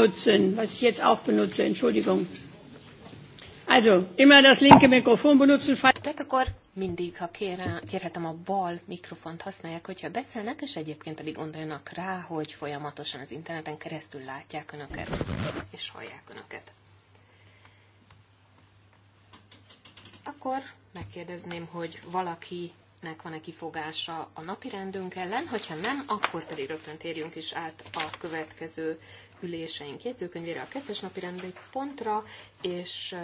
nutzen, was ich jetzt auch benutze, Entschuldigung. Also, immer das linke Mikrofon benutzen. Tehát akkor mindig, ha kér, kérhetem a bal mikrofont használják, hogyha beszélnek, és egyébként pedig gondoljanak rá, hogy folyamatosan az interneten keresztül látják önöket, és hallják önöket. Akkor megkérdezném, hogy valakinek van-e kifogása a napi rendünk ellen, hogyha nem, akkor pedig rögtön térjünk is át a következő üléseink jegyzőkönyvére a kettes napi rendi pontra, és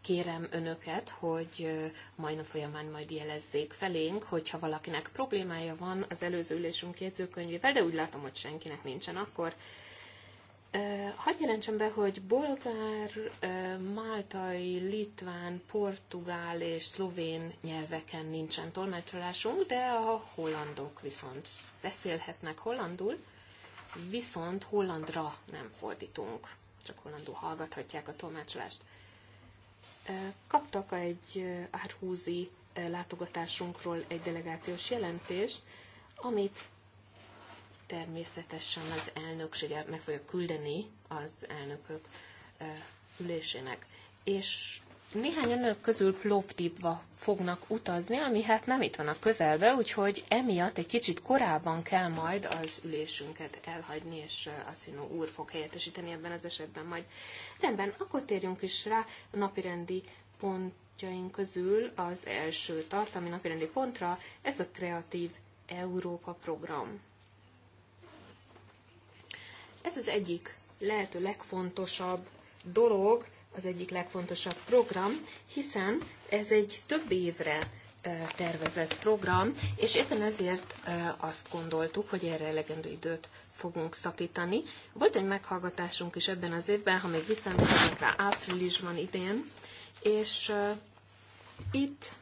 kérem önöket, hogy majd folyamán majd jelezzék felénk, hogyha valakinek problémája van az előző ülésünk jegyzőkönyvével, de úgy látom, hogy senkinek nincsen, akkor Hadd jelentsem be, hogy bolgár, máltai, litván, portugál és szlovén nyelveken nincsen tolmácsolásunk, de a hollandok viszont beszélhetnek hollandul viszont hollandra nem fordítunk, csak hollandul hallgathatják a tolmácsolást. Kaptak egy árhúzi látogatásunkról egy delegációs jelentést, amit természetesen az elnökség meg fogja küldeni az elnökök ülésének. És néhány önök közül Plovdivba fognak utazni, ami hát nem itt van a közelbe, úgyhogy emiatt egy kicsit korábban kell majd az ülésünket elhagyni, és Asszino úr fog helyettesíteni ebben az esetben majd. Rendben, akkor térjünk is rá a napirendi pontjaink közül az első tartalmi napirendi pontra, ez a Kreatív Európa program. Ez az egyik lehető legfontosabb dolog, az egyik legfontosabb program, hiszen ez egy több évre tervezett program, és éppen ezért azt gondoltuk, hogy erre elegendő időt fogunk szakítani. Volt egy meghallgatásunk is ebben az évben, ha még visszamegyünk rá, áprilisban idén, és itt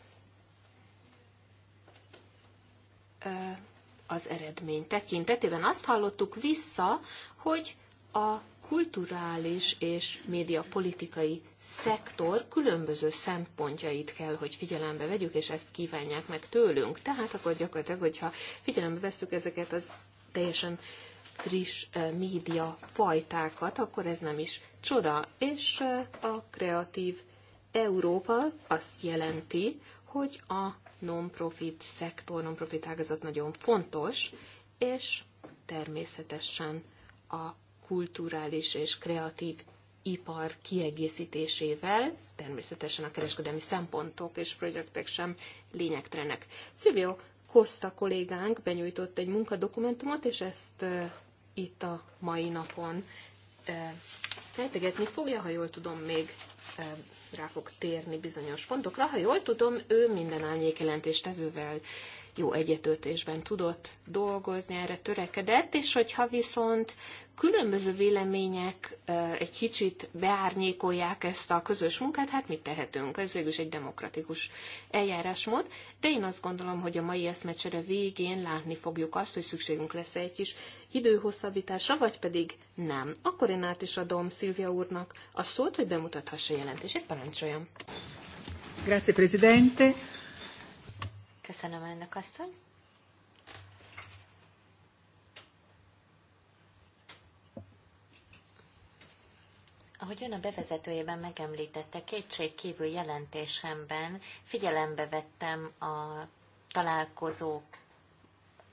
az eredmény tekintetében azt hallottuk vissza, hogy a kulturális és médiapolitikai szektor különböző szempontjait kell, hogy figyelembe vegyük, és ezt kívánják meg tőlünk. Tehát akkor gyakorlatilag, hogyha figyelembe veszük ezeket az teljesen friss eh, média fajtákat, akkor ez nem is csoda. És eh, a kreatív Európa azt jelenti, hogy a non-profit szektor, non-profit ágazat nagyon fontos, és természetesen a kulturális és kreatív ipar kiegészítésével, természetesen a kereskedelmi szempontok és projektek sem lényegtelenek. Szilvió Costa kollégánk benyújtott egy munkadokumentumot, és ezt e, itt a mai napon e, fejtegetni fogja, ha jól tudom, még e, rá fog térni bizonyos pontokra. Ha jól tudom, ő minden árnyék jelentéstevővel jó egyetőtésben tudott dolgozni, erre törekedett, és hogyha viszont különböző vélemények egy kicsit beárnyékolják ezt a közös munkát, hát mit tehetünk? Ez végül is egy demokratikus eljárásmód, de én azt gondolom, hogy a mai eszmecsere végén látni fogjuk azt, hogy szükségünk lesz egy kis időhosszabbításra, vagy pedig nem. Akkor én át is adom Szilvia úrnak a szót, hogy bemutathassa jelentését, parancsoljam. Grazie, Presidente. Köszönöm, elnök asszony. Ahogy ön a bevezetőjében megemlítette, kétség kívül jelentésemben figyelembe vettem a találkozók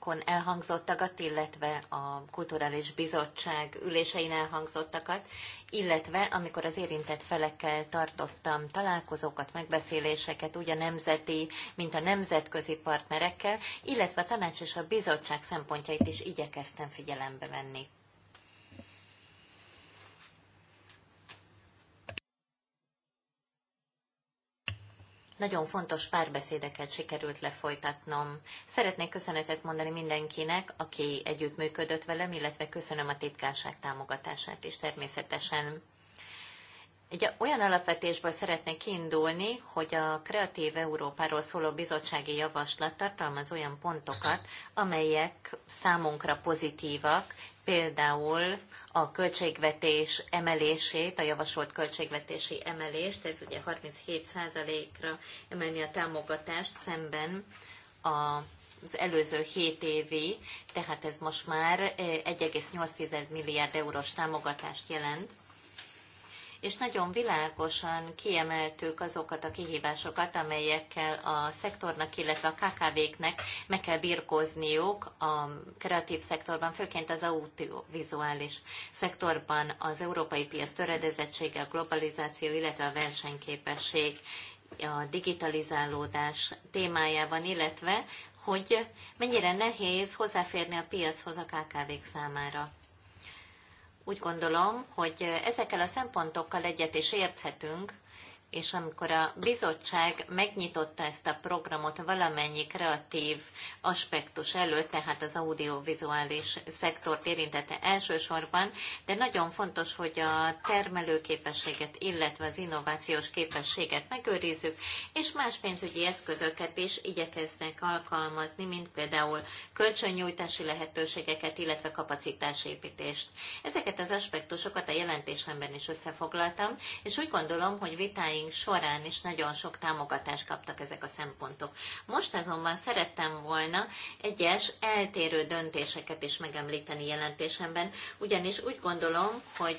Ekon elhangzottakat, illetve a Kulturális Bizottság ülésein elhangzottakat, illetve amikor az érintett felekkel tartottam találkozókat, megbeszéléseket, úgy a nemzeti, mint a nemzetközi partnerekkel, illetve a tanács és a bizottság szempontjait is igyekeztem figyelembe venni. Nagyon fontos párbeszédeket sikerült lefolytatnom. Szeretnék köszönetet mondani mindenkinek, aki együttműködött velem, illetve köszönöm a titkárság támogatását is természetesen. Egy olyan alapvetésből szeretnék kiindulni, hogy a Kreatív Európáról szóló bizottsági javaslat tartalmaz olyan pontokat, amelyek számunkra pozitívak, például a költségvetés emelését, a javasolt költségvetési emelést, ez ugye 37%-ra emelni a támogatást szemben a az előző 7 évi, tehát ez most már 1,8 eh, milliárd eurós támogatást jelent és nagyon világosan kiemeltük azokat a kihívásokat, amelyekkel a szektornak, illetve a KKV-knek meg kell birkózniuk a kreatív szektorban, főként az audiovizuális szektorban az európai piac töredezettsége, a globalizáció, illetve a versenyképesség a digitalizálódás témájában, illetve hogy mennyire nehéz hozzáférni a piachoz a KKV-k számára. Úgy gondolom, hogy ezekkel a szempontokkal egyet is érthetünk, és amikor a bizottság megnyitotta ezt a programot valamennyi kreatív aspektus előtt, tehát az audiovizuális szektort érintette elsősorban, de nagyon fontos, hogy a termelőképességet, illetve az innovációs képességet megőrizzük, és más pénzügyi eszközöket is igyekeznek alkalmazni, mint például kölcsönnyújtási lehetőségeket, illetve kapacitásépítést. Ezeket az aspektusokat a jelentésemben is összefoglaltam, és úgy gondolom, hogy vitáink eszmecseréink során is nagyon sok támogatást kaptak ezek a szempontok. Most azonban szerettem volna egyes eltérő döntéseket is megemlíteni jelentésemben, ugyanis úgy gondolom, hogy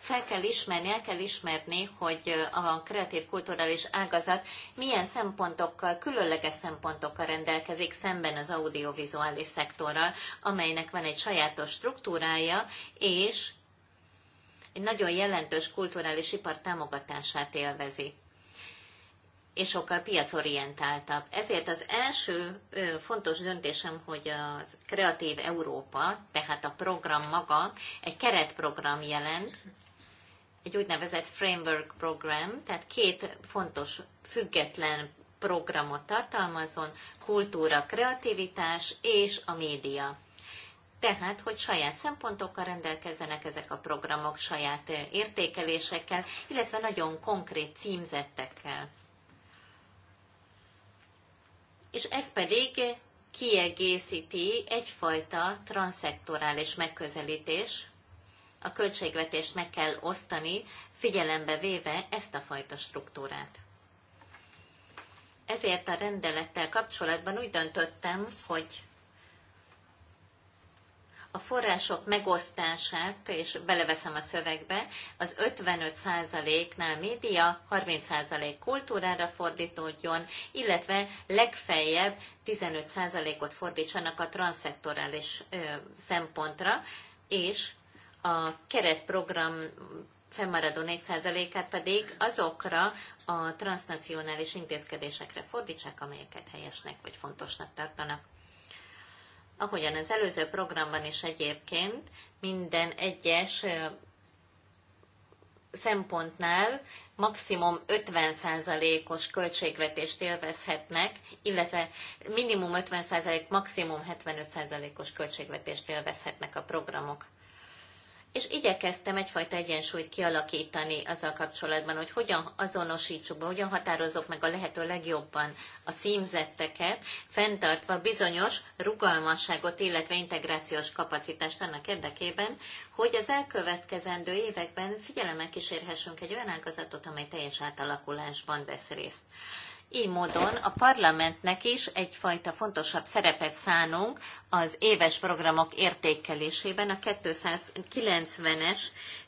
fel kell ismerni, el kell ismerni, hogy a kreatív kulturális ágazat milyen szempontokkal, különleges szempontokkal rendelkezik szemben az audiovizuális szektorral, amelynek van egy sajátos struktúrája, és egy nagyon jelentős kulturális ipar támogatását élvezi és sokkal piacorientáltabb. Ezért az első fontos döntésem, hogy a Kreatív Európa, tehát a program maga, egy keretprogram jelent, egy úgynevezett framework program, tehát két fontos független programot tartalmazon, kultúra, kreativitás és a média tehát hogy saját szempontokkal rendelkezzenek ezek a programok, saját eh, értékelésekkel, illetve nagyon konkrét címzettekkel. És ez pedig kiegészíti egyfajta transzektorális megközelítés, a költségvetést meg kell osztani, figyelembe véve ezt a fajta struktúrát. Ezért a rendelettel kapcsolatban úgy döntöttem, hogy a források megosztását, és beleveszem a szövegbe, az 55%-nál média, 30% kultúrára fordítódjon, illetve legfeljebb 15%-ot fordítsanak a transzektorális szempontra, és a keretprogram fennmaradó 4%-át pedig azokra a transnacionális intézkedésekre fordítsák, amelyeket helyesnek vagy fontosnak tartanak ahogyan az előző programban is egyébként, minden egyes szempontnál maximum 50%-os költségvetést élvezhetnek, illetve minimum 50%, maximum 75%-os költségvetést élvezhetnek a programok és igyekeztem egyfajta egyensúlyt kialakítani azzal kapcsolatban, hogy hogyan azonosítsuk be, hogyan határozok meg a lehető legjobban a címzetteket, fenntartva bizonyos rugalmasságot, illetve integrációs kapacitást annak érdekében, hogy az elkövetkezendő években figyelemmel kísérhessünk egy olyan ágazatot, amely teljes átalakulásban vesz részt. Így módon a parlamentnek is egyfajta fontosabb szerepet szánunk az éves programok értékelésében. A 290-es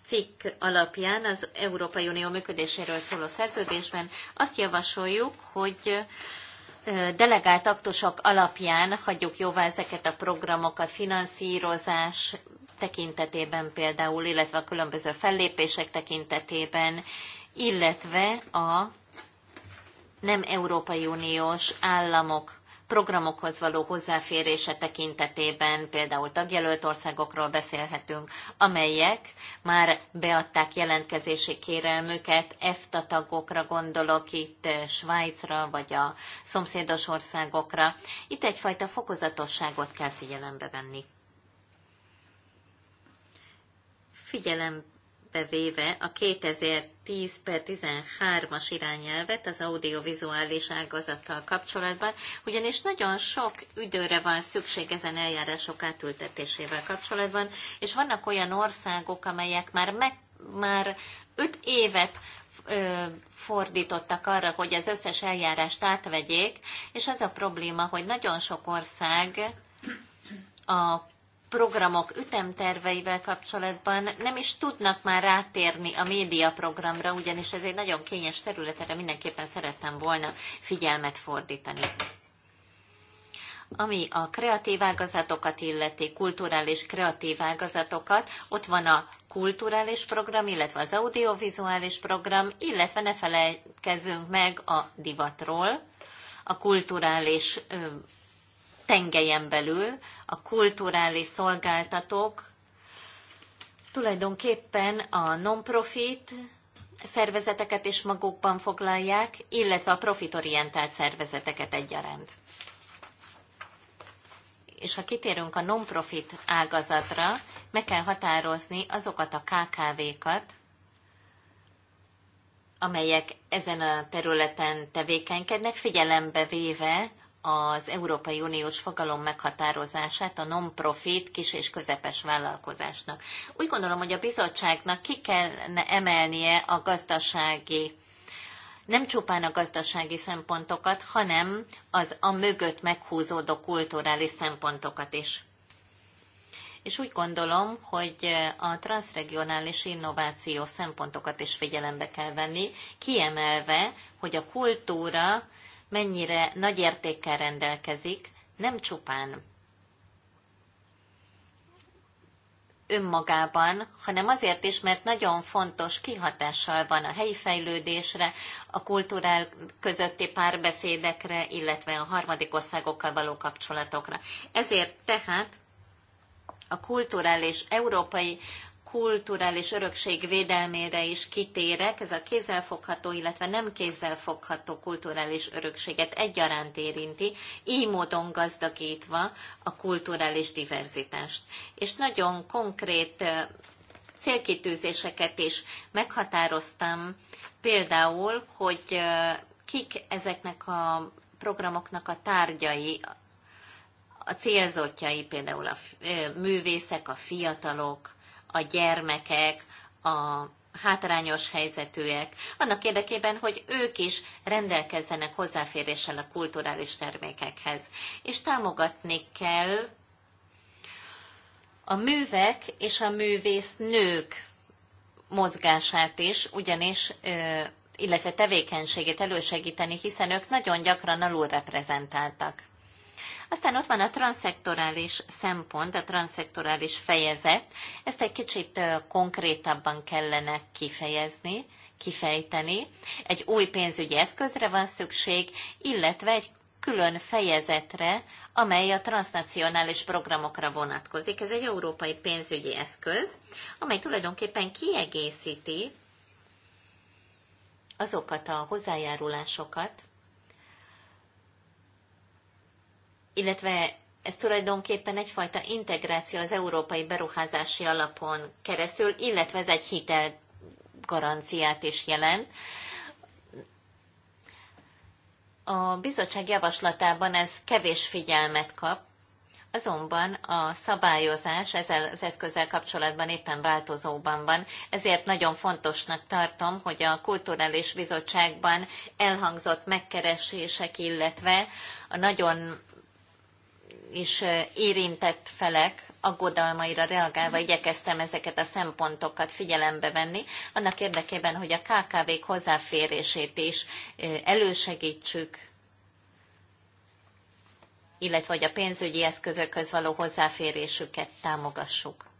cikk alapján az Európai Unió működéséről szóló szerződésben azt javasoljuk, hogy delegált aktusok alapján hagyjuk jóvá ezeket a programokat finanszírozás tekintetében például, illetve a különböző fellépések tekintetében, illetve a nem Európai Uniós államok programokhoz való hozzáférése tekintetében, például tagjelölt országokról beszélhetünk, amelyek már beadták jelentkezési kérelmüket, EFTA tagokra gondolok itt, eh, Svájcra vagy a szomszédos országokra. Itt egyfajta fokozatosságot kell figyelembe venni. Figyelembe figyelembe véve a 2010 per 13-as irányelvet az audiovizuális ágazattal kapcsolatban, ugyanis nagyon sok időre van szükség ezen eljárások átültetésével kapcsolatban, és vannak olyan országok, amelyek már meg már öt évet ö, fordítottak arra, hogy az összes eljárást átvegyék, és az a probléma, hogy nagyon sok ország a programok ütemterveivel kapcsolatban nem is tudnak már rátérni a médiaprogramra, ugyanis ez egy nagyon kényes terület, erre mindenképpen szerettem volna figyelmet fordítani. Ami a kreatív ágazatokat illeti, kulturális kreatív ágazatokat, ott van a kulturális program, illetve az audiovizuális program, illetve ne felejtkezzünk meg a divatról, a kulturális tengelyen belül a kulturális szolgáltatók tulajdonképpen a non-profit szervezeteket is magukban foglalják, illetve a profitorientált szervezeteket egyaránt. És ha kitérünk a non-profit ágazatra, meg kell határozni azokat a KKV-kat, amelyek ezen a területen tevékenykednek, figyelembe véve az Európai Uniós fogalom meghatározását a non-profit kis és közepes vállalkozásnak. Úgy gondolom, hogy a bizottságnak ki kellene emelnie a gazdasági nem csupán a gazdasági szempontokat, hanem az a mögött meghúzódó kulturális szempontokat is. És úgy gondolom, hogy a transregionális innováció szempontokat is figyelembe kell venni, kiemelve, hogy a kultúra mennyire nagy értékkel rendelkezik, nem csupán önmagában, hanem azért is, mert nagyon fontos kihatással van a helyi fejlődésre, a kultúrál közötti párbeszédekre, illetve a harmadik országokkal való kapcsolatokra. Ezért tehát a kulturális európai kulturális örökség védelmére is kitérek, ez a kézzelfogható, illetve nem kézzelfogható kulturális örökséget egyaránt érinti, így módon gazdagítva a kulturális diverzitást. És nagyon konkrét célkitűzéseket is meghatároztam, például, hogy kik ezeknek a programoknak a tárgyai, a célzottjai, például a művészek, a fiatalok, a gyermekek, a hátrányos helyzetűek, annak érdekében, hogy ők is rendelkezzenek hozzáféréssel a kulturális termékekhez. És támogatni kell a művek és a művész nők mozgását is, ugyanis illetve tevékenységét elősegíteni, hiszen ők nagyon gyakran alulreprezentáltak. Aztán ott van a transzektorális szempont, a transzektorális fejezet. Ezt egy kicsit konkrétabban kellene kifejezni, kifejteni. Egy új pénzügyi eszközre van szükség, illetve egy külön fejezetre, amely a transnacionális programokra vonatkozik. Ez egy európai pénzügyi eszköz, amely tulajdonképpen kiegészíti azokat a hozzájárulásokat, illetve ez tulajdonképpen egyfajta integráció az Európai Beruházási Alapon keresztül, illetve ez egy hitel garanciát is jelent. A bizottság javaslatában ez kevés figyelmet kap, azonban a szabályozás ezzel az eszközzel kapcsolatban éppen változóban van, ezért nagyon fontosnak tartom, hogy a Kulturális Bizottságban elhangzott megkeresések, illetve a nagyon és érintett felek aggodalmaira reagálva igyekeztem ezeket a szempontokat figyelembe venni, annak érdekében, hogy a KKV-k hozzáférését is elősegítsük, illetve hogy a pénzügyi eszközökhöz való hozzáférésüket támogassuk.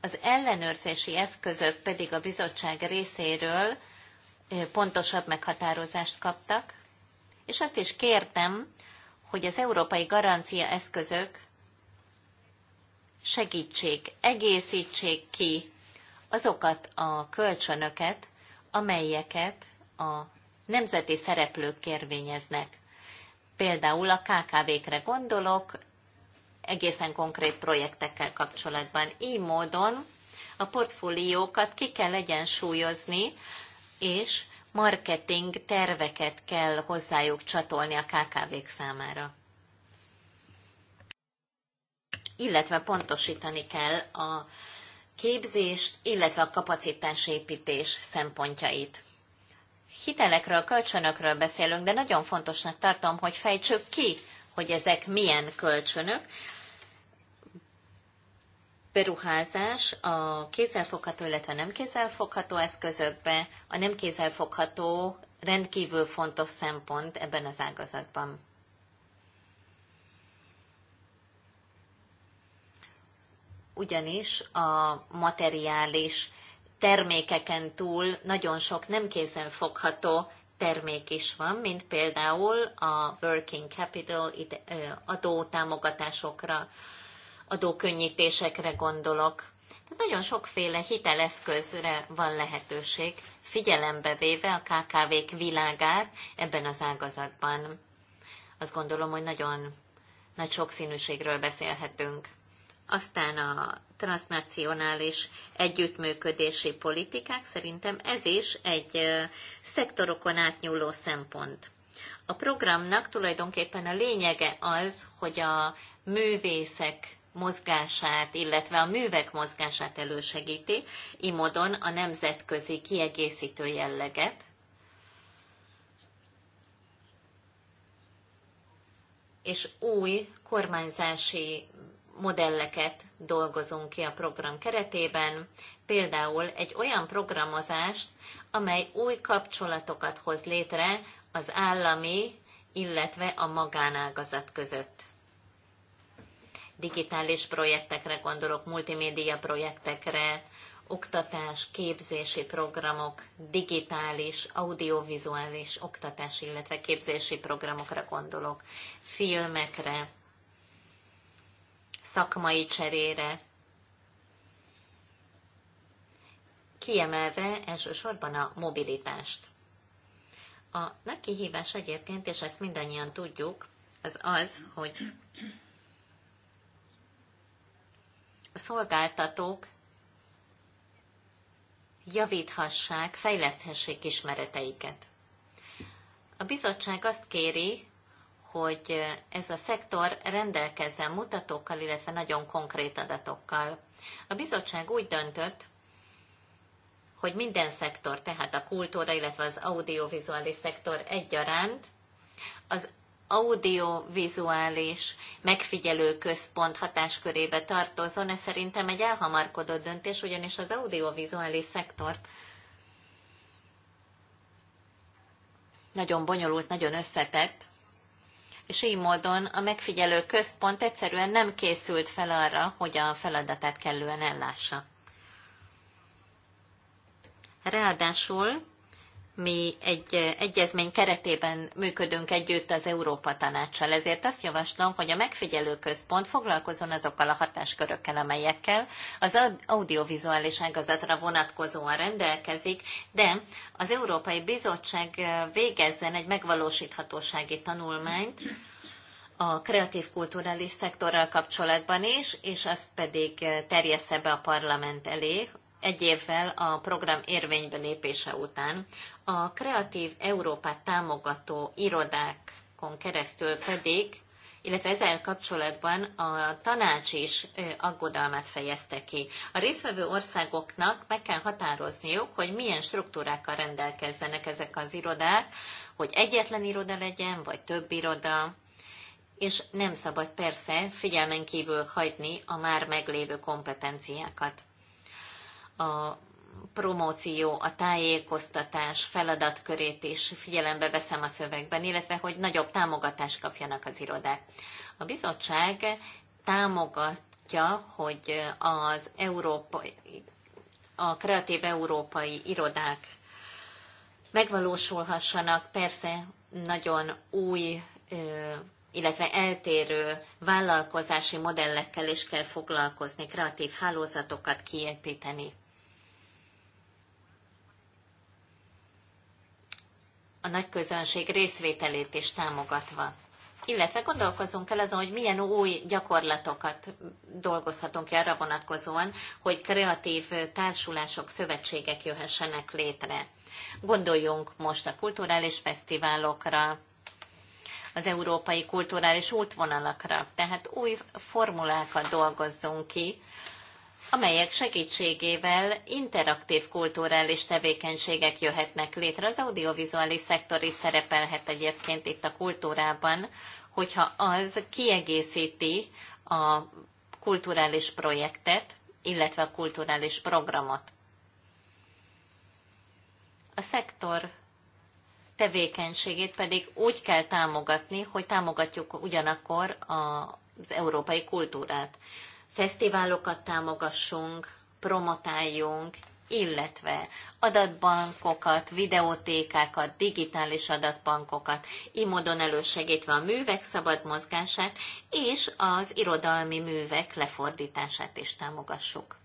Az ellenőrzési eszközök pedig a bizottság részéről pontosabb meghatározást kaptak, és azt is kértem, hogy az európai garancia eszközök segítsék, egészítsék ki azokat a kölcsönöket, amelyeket a nemzeti szereplők kérvényeznek. Például a KKV-kre gondolok, egészen konkrét projektekkel kapcsolatban. Így módon a portfóliókat ki kell egyensúlyozni, és marketing terveket kell hozzájuk csatolni a KKV-k számára. Illetve pontosítani kell a képzést, illetve a kapacitásépítés szempontjait. Hitelekről, kölcsönökről beszélünk, de nagyon fontosnak tartom, hogy fejtsük ki, hogy ezek milyen kölcsönök, beruházás a kézzelfogható, illetve nem kézzelfogható eszközökbe, a nem kézzelfogható rendkívül fontos szempont ebben az ágazatban. Ugyanis a materiális termékeken túl nagyon sok nem kézzelfogható termék is van, mint például a working capital támogatásokra adókönnyítésekre gondolok. Tehát nagyon sokféle hiteleszközre van lehetőség, figyelembe véve a KKV-k világát ebben az ágazatban. Azt gondolom, hogy nagyon nagy sokszínűségről beszélhetünk. Aztán a transnacionális együttműködési politikák, szerintem ez is egy szektorokon átnyúló szempont. A programnak tulajdonképpen a lényege az, hogy a művészek mozgását, illetve a művek mozgását elősegíti, imodon a nemzetközi kiegészítő jelleget. És új kormányzási modelleket dolgozunk ki a program keretében, például egy olyan programozást, amely új kapcsolatokat hoz létre az állami, illetve a magánágazat között digitális projektekre gondolok, multimédia projektekre, oktatás, képzési programok, digitális, audiovizuális oktatás, illetve képzési programokra gondolok, filmekre, szakmai cserére, kiemelve elsősorban a mobilitást. A nagy kihívás egyébként, és ezt mindannyian tudjuk, az az, hogy szolgáltatók javíthassák, fejleszthessék ismereteiket. A bizottság azt kéri, hogy ez a szektor rendelkezzen mutatókkal, illetve nagyon konkrét adatokkal. A bizottság úgy döntött, hogy minden szektor, tehát a kultúra, illetve az audiovizuális szektor egyaránt az audiovizuális megfigyelő központ hatáskörébe tartozon, ez szerintem egy elhamarkodott döntés, ugyanis az audiovizuális szektor nagyon bonyolult, nagyon összetett, és így módon a megfigyelő központ egyszerűen nem készült fel arra, hogy a feladatát kellően ellássa. Ráadásul mi egy egyezmény keretében működünk együtt az Európa Tanácssal, ezért azt javaslom, hogy a megfigyelő központ foglalkozon azokkal a hatáskörökkel, amelyekkel az audiovizuális ágazatra vonatkozóan rendelkezik, de az Európai Bizottság végezzen egy megvalósíthatósági tanulmányt, a kreatív kulturális szektorral kapcsolatban is, és azt pedig terjessze be a parlament elé, egy évvel a program érvénybe lépése után. A Kreatív Európát támogató irodákon keresztül pedig illetve ezzel kapcsolatban a tanács is aggodalmát fejezte ki. A részvevő országoknak meg kell határozniuk, hogy milyen struktúrákkal rendelkezzenek ezek az irodák, hogy egyetlen iroda legyen, vagy több iroda, és nem szabad persze figyelmen kívül hagyni a már meglévő kompetenciákat a promóció, a tájékoztatás feladatkörét is figyelembe veszem a szövegben, illetve hogy nagyobb támogatást kapjanak az irodák. A bizottság támogatja, hogy az európai, a kreatív európai irodák megvalósulhassanak, persze nagyon új illetve eltérő vállalkozási modellekkel is kell foglalkozni, kreatív hálózatokat kiépíteni. a nagy közönség részvételét is támogatva. Illetve gondolkozunk el azon, hogy milyen új gyakorlatokat dolgozhatunk ki arra vonatkozóan, hogy kreatív társulások, szövetségek jöhessenek létre. Gondoljunk most a kulturális fesztiválokra, az európai kulturális útvonalakra. Tehát új formulákat dolgozzunk ki, amelyek segítségével interaktív kulturális tevékenységek jöhetnek létre. Az audiovizuális szektor is szerepelhet egyébként itt a kultúrában, hogyha az kiegészíti a kulturális projektet, illetve a kulturális programot. A szektor tevékenységét pedig úgy kell támogatni, hogy támogatjuk ugyanakkor az európai kultúrát fesztiválokat támogassunk, promotáljunk, illetve adatbankokat, videótékákat, digitális adatbankokat, így módon elősegítve a művek szabad mozgását és az irodalmi művek lefordítását is támogassuk.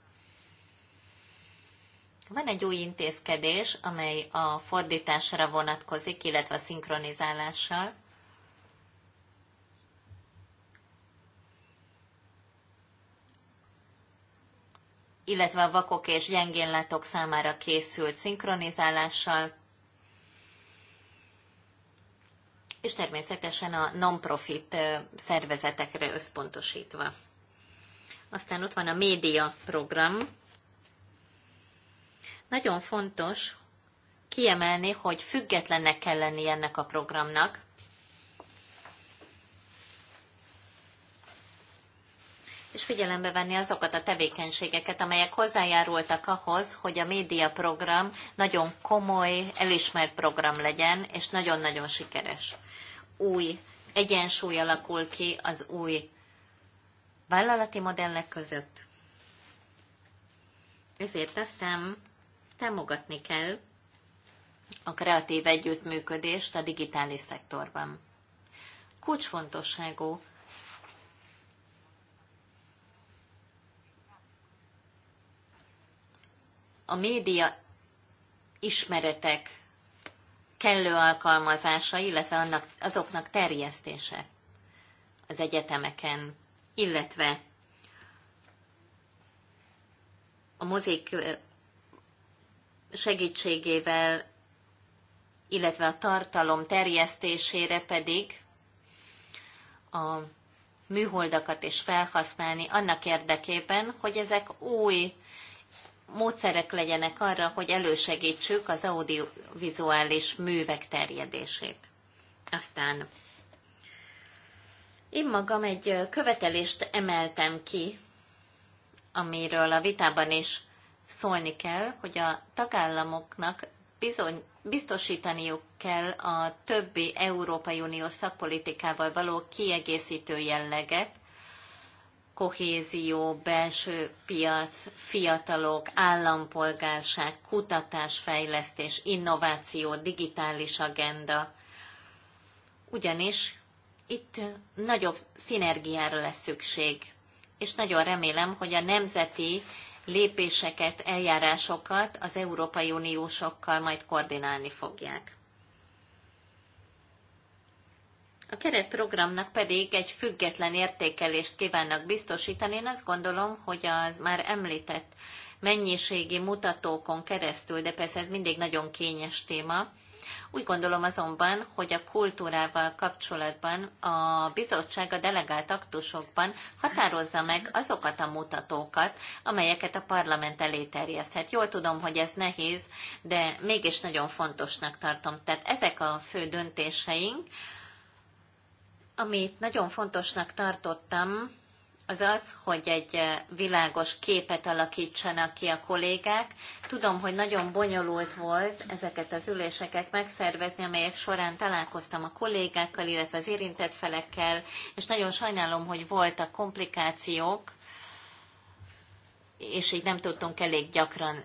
Van egy új intézkedés, amely a fordításra vonatkozik, illetve a szinkronizálásra illetve a vakok és gyengén látok számára készült szinkronizálással, és természetesen a non-profit szervezetekre összpontosítva. Aztán ott van a média program. Nagyon fontos kiemelni, hogy függetlennek kell lenni ennek a programnak, és figyelembe venni azokat a tevékenységeket, amelyek hozzájárultak ahhoz, hogy a médiaprogram nagyon komoly, elismert program legyen, és nagyon-nagyon sikeres. Új egyensúly alakul ki az új vállalati modellek között. Ezért aztán támogatni kell a kreatív együttműködést a digitális szektorban. Kulcsfontosságú, a média ismeretek kellő alkalmazása, illetve annak, azoknak terjesztése az egyetemeken, illetve a mozik segítségével, illetve a tartalom terjesztésére pedig a műholdakat is felhasználni annak érdekében, hogy ezek új módszerek legyenek arra, hogy elősegítsük az audiovizuális művek terjedését. Aztán én magam egy követelést emeltem ki, amiről a vitában is szólni kell, hogy a tagállamoknak bizony, biztosítaniuk kell a többi Európai Uniós szakpolitikával való kiegészítő jelleget, kohézió, belső piac, fiatalok, állampolgárság, kutatásfejlesztés, innováció, digitális agenda. Ugyanis itt nagyobb szinergiára lesz szükség, és nagyon remélem, hogy a nemzeti lépéseket, eljárásokat az Európai Uniósokkal majd koordinálni fogják. A keretprogramnak pedig egy független értékelést kívánnak biztosítani. Én azt gondolom, hogy az már említett mennyiségi mutatókon keresztül, de persze ez mindig nagyon kényes téma. Úgy gondolom azonban, hogy a kultúrával kapcsolatban a bizottság a delegált aktusokban határozza meg azokat a mutatókat, amelyeket a parlament elé terjeszthet. Jól tudom, hogy ez nehéz, de mégis nagyon fontosnak tartom. Tehát ezek a fő döntéseink, amit nagyon fontosnak tartottam, az az, hogy egy eh, világos képet alakítsanak ki a kollégák. Tudom, hogy nagyon bonyolult volt ezeket az üléseket megszervezni, amelyek során találkoztam a kollégákkal, illetve az érintett felekkel, és nagyon sajnálom, hogy voltak komplikációk, és így nem tudtunk elég gyakran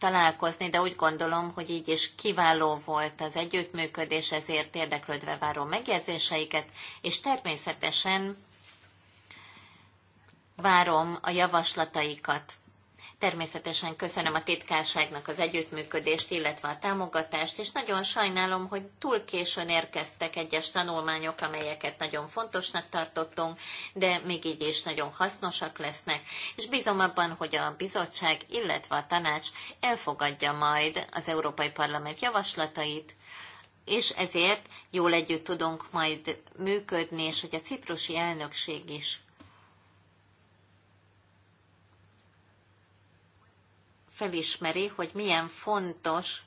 találkozni, de úgy gondolom, hogy így is kiváló volt az együttműködés, ezért érdeklődve várom megjegyzéseiket, és természetesen várom a javaslataikat Természetesen köszönöm a titkárságnak az együttműködést, illetve a támogatást, és nagyon sajnálom, hogy túl későn érkeztek egyes tanulmányok, amelyeket nagyon fontosnak tartottunk, de még így is nagyon hasznosak lesznek, és bízom abban, hogy a bizottság, illetve a tanács elfogadja majd az Európai Parlament javaslatait, és ezért jól együtt tudunk majd működni, és hogy a ciprusi elnökség is felismeri, hogy milyen fontos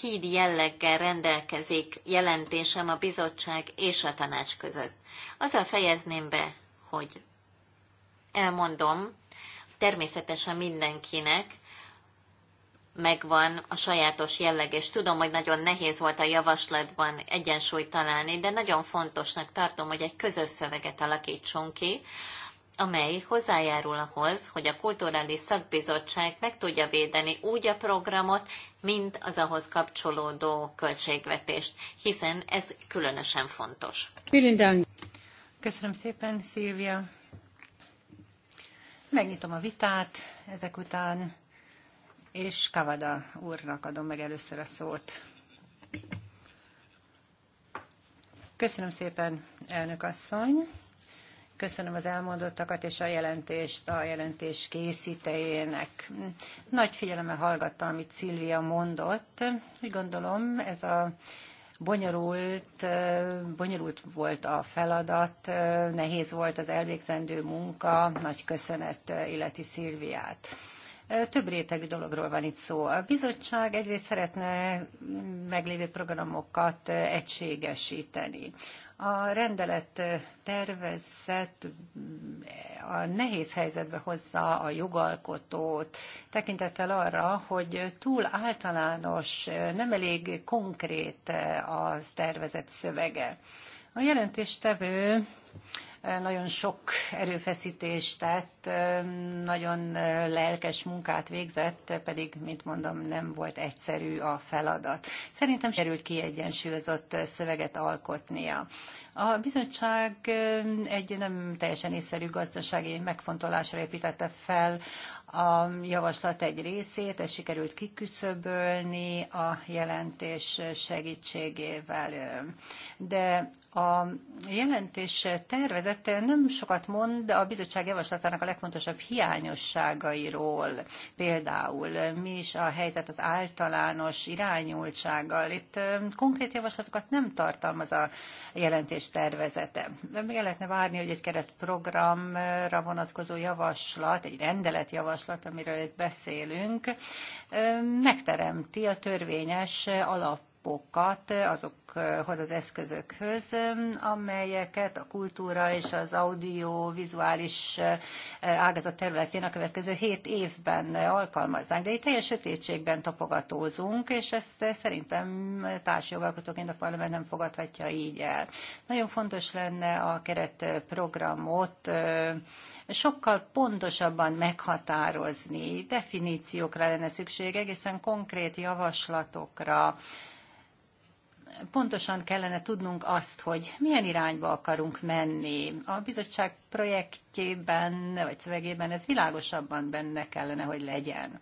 híd jelleggel rendelkezik jelentésem a bizottság és a tanács között. Azzal fejezném be, hogy elmondom, természetesen mindenkinek megvan a sajátos jelleg, és tudom, hogy nagyon nehéz volt a javaslatban egyensúlyt találni, de nagyon fontosnak tartom, hogy egy közös szöveget alakítsunk ki, amely hozzájárul ahhoz, hogy a Kulturális Szakbizottság meg tudja védeni úgy a programot, mint az ahhoz kapcsolódó költségvetést, hiszen ez különösen fontos. Köszönöm szépen, Szilvia. Megnyitom a vitát ezek után, és Kavada úrnak adom meg először a szót. Köszönöm szépen, elnök asszony. Köszönöm az elmondottakat és a jelentést a jelentés készítejének. Nagy figyelemmel hallgattam, amit Szilvia mondott. Úgy gondolom, ez a bonyolult, bonyolult volt a feladat, nehéz volt az elvégzendő munka, nagy köszönet illeti Szilviát. Több rétegű dologról van itt szó. A bizottság egyrészt szeretne meglévő programokat egységesíteni. A rendelet tervezett a nehéz helyzetbe hozza a jogalkotót, tekintettel arra, hogy túl általános, nem elég konkrét az tervezett szövege. A jelentéstevő nagyon sok erőfeszítést tett, nagyon lelkes munkát végzett, pedig, mint mondom, nem volt egyszerű a feladat. Szerintem sikerült kiegyensúlyozott szöveget alkotnia. A bizottság egy nem teljesen észszerű gazdasági megfontolásra építette fel a javaslat egy részét, ezt sikerült kiküszöbölni a jelentés segítségével. De a jelentés tervezete nem sokat mond a bizottság javaslatának a legfontosabb hiányosságairól. Például mi is a helyzet az általános irányultsággal. Itt konkrét javaslatokat nem tartalmaz a jelentés tervezete. Meg lehetne várni, hogy egy keretprogramra vonatkozó javaslat, egy rendelet javaslat, javaslat, amiről itt beszélünk, megteremti a törvényes alap alapokat azokhoz az eszközökhöz, amelyeket a kultúra és az audiovizuális eh, ágazat területén a következő hét évben alkalmaznánk. De itt teljes sötétségben tapogatózunk, és ezt eh, szerintem társjogalkotóként a parlament nem fogadhatja így el. Nagyon fontos lenne a keretprogramot eh, sokkal pontosabban meghatározni, definíciókra lenne szükség, egészen konkrét javaslatokra, pontosan kellene tudnunk azt, hogy milyen irányba akarunk menni. A bizottság projektjében vagy szövegében ez világosabban benne kellene, hogy legyen.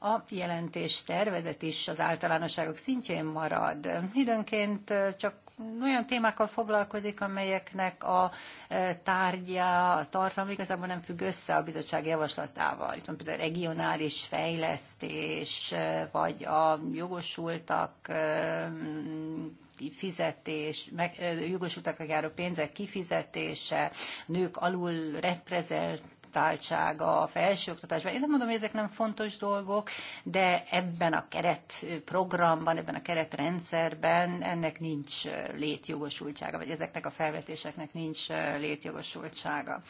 A jelentés tervezet is az általánosságok szintjén marad. Időnként csak olyan témákkal foglalkozik, amelyeknek a e, tárgya, a tartalma igazából nem függ össze a bizottság javaslatával. Itt van például regionális fejlesztés, e, vagy a jogosultak e, fizetés, meg, a járó pénzek kifizetése, nők alul reprezent kiváltsága a felsőoktatásban. Én nem mondom, hogy ezek nem fontos dolgok, de ebben a keretprogramban, ebben a keretrendszerben ennek nincs létjogosultsága, vagy ezeknek a felvetéseknek nincs létjogosultsága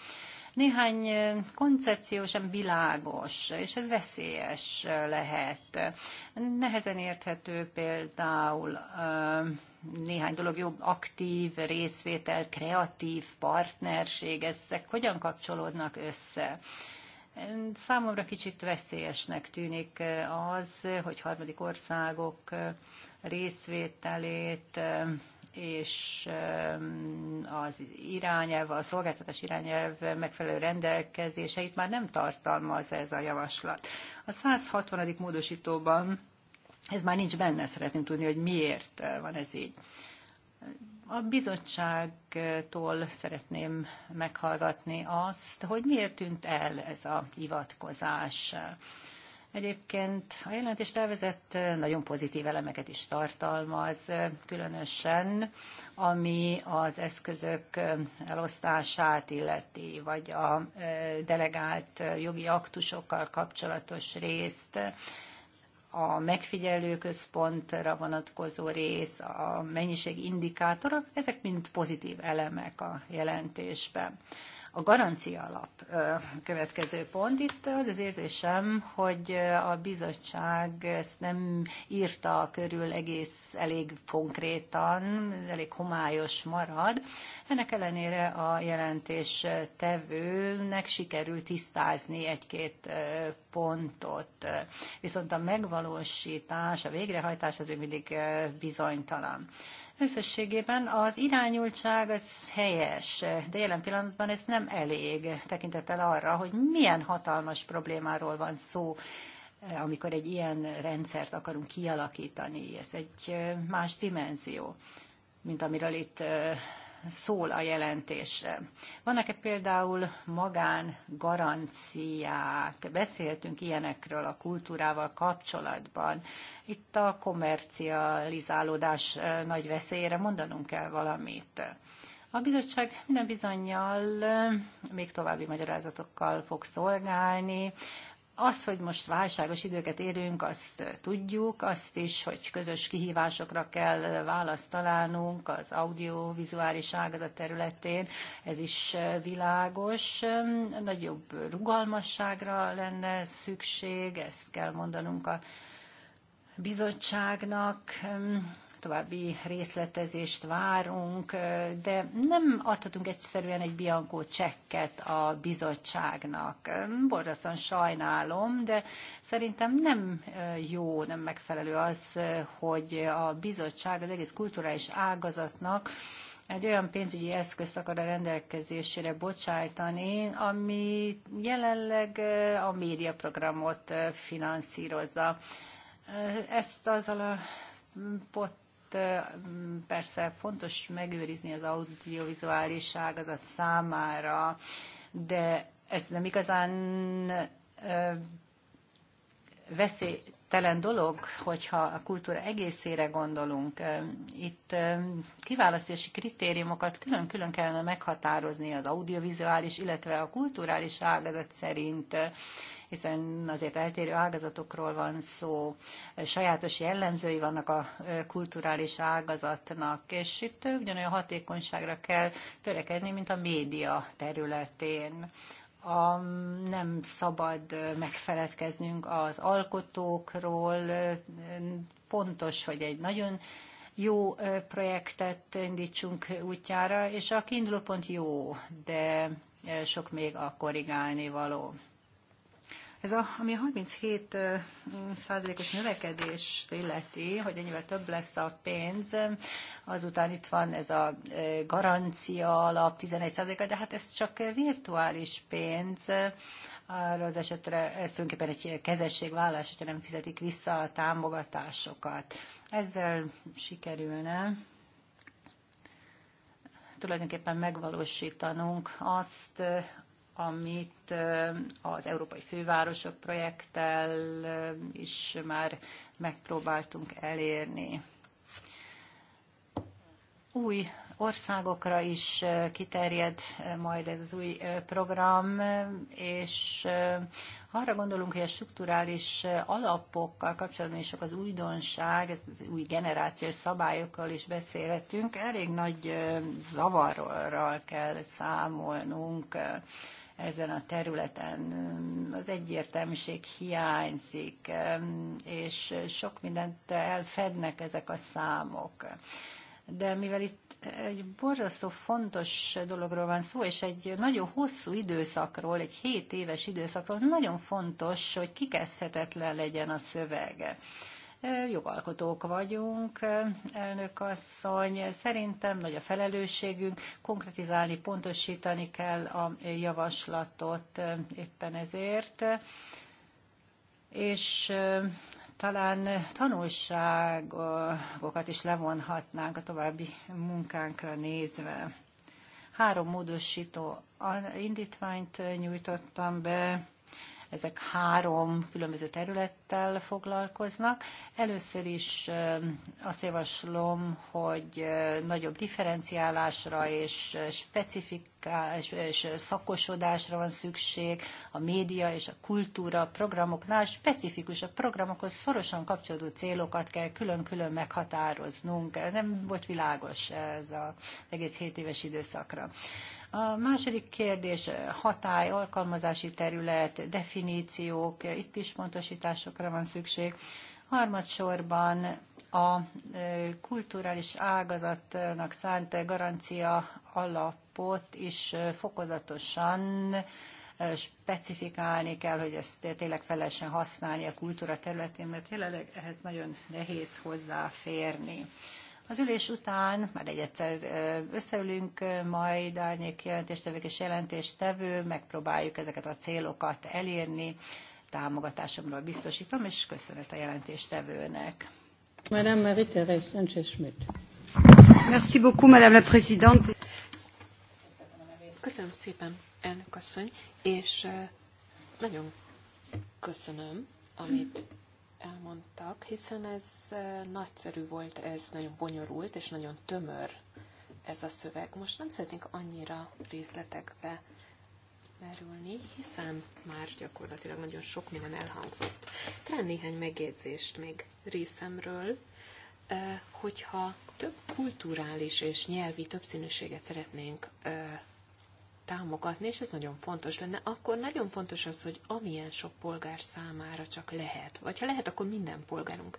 néhány koncepció sem világos, és ez veszélyes lehet. Nehezen érthető például néhány dolog jobb, aktív részvétel, kreatív partnerség, ezek hogyan kapcsolódnak össze? Számomra kicsit veszélyesnek tűnik az, hogy harmadik országok részvételét és um, az irányelv, a szolgáltatás irányelv megfelelő rendelkezéseit már nem tartalmaz ez a javaslat. A 160. módosítóban ez már nincs benne, szeretném tudni, hogy miért eh, van ez így. A bizottságtól szeretném meghallgatni azt, hogy miért tűnt el ez a hivatkozás. Egyébként a jelentés tervezett eh, nagyon pozitív elemeket is tartalmaz, eh, különösen ami az eszközök elosztását illeti, vagy a delegált jogi aktusokkal kapcsolatos részt a megfigyelőközpontra vonatkozó rész, a mennyiség indikátorok, ezek mind pozitív elemek a jelentésben. A garancia alap következő pont. Itt az az érzésem, hogy a bizottság ezt nem írta körül egész elég konkrétan, elég homályos marad. Ennek ellenére a jelentés tevőnek sikerült tisztázni egy-két pontot. Viszont a megvalósítás, a végrehajtás az még mindig bizonytalan. Összességében az irányultság az helyes, de jelen pillanatban ez nem elég tekintettel arra, hogy milyen hatalmas problémáról van szó, amikor egy ilyen rendszert akarunk kialakítani. Ez egy más dimenzió, mint amiről itt szól a jelentés. Vannak-e például magán Beszéltünk ilyenekről a kultúrával kapcsolatban. Itt a komercializálódás nagy veszélyére mondanunk kell valamit. A bizottság minden bizonyal még további magyarázatokkal fog szolgálni, az, hogy most válságos időket érünk, azt tudjuk, azt is, hogy közös kihívásokra kell választ találnunk az audiovizuális ágazat területén, ez is világos. Nagyobb rugalmasságra lenne szükség, ezt kell mondanunk a bizottságnak, további részletezést várunk, de nem adhatunk egyszerűen egy biankó csekket a bizottságnak. Borzasztóan sajnálom, de szerintem nem jó, nem megfelelő az, hogy a bizottság az egész kulturális ágazatnak egy olyan pénzügyi eszközt akar a rendelkezésére bocsájtani, ami jelenleg a médiaprogramot finanszírozza. Ezt azzal a pot persze fontos megőrizni az audiovizuális ágazat számára, de ez nem igazán veszélytelen dolog, hogyha a kultúra egészére gondolunk. Itt kiválasztási kritériumokat külön-külön kellene meghatározni az audiovizuális, illetve a kulturális ágazat szerint, hiszen azért eltérő ágazatokról van szó, sajátos jellemzői vannak a kulturális ágazatnak, és itt ugyanolyan hatékonyságra kell törekedni, mint a média területén a, nem szabad megfeledkeznünk az alkotókról. Fontos, hogy egy nagyon jó projektet indítsunk útjára, és a kiindulópont jó, de sok még a korrigálni való. Ez a, ami a 37 százalékos növekedést illeti, hogy ennyivel több lesz a pénz, azután itt van ez a garancia alap 11 százaléka, de hát ez csak virtuális pénz, arra az esetre ez tulajdonképpen egy kezességvállás, hogyha nem fizetik vissza a támogatásokat. Ezzel sikerülne tulajdonképpen megvalósítanunk azt, amit az európai fővárosok projekttel is már megpróbáltunk elérni. Új országokra is kiterjed majd ez az új program, és arra gondolunk, hogy a strukturális alapokkal kapcsolatban is sok az újdonság, ez az új generációs szabályokkal is beszélhetünk, elég nagy zavarral kell számolnunk ezen a területen. Az egyértelműség hiányzik, és sok mindent elfednek ezek a számok. De mivel itt egy borzasztó fontos dologról van szó, és egy nagyon hosszú időszakról, egy 7 éves időszakról, nagyon fontos, hogy kikezdhetetlen legyen a szövege. Jogalkotók vagyunk, elnök asszony, szerintem nagy a felelősségünk, konkretizálni, pontosítani kell a javaslatot éppen ezért, és talán tanulságokat is levonhatnánk a további munkánkra nézve. Három módosító indítványt nyújtottam be, ezek három különböző területtel foglalkoznak. Először is azt javaslom, hogy nagyobb differenciálásra és specifik és szakosodásra van szükség, a média és a kultúra programoknál specifikus a programokhoz szorosan kapcsolódó célokat kell külön-külön meghatároznunk. Nem volt világos ez az egész 7 éves időszakra. A második kérdés hatály, alkalmazási terület, definíciók, itt is pontosításokra van szükség. Harmadsorban a e, kulturális ágazatnak szánt garancia alapot is e, fokozatosan e, specifikálni kell, hogy ezt tényleg fel lehessen használni a kultúra területén, mert jelenleg ehhez nagyon nehéz hozzáférni. Az ülés után már egy egyszer összeülünk, majd árnyék jelentéstevők és jelentéstevő, megpróbáljuk ezeket a célokat elérni, támogatásomról biztosítom, és köszönet a jelentéstevőnek. Madame Marie-Thérèse schmidt Merci beaucoup, Madame la Présidente. Köszönöm szépen, elnök asszony, és nagyon köszönöm, amit elmondtak, hiszen ez nagyszerű volt, ez nagyon bonyolult és nagyon tömör ez a szöveg. Most nem szeretnénk annyira részletekbe merülni, hiszen már gyakorlatilag nagyon sok minden elhangzott. Talán néhány megjegyzést még részemről, hogyha több kulturális és nyelvi többszínűséget szeretnénk támogatni, és ez nagyon fontos lenne, akkor nagyon fontos az, hogy amilyen sok polgár számára csak lehet, vagy ha lehet, akkor minden polgárunk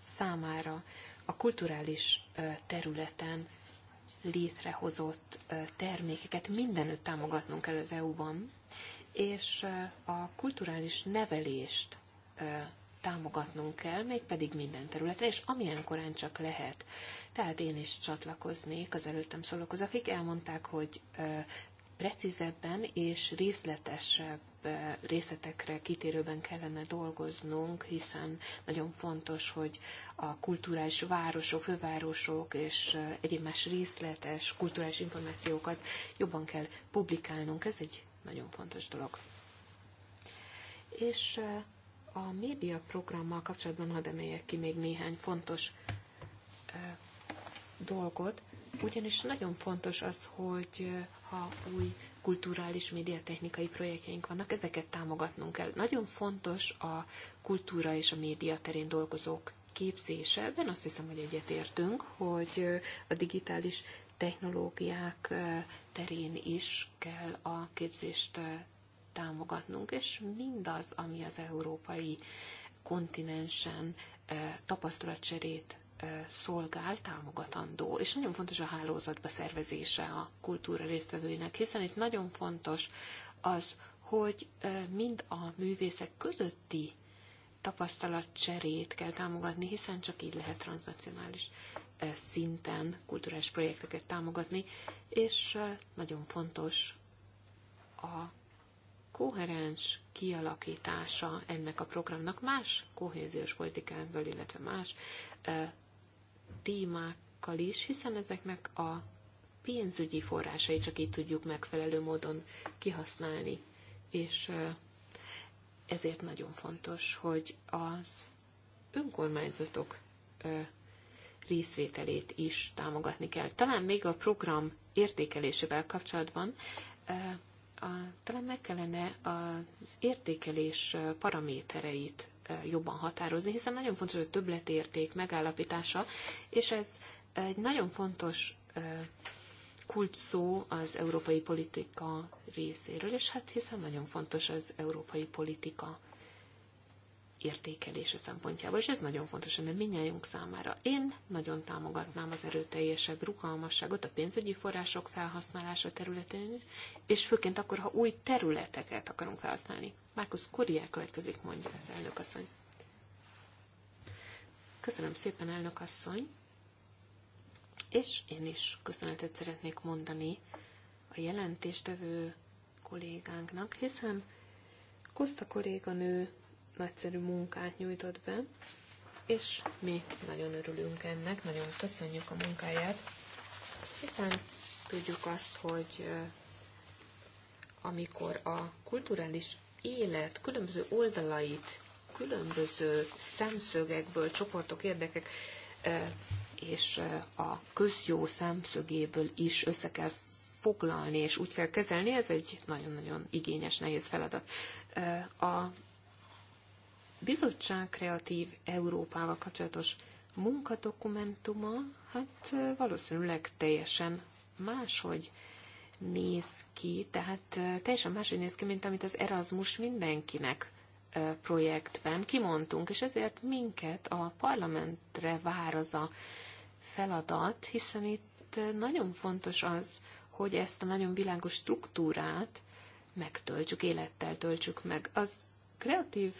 számára a kulturális területen létrehozott termékeket mindenütt támogatnunk kell az EU-ban, és a kulturális nevelést támogatnunk kell, pedig minden területen, és amilyen korán csak lehet. Tehát én is csatlakoznék az előttem szólókhoz, akik elmondták, hogy precízebben és részletesebb eh, részletekre kitérőben kellene dolgoznunk, hiszen nagyon fontos, hogy a kulturális városok, fővárosok és eh, egyéb más részletes kulturális információkat jobban kell publikálnunk. Ez egy nagyon fontos dolog. És eh, a média programmal kapcsolatban hadd emeljek ki még néhány fontos dolgot, ugyanis nagyon fontos az, hogy eh, ha új kulturális médiatechnikai projektjeink vannak, ezeket támogatnunk kell. Nagyon fontos a kultúra és a média terén dolgozók képzése. Ebben azt hiszem, hogy egyetértünk, hogy eh, a digitális technológiák eh, terén is kell a képzést támogatnunk, és mindaz, ami az európai kontinensen tapasztalatcserét szolgál, támogatandó. És nagyon fontos a hálózat beszervezése a kultúra résztvevőinek, hiszen itt nagyon fontos az, hogy mind a művészek közötti tapasztalatcserét kell támogatni, hiszen csak így lehet transnacionális szinten kulturális projekteket támogatni, és nagyon fontos a koherens kialakítása ennek a programnak más kohéziós politikákból, illetve más témákkal is, hiszen ezeknek a pénzügyi forrásai csak így tudjuk megfelelő módon kihasználni. És ezért nagyon fontos, hogy az önkormányzatok részvételét is támogatni kell. Talán még a program értékelésével kapcsolatban talán meg kellene az értékelés paramétereit jobban határozni, hiszen nagyon fontos a többletérték megállapítása, és ez egy nagyon fontos kulcs szó az európai politika részéről, és hát hiszen nagyon fontos az európai politika értékelése szempontjából, és ez nagyon fontos, mert minnyájunk számára. Én nagyon támogatnám az erőteljesebb rugalmasságot a pénzügyi források felhasználása területén, és főként akkor, ha új területeket akarunk felhasználni. Márkusz Kuriá következik, mondja az elnök asszony. Köszönöm szépen, elnök asszony, és én is köszönetet szeretnék mondani a jelentéstevő kollégánknak, hiszen Koszta kolléganő nagyszerű munkát nyújtott be, és mi nagyon örülünk ennek, nagyon köszönjük a munkáját, hiszen tudjuk azt, hogy amikor a kulturális élet különböző oldalait, különböző szemszögekből, csoportok, érdekek és a közjó szemszögéből is össze kell foglalni, és úgy kell kezelni, ez egy nagyon-nagyon igényes, nehéz feladat. A bizottság kreatív Európával kapcsolatos munkadokumentuma, hát valószínűleg teljesen máshogy néz ki, tehát teljesen máshogy néz ki, mint amit az Erasmus mindenkinek projektben kimondtunk, és ezért minket a parlamentre vár az a feladat, hiszen itt nagyon fontos az, hogy ezt a nagyon világos struktúrát megtöltsük, élettel töltsük meg. Az kreatív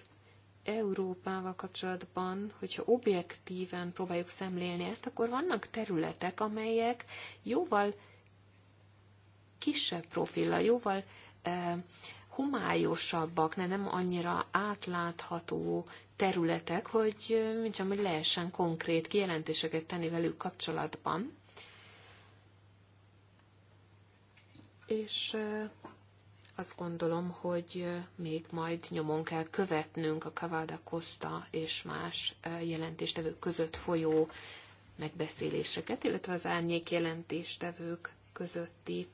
Európával kapcsolatban, hogyha objektíven próbáljuk szemlélni ezt, akkor vannak területek, amelyek jóval kisebb profilla, jóval eh, homályosabbak, ne nem annyira átlátható területek, hogy e, mint hogy lehessen konkrét kijelentéseket tenni velük kapcsolatban. És eh, azt gondolom, hogy még majd nyomon kell követnünk a Cavada Costa és más jelentéstevők között folyó megbeszéléseket, illetve az árnyék jelentéstevők közötti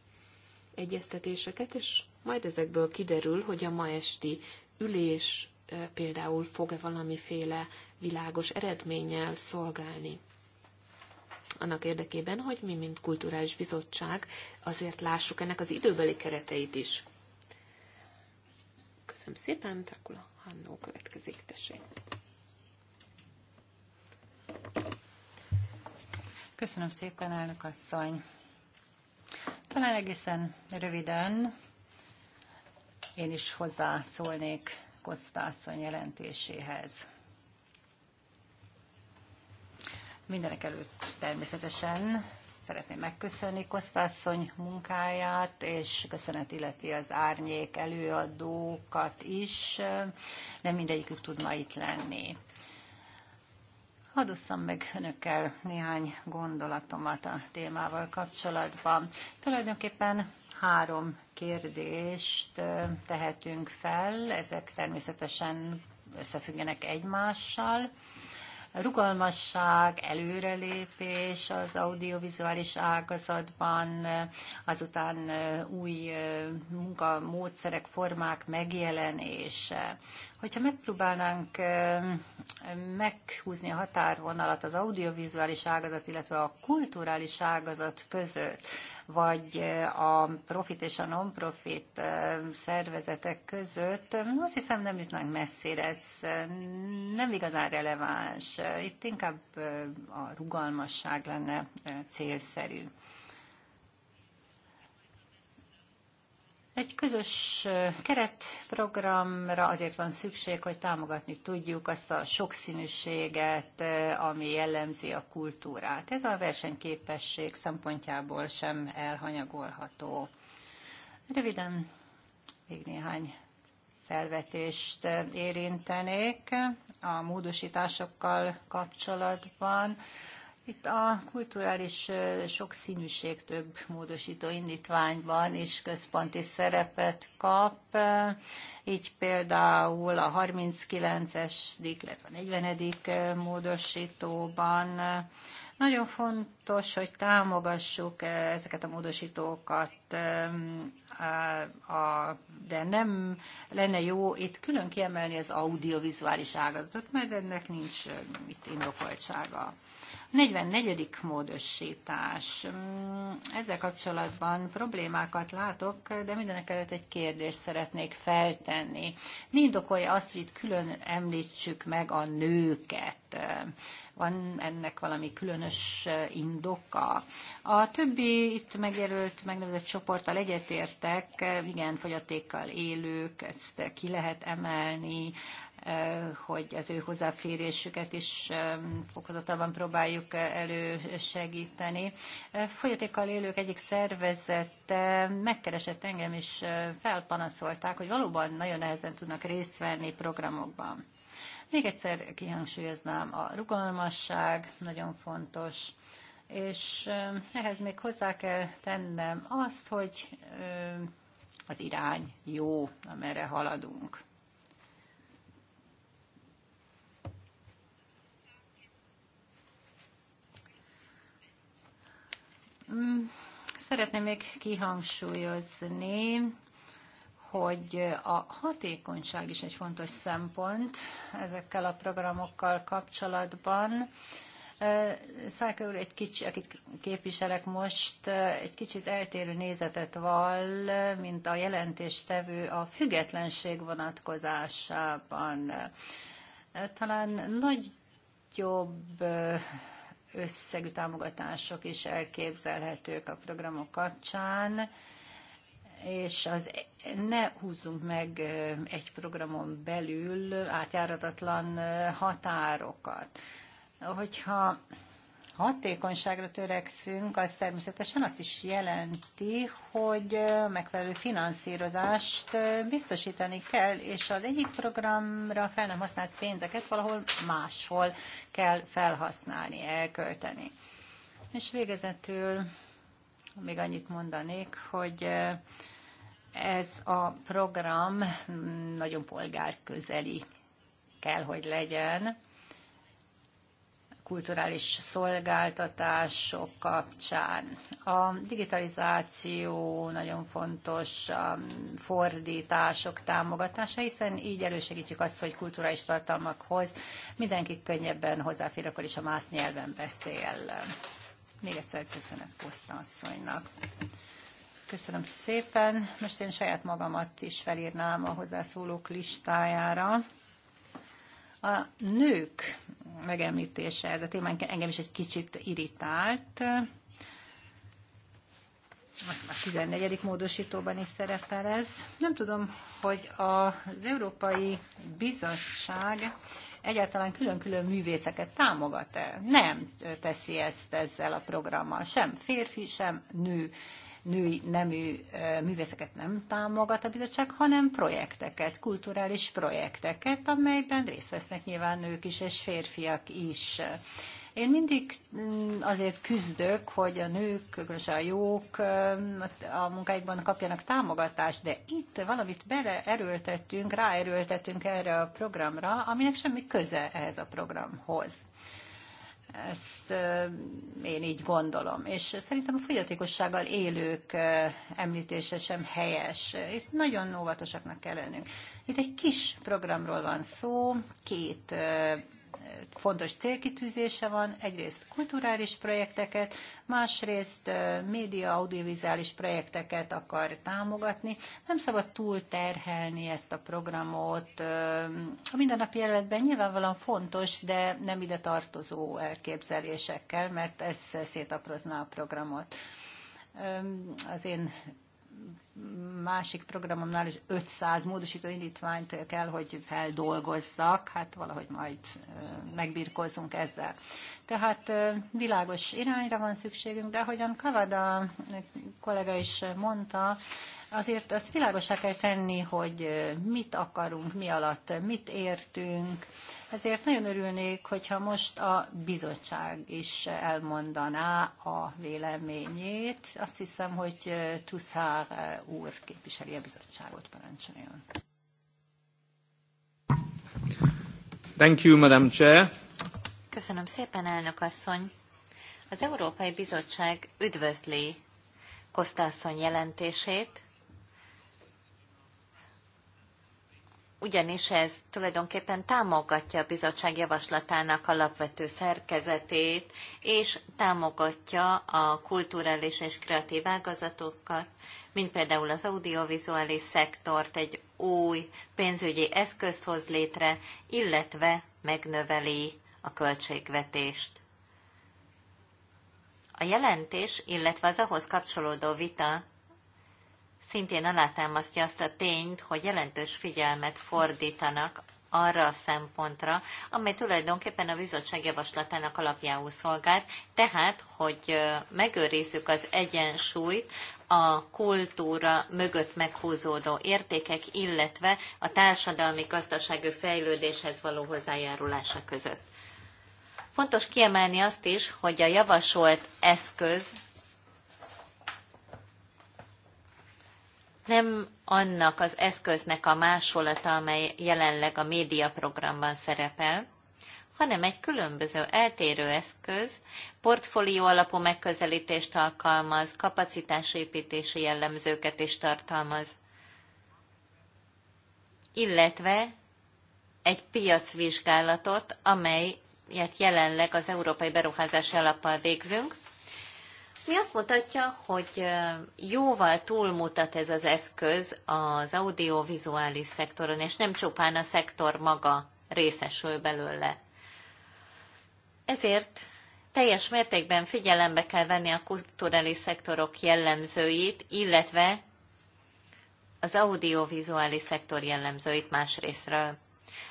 egyeztetéseket, és majd ezekből kiderül, hogy a ma esti ülés például fog-e valamiféle világos eredménnyel szolgálni. Annak érdekében, hogy mi, mint kulturális bizottság, azért lássuk ennek az időbeli kereteit is. Köszönöm szépen, Dracula Hannó következik, tessék. Köszönöm szépen, elnök asszony. Talán egészen röviden én is hozzászólnék Kosztászony jelentéséhez. Mindenek előtt természetesen Szeretném megköszönni Kosztasszony munkáját, és köszönet illeti az árnyék előadókat is. Nem mindegyikük tud ma itt lenni. Hadd meg önökkel néhány gondolatomat a témával kapcsolatban. Tulajdonképpen három kérdést tehetünk fel, ezek természetesen összefüggenek egymással rugalmasság, előrelépés az audiovizuális ágazatban, azután új munkamódszerek, formák megjelenése. Hogyha megpróbálnánk meghúzni a határvonalat az audiovizuális ágazat, illetve a kulturális ágazat között, vagy a profit és a non-profit szervezetek között, azt hiszem nem jutnánk messzire, ez nem igazán releváns. Itt inkább a rugalmasság lenne célszerű. Egy közös keretprogramra azért van szükség, hogy támogatni tudjuk azt a sokszínűséget, ami jellemzi a kultúrát. Ez a versenyképesség szempontjából sem elhanyagolható. Röviden még néhány felvetést érintenék a módosításokkal kapcsolatban. Itt a kulturális sokszínűség több módosító indítványban is központi szerepet kap, így például a 39-es, illetve a 40. módosítóban nagyon fontos, hogy támogassuk ezeket a módosítókat a, de nem lenne jó itt külön kiemelni az audiovizuális ágazatot, mert ennek nincs itt indokoltsága. 44. módosítás. Mm, ezzel kapcsolatban problémákat látok, de mindenek előtt egy kérdést szeretnék feltenni. Mi indokolja azt, hogy itt külön említsük meg a nőket? Van ennek valami különös indoka? A többi itt megjelölt, megnevezett csoporttal egyetért esetek, igen, fogyatékkal élők, ezt ki lehet emelni, eh, hogy az ő hozzáférésüket is eh, fokozatában próbáljuk eh, elősegíteni. Folyatékkal élők egyik szervezete megkeresett engem, és felpanaszolták, hogy valóban nagyon nehezen tudnak részt venni programokban. Még egyszer kihangsúlyoznám, a rugalmasság nagyon fontos és ehhez még hozzá kell tennem azt, hogy az irány jó, amerre haladunk. Mm, szeretném még kihangsúlyozni, hogy a hatékonyság is egy fontos szempont ezekkel a programokkal kapcsolatban. Szájka úr, egy kicsi, akit képviselek most, egy kicsit eltérő nézetet vall, mint a jelentéstevő a függetlenség vonatkozásában. Talán nagyobb összegű támogatások is elképzelhetők a programok kapcsán, és az ne húzzunk meg egy programon belül átjáratatlan határokat hogyha hatékonyságra törekszünk, az természetesen azt is jelenti, hogy megfelelő finanszírozást biztosítani kell, és az egyik programra fel nem használt pénzeket valahol máshol kell felhasználni, elkölteni. És végezetül még annyit mondanék, hogy ez a program nagyon polgárközeli kell, hogy legyen kulturális szolgáltatások kapcsán. A digitalizáció nagyon fontos, a fordítások támogatása, hiszen így elősegítjük azt, hogy kulturális tartalmakhoz mindenki könnyebben hozzáfér, akkor is a más nyelven beszél. Még egyszer köszönet Koszta asszonynak. Köszönöm szépen. Most én saját magamat is felírnám a hozzászólók listájára. A nők megemlítése, ez a téma engem is egy kicsit irritált. A 14. módosítóban is szerepel ez. Nem tudom, hogy az Európai Bizottság egyáltalán külön-külön művészeket támogat-e? Nem teszi ezt ezzel a programmal, sem férfi, sem nő női nemű művészeket nem támogat a bizottság, hanem projekteket, kulturális projekteket, amelyben részt vesznek nyilván nők is és férfiak is. Én mindig mm, azért küzdök, hogy a nők, különösen a jók a munkáikban kapjanak támogatást, de itt valamit beleerőltettünk, ráerőltettünk erre a programra, aminek semmi köze ehhez a programhoz. Ezt én így gondolom. És szerintem a fogyatékossággal élők említése sem helyes. Itt nagyon óvatosaknak kell lennünk. Itt egy kis programról van szó, két fontos célkitűzése van, egyrészt kulturális projekteket, másrészt média, audiovizuális projekteket akar támogatni. Nem szabad túl terhelni ezt a programot. A mindennapi életben nyilvánvalóan fontos, de nem ide tartozó elképzelésekkel, mert ez szétaprozná a programot. Az én másik programomnál is 500 módosító indítványt kell, hogy feldolgozzak, hát valahogy majd megbirkózzunk ezzel. Tehát világos irányra van szükségünk, de ahogyan Kavada kollega is mondta, Azért azt világosá kell tenni, hogy mit akarunk, mi alatt mit értünk. Ezért nagyon örülnék, hogyha most a bizottság is elmondaná a véleményét. Azt hiszem, hogy Tuszár úr képviseli a bizottságot, parancsoljon. Thank you, Madam Chair. Köszönöm szépen, elnök asszony. Az Európai Bizottság üdvözli Kosztasszony jelentését, ugyanis ez tulajdonképpen támogatja a bizottság javaslatának alapvető szerkezetét, és támogatja a kulturális és kreatív ágazatokat, mint például az audiovizuális szektort, egy új pénzügyi eszközt hoz létre, illetve megnöveli a költségvetést. A jelentés, illetve az ahhoz kapcsolódó vita szintén alátámasztja azt a tényt, hogy jelentős figyelmet fordítanak arra a szempontra, amely tulajdonképpen a bizottság javaslatának alapjául szolgált, tehát, hogy megőrizzük az egyensúlyt a kultúra mögött meghúzódó értékek, illetve a társadalmi gazdasági fejlődéshez való hozzájárulása között. Fontos kiemelni azt is, hogy a javasolt eszköz nem annak az eszköznek a másolata, amely jelenleg a médiaprogramban szerepel, hanem egy különböző eltérő eszköz, portfólió alapú megközelítést alkalmaz, kapacitásépítési jellemzőket is tartalmaz, illetve egy piacvizsgálatot, amelyet jelenleg az Európai Beruházási Alappal végzünk, mi azt mutatja, hogy jóval túlmutat ez az eszköz az audiovizuális szektoron, és nem csupán a szektor maga részesül belőle. Ezért teljes mértékben figyelembe kell venni a kulturális szektorok jellemzőit, illetve az audiovizuális szektor jellemzőit más részről.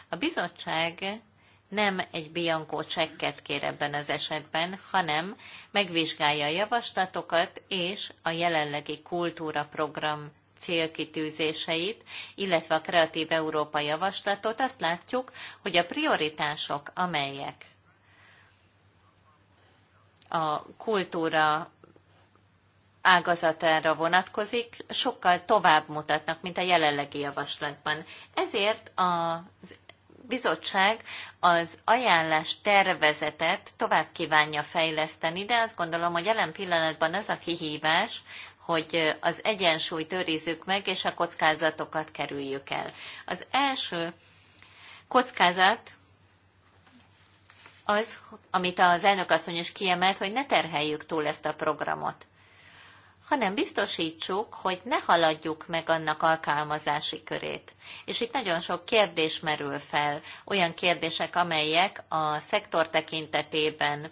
A bizottság nem egy biankó csekket kér ebben az esetben, hanem megvizsgálja a javaslatokat és a jelenlegi kultúraprogram célkitűzéseit, illetve a Kreatív Európa javaslatot, azt látjuk, hogy a prioritások, amelyek a kultúra ágazatára vonatkozik, sokkal tovább mutatnak, mint a jelenlegi javaslatban. Ezért az bizottság az ajánlás tervezetet tovább kívánja fejleszteni, de azt gondolom, hogy jelen pillanatban az a kihívás, hogy az egyensúlyt őrizzük meg, és a kockázatokat kerüljük el. Az első kockázat az, amit az elnök asszony is kiemelt, hogy ne terheljük túl ezt a programot hanem biztosítsuk, hogy ne haladjuk meg annak alkalmazási körét. És itt nagyon sok kérdés merül fel, olyan kérdések, amelyek a szektor tekintetében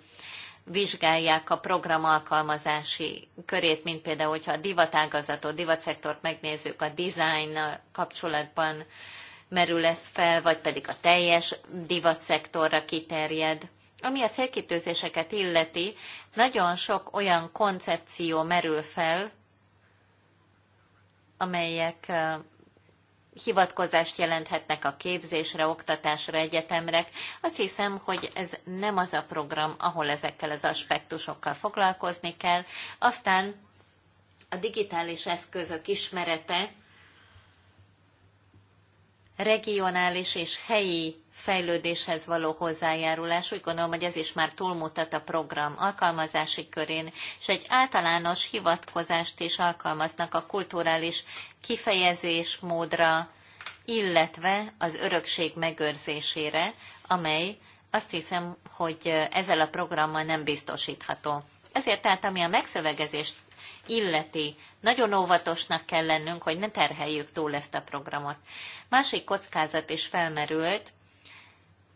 vizsgálják a program alkalmazási körét, mint például, hogyha a divatágazatot, divatszektort megnézzük, a design kapcsolatban merül ez fel, vagy pedig a teljes divatszektorra kiterjed. Ami a célkitűzéseket illeti, nagyon sok olyan koncepció merül fel, amelyek hivatkozást jelenthetnek a képzésre, oktatásra, egyetemre. Azt hiszem, hogy ez nem az a program, ahol ezekkel az aspektusokkal foglalkozni kell. Aztán a digitális eszközök ismerete regionális és helyi fejlődéshez való hozzájárulás. Úgy gondolom, hogy ez is már túlmutat a program alkalmazási körén, és egy általános hivatkozást is alkalmaznak a kulturális kifejezésmódra, illetve az örökség megőrzésére, amely azt hiszem, hogy ezzel a programmal nem biztosítható. Ezért tehát, ami a megszövegezést illeti. Nagyon óvatosnak kell lennünk, hogy ne terheljük túl ezt a programot. Másik kockázat is felmerült,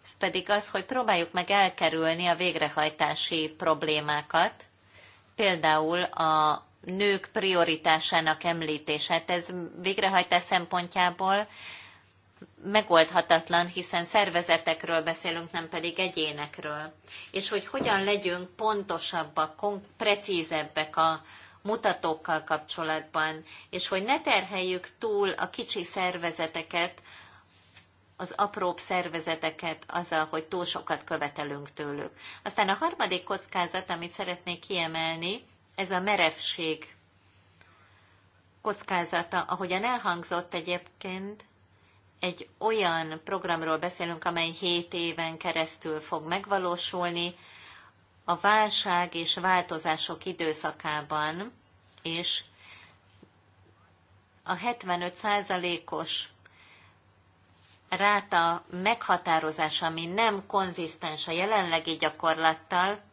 ez pedig az, hogy próbáljuk meg elkerülni a végrehajtási problémákat, például a nők prioritásának említését. Ez végrehajtás szempontjából megoldhatatlan, hiszen szervezetekről beszélünk, nem pedig egyénekről. És hogy hogyan legyünk pontosabbak, precízebbek a mutatókkal kapcsolatban, és hogy ne terheljük túl a kicsi szervezeteket, az apróbb szervezeteket azzal, hogy túl sokat követelünk tőlük. Aztán a harmadik kockázat, amit szeretnék kiemelni, ez a merevség kockázata, ahogyan elhangzott egyébként, egy olyan programról beszélünk, amely 7 éven keresztül fog megvalósulni a válság és változások időszakában és a 75%-os ráta meghatározása, ami nem konzisztens a jelenlegi gyakorlattal,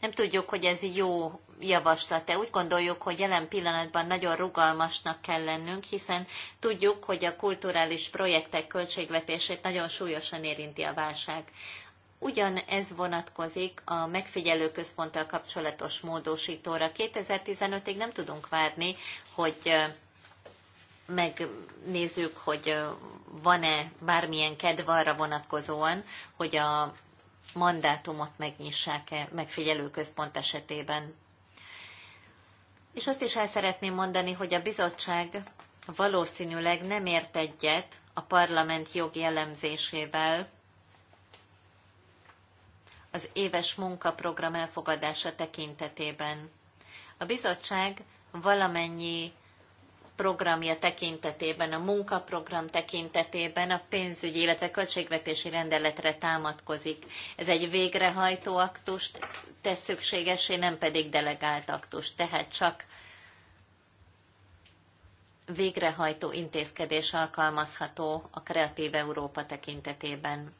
nem tudjuk, hogy ez jó javaslat-e. Úgy gondoljuk, hogy jelen pillanatban nagyon rugalmasnak kell lennünk, hiszen tudjuk, hogy a kulturális projektek költségvetését nagyon súlyosan érinti a válság. Ugyanez vonatkozik a megfigyelő központtal kapcsolatos módosítóra. 2015-ig nem tudunk várni, hogy megnézzük, hogy van-e bármilyen kedv arra vonatkozóan, hogy a mandátumot megnyissák-e megfigyelő központ esetében. És azt is el szeretném mondani, hogy a bizottság valószínűleg nem ért egyet a parlament jogi elemzésével, az éves munkaprogram elfogadása tekintetében. A bizottság valamennyi programja tekintetében, a munkaprogram tekintetében a pénzügyi, illetve költségvetési rendeletre támadkozik. Ez egy végrehajtó aktust tesz szükségesé, nem pedig delegált aktust, tehát csak végrehajtó intézkedés alkalmazható a Kreatív Európa tekintetében.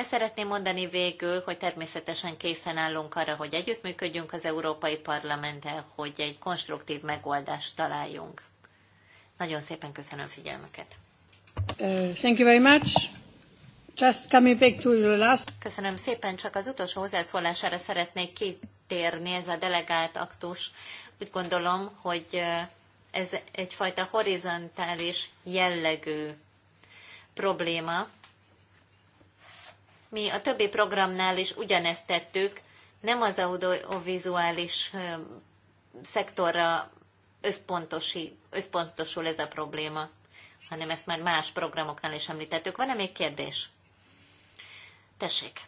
Ezt szeretném mondani végül, hogy természetesen készen állunk arra, hogy együttműködjünk az Európai Parlamenttel, hogy egy konstruktív megoldást találjunk. Nagyon szépen köszönöm figyelmüket. Uh, thank you very much. Just coming back to your last... Köszönöm szépen, csak az utolsó hozzászólására szeretnék kitérni ez a delegált aktus. Úgy gondolom, hogy uh, ez egyfajta horizontális jellegű probléma, mi a többi programnál is ugyanezt tettük, nem az audiovizuális szektorra összpontosul ez a probléma, hanem ezt már más programoknál is említettük. Van-e még kérdés? Tessék!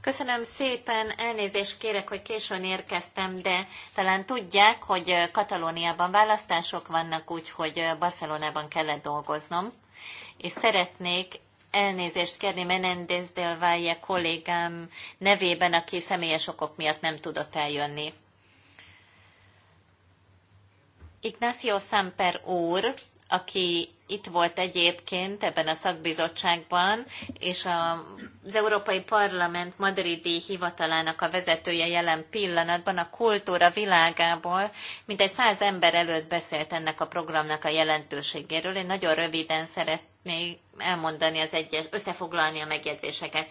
Köszönöm szépen, elnézést kérek, hogy későn érkeztem, de talán tudják, hogy Katalóniában választások vannak, úgyhogy Barcelonában kellett dolgoznom, és szeretnék elnézést kérni Menendez del Valle kollégám nevében, aki személyes okok miatt nem tudott eljönni. Ignacio Samper úr, aki itt volt egyébként ebben a szakbizottságban, és a, az Európai Parlament madridi hivatalának a vezetője jelen pillanatban a kultúra világából egy száz ember előtt beszélt ennek a programnak a jelentőségéről. Én nagyon röviden szeret, még elmondani az egyes, összefoglalni a megjegyzéseket.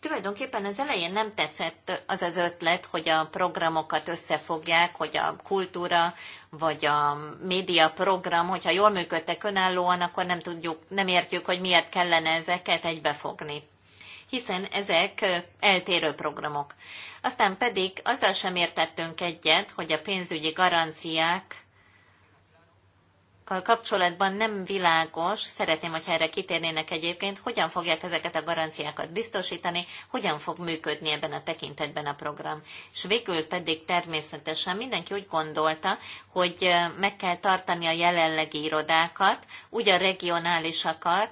Tulajdonképpen az elején nem tetszett az az ötlet, hogy a programokat összefogják, hogy a kultúra vagy a média program, hogyha jól működtek önállóan, akkor nem tudjuk, nem értjük, hogy miért kellene ezeket egybefogni hiszen ezek eltérő programok. Aztán pedig azzal sem értettünk egyet, hogy a pénzügyi garanciák garanciákkal kapcsolatban nem világos, szeretném, hogyha erre kitérnének egyébként, hogyan fogják ezeket a garanciákat biztosítani, hogyan fog működni ebben a tekintetben a program. És végül pedig természetesen mindenki úgy gondolta, hogy meg kell tartani a jelenlegi irodákat, úgy a regionálisakat,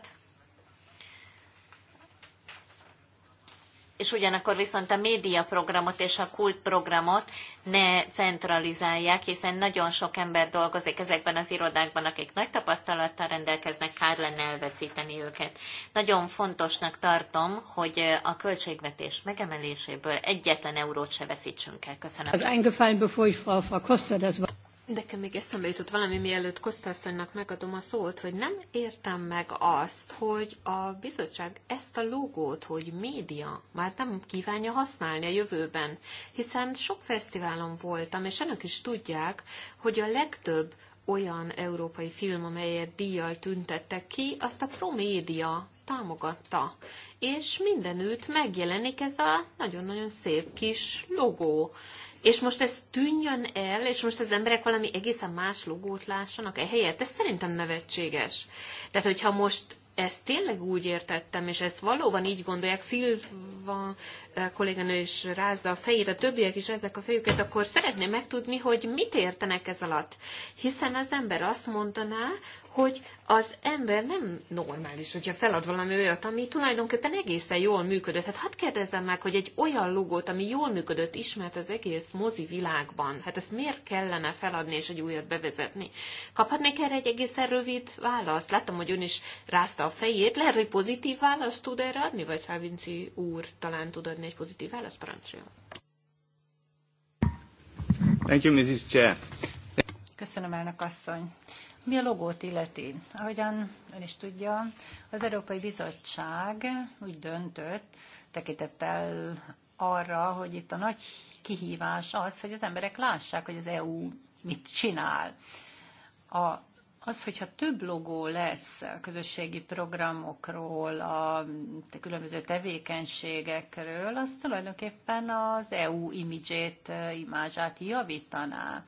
és ugyanakkor viszont a médiaprogramot és a kultprogramot ne centralizálják, hiszen nagyon sok ember dolgozik ezekben az irodákban, akik nagy tapasztalattal rendelkeznek, kár lenne elveszíteni őket. Nagyon fontosnak tartom, hogy a költségvetés megemeléséből egyetlen eurót se veszítsünk el. Köszönöm. Az eingefallen, bevor ich Frau Frau das Nekem még eszembe jutott valami, mielőtt Kosztászonynak megadom a szót, hogy nem értem meg azt, hogy a bizottság ezt a logót, hogy média, már nem kívánja használni a jövőben, hiszen sok fesztiválon voltam, és önök is tudják, hogy a legtöbb olyan európai film, amelyet díjjal tüntettek ki, azt a Promédia támogatta. És mindenütt megjelenik ez a nagyon-nagyon szép kis logó és most ez tűnjön el, és most az emberek valami egészen más logót lássanak ehelyett, ez szerintem nevetséges. Tehát, hogyha most ezt tényleg úgy értettem, és ezt valóban így gondolják, Szilva kolléganő is rázza a a többiek is ezek a fejüket, akkor szeretném megtudni, hogy mit értenek ez alatt. Hiszen az ember azt mondaná, hogy az ember nem normális, hogyha felad valami olyat, ami tulajdonképpen egészen jól működött. Hát hadd kérdezzem meg, hogy egy olyan logót, ami jól működött, ismert az egész mozi világban, hát ezt miért kellene feladni és egy újat bevezetni? Kaphatnék erre egy egészen rövid választ? Láttam, hogy ön is rázta a fejét. Lehet, hogy pozitív választ tud erre adni, vagy Hávinci úr talán tud adni egy pozitív választ, parancsoljon. Thank you, Mrs. Chair. Köszönöm, elnök asszony. Mi a logót illeti? Ahogyan ön is tudja, az Európai Bizottság úgy döntött, tekintettel arra, hogy itt a nagy kihívás az, hogy az emberek lássák, hogy az EU mit csinál. A az, hogyha több logó lesz a közösségi programokról, a különböző tevékenységekről, az tulajdonképpen az EU imidzsét, imázsát javítaná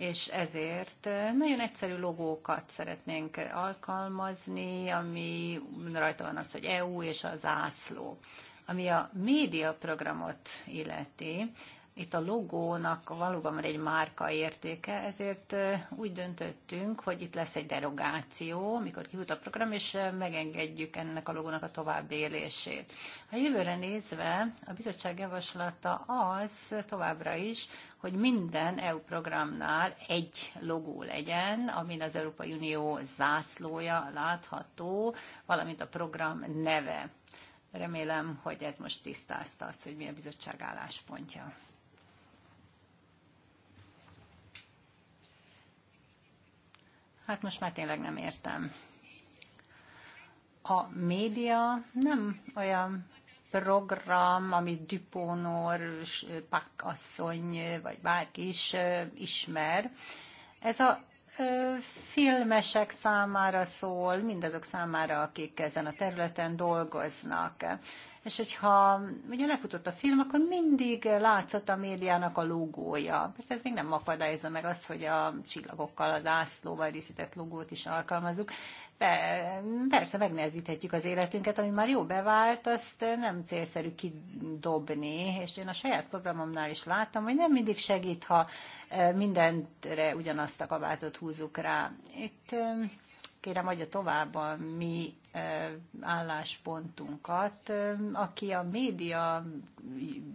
és ezért eh, nagyon egyszerű logókat szeretnénk alkalmazni, ami rajta van az, hogy EU és a zászló. Ami a médiaprogramot illeti, itt a logónak valóban már egy márka értéke, ezért úgy döntöttünk, hogy itt lesz egy derogáció, mikor kihut a program, és megengedjük ennek a logónak a további élését. A jövőre nézve a bizottság javaslata az továbbra is, hogy minden EU programnál egy logó legyen, amin az Európai Unió zászlója látható, valamint a program neve. Remélem, hogy ez most tisztázta azt, hogy mi a bizottság álláspontja. hát most már tényleg nem értem. A média nem olyan program, amit Duponor, Pak asszony, vagy bárki is ismer. Ez a filmesek számára szól, mindazok számára, akik ezen a területen dolgoznak. És hogyha ugye lefutott a film, akkor mindig látszott a médiának a logója. Persze ez még nem akadályozza meg azt, hogy a csillagokkal, az ászlóval díszített logót is alkalmazzuk. Persze megnehezíthetjük az életünket, ami már jó bevált, azt nem célszerű kidobni, és én a saját programomnál is láttam, hogy nem mindig segít, ha mindenre ugyanazt a kabátot húzzuk rá. Itt kérem, adja tovább a mi álláspontunkat. Aki a média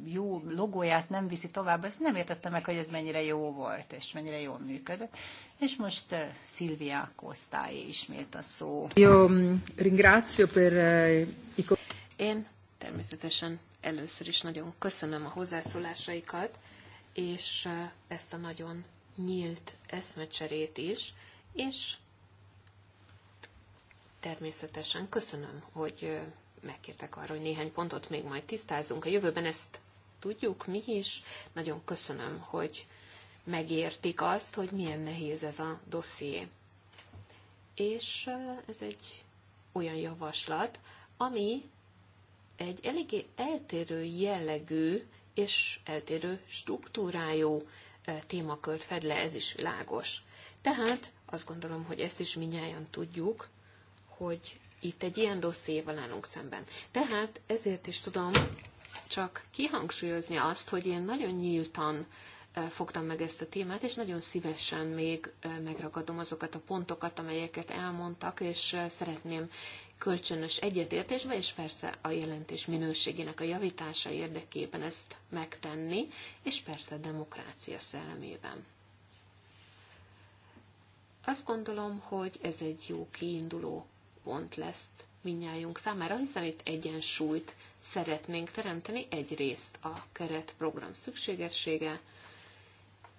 jó logóját nem viszi tovább, az nem értette meg, hogy ez mennyire jó volt, és mennyire jól működött. És most Szilvia Kosztályi ismét a szó. Jó, mm, ringrácio per... Eh, Én természetesen először is nagyon köszönöm a hozzászólásaikat, és ezt a nagyon nyílt eszmecserét is, és természetesen köszönöm, hogy megkértek arra, hogy néhány pontot még majd tisztázunk. A jövőben ezt tudjuk mi is. Nagyon köszönöm, hogy megértik azt, hogy milyen nehéz ez a dosszié. És ez egy olyan javaslat, ami egy eléggé eltérő jellegű és eltérő struktúrájú témakört fed le, ez is világos. Tehát azt gondolom, hogy ezt is minnyáján tudjuk, hogy itt egy ilyen van állunk szemben. Tehát ezért is tudom csak kihangsúlyozni azt, hogy én nagyon nyíltan fogtam meg ezt a témát, és nagyon szívesen még megragadom azokat a pontokat, amelyeket elmondtak, és szeretném kölcsönös egyetértésbe, és persze a jelentés minőségének a javítása érdekében ezt megtenni, és persze a demokrácia szellemében. Azt gondolom, hogy ez egy jó kiinduló pont lesz minnyájunk számára, hiszen itt egyensúlyt szeretnénk teremteni egyrészt a keretprogram szükségessége,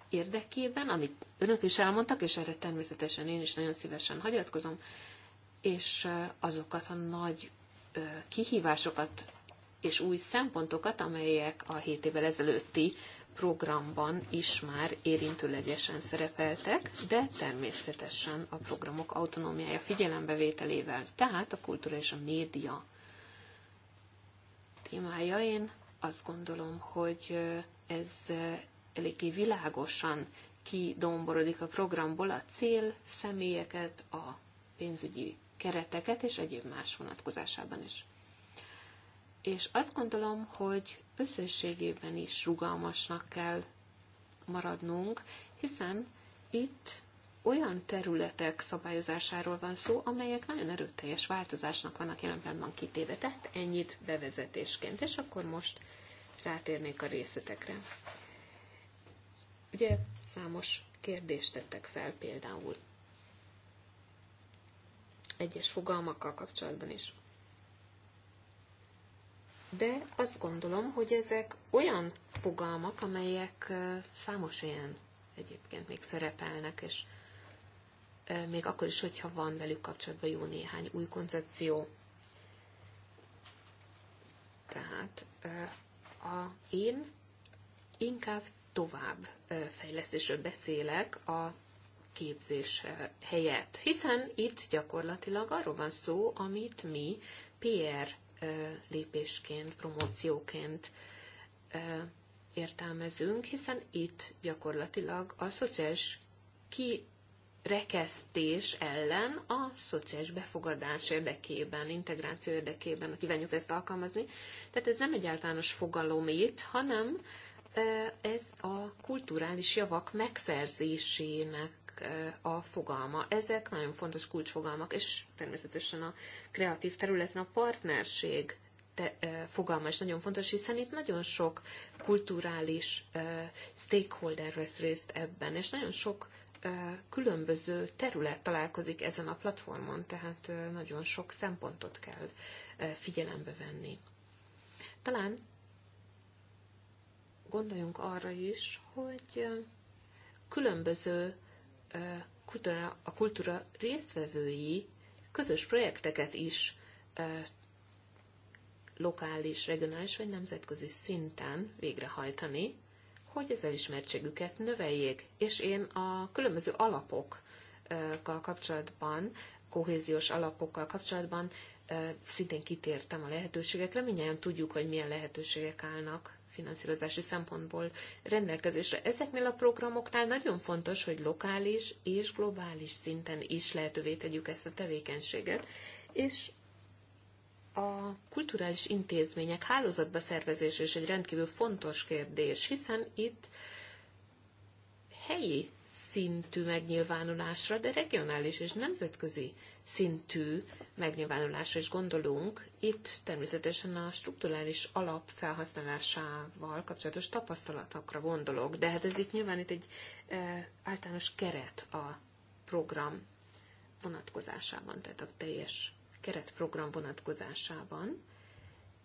érdekében, amit önök is elmondtak, és erre természetesen én is nagyon szívesen hagyatkozom, és azokat a nagy kihívásokat és új szempontokat, amelyek a 7 évvel ezelőtti programban is már érintőlegesen szerepeltek, de természetesen a programok autonómiája figyelembevételével, tehát a kultúra és a média témája. Én azt gondolom, hogy ez eléggé világosan kidomborodik a programból a cél, személyeket, a pénzügyi kereteket és egyéb más vonatkozásában is. És azt gondolom, hogy összességében is rugalmasnak kell maradnunk, hiszen itt olyan területek szabályozásáról van szó, amelyek nagyon erőteljes változásnak vannak jelen pillanatban kitéve. Tehát ennyit bevezetésként, és akkor most rátérnék a részletekre. Ugye számos kérdést tettek fel például egyes fogalmakkal kapcsolatban is. De azt gondolom, hogy ezek olyan fogalmak, amelyek számos ilyen egyébként még szerepelnek, és még akkor is, hogyha van velük kapcsolatban jó néhány új koncepció. Tehát a én inkább tovább fejlesztésről beszélek a képzés helyett, hiszen itt gyakorlatilag arról van szó, amit mi PR lépésként, promócióként értelmezünk, hiszen itt gyakorlatilag a szociális ki rekesztés ellen a szociális befogadás érdekében, integráció érdekében kívánjuk ezt alkalmazni. Tehát ez nem egy általános fogalom itt, hanem ez a kulturális javak megszerzésének a fogalma. Ezek nagyon fontos kulcsfogalmak, és természetesen a kreatív területen a partnerség te, fogalma is nagyon fontos, hiszen itt nagyon sok kulturális stakeholder vesz részt ebben, és nagyon sok különböző terület találkozik ezen a platformon, tehát nagyon sok szempontot kell figyelembe venni. Talán gondoljunk arra is, hogy különböző kultúra, a kultúra résztvevői közös projekteket is lokális, regionális vagy nemzetközi szinten végrehajtani, hogy az elismertségüket növeljék. És én a különböző alapokkal kapcsolatban, kohéziós alapokkal kapcsolatban szintén kitértem a lehetőségekre. Mindjárt tudjuk, hogy milyen lehetőségek állnak finanszírozási szempontból rendelkezésre. Ezeknél a programoknál nagyon fontos, hogy lokális és globális szinten is lehetővé tegyük ezt a tevékenységet, és a kulturális intézmények hálózatba szervezése is egy rendkívül fontos kérdés, hiszen itt helyi szintű megnyilvánulásra, de regionális és nemzetközi szintű megnyilvánulásra is gondolunk. Itt természetesen a strukturális alap felhasználásával kapcsolatos tapasztalatokra gondolok, de hát ez itt nyilván itt egy e, általános keret a program vonatkozásában, tehát a teljes keretprogram vonatkozásában.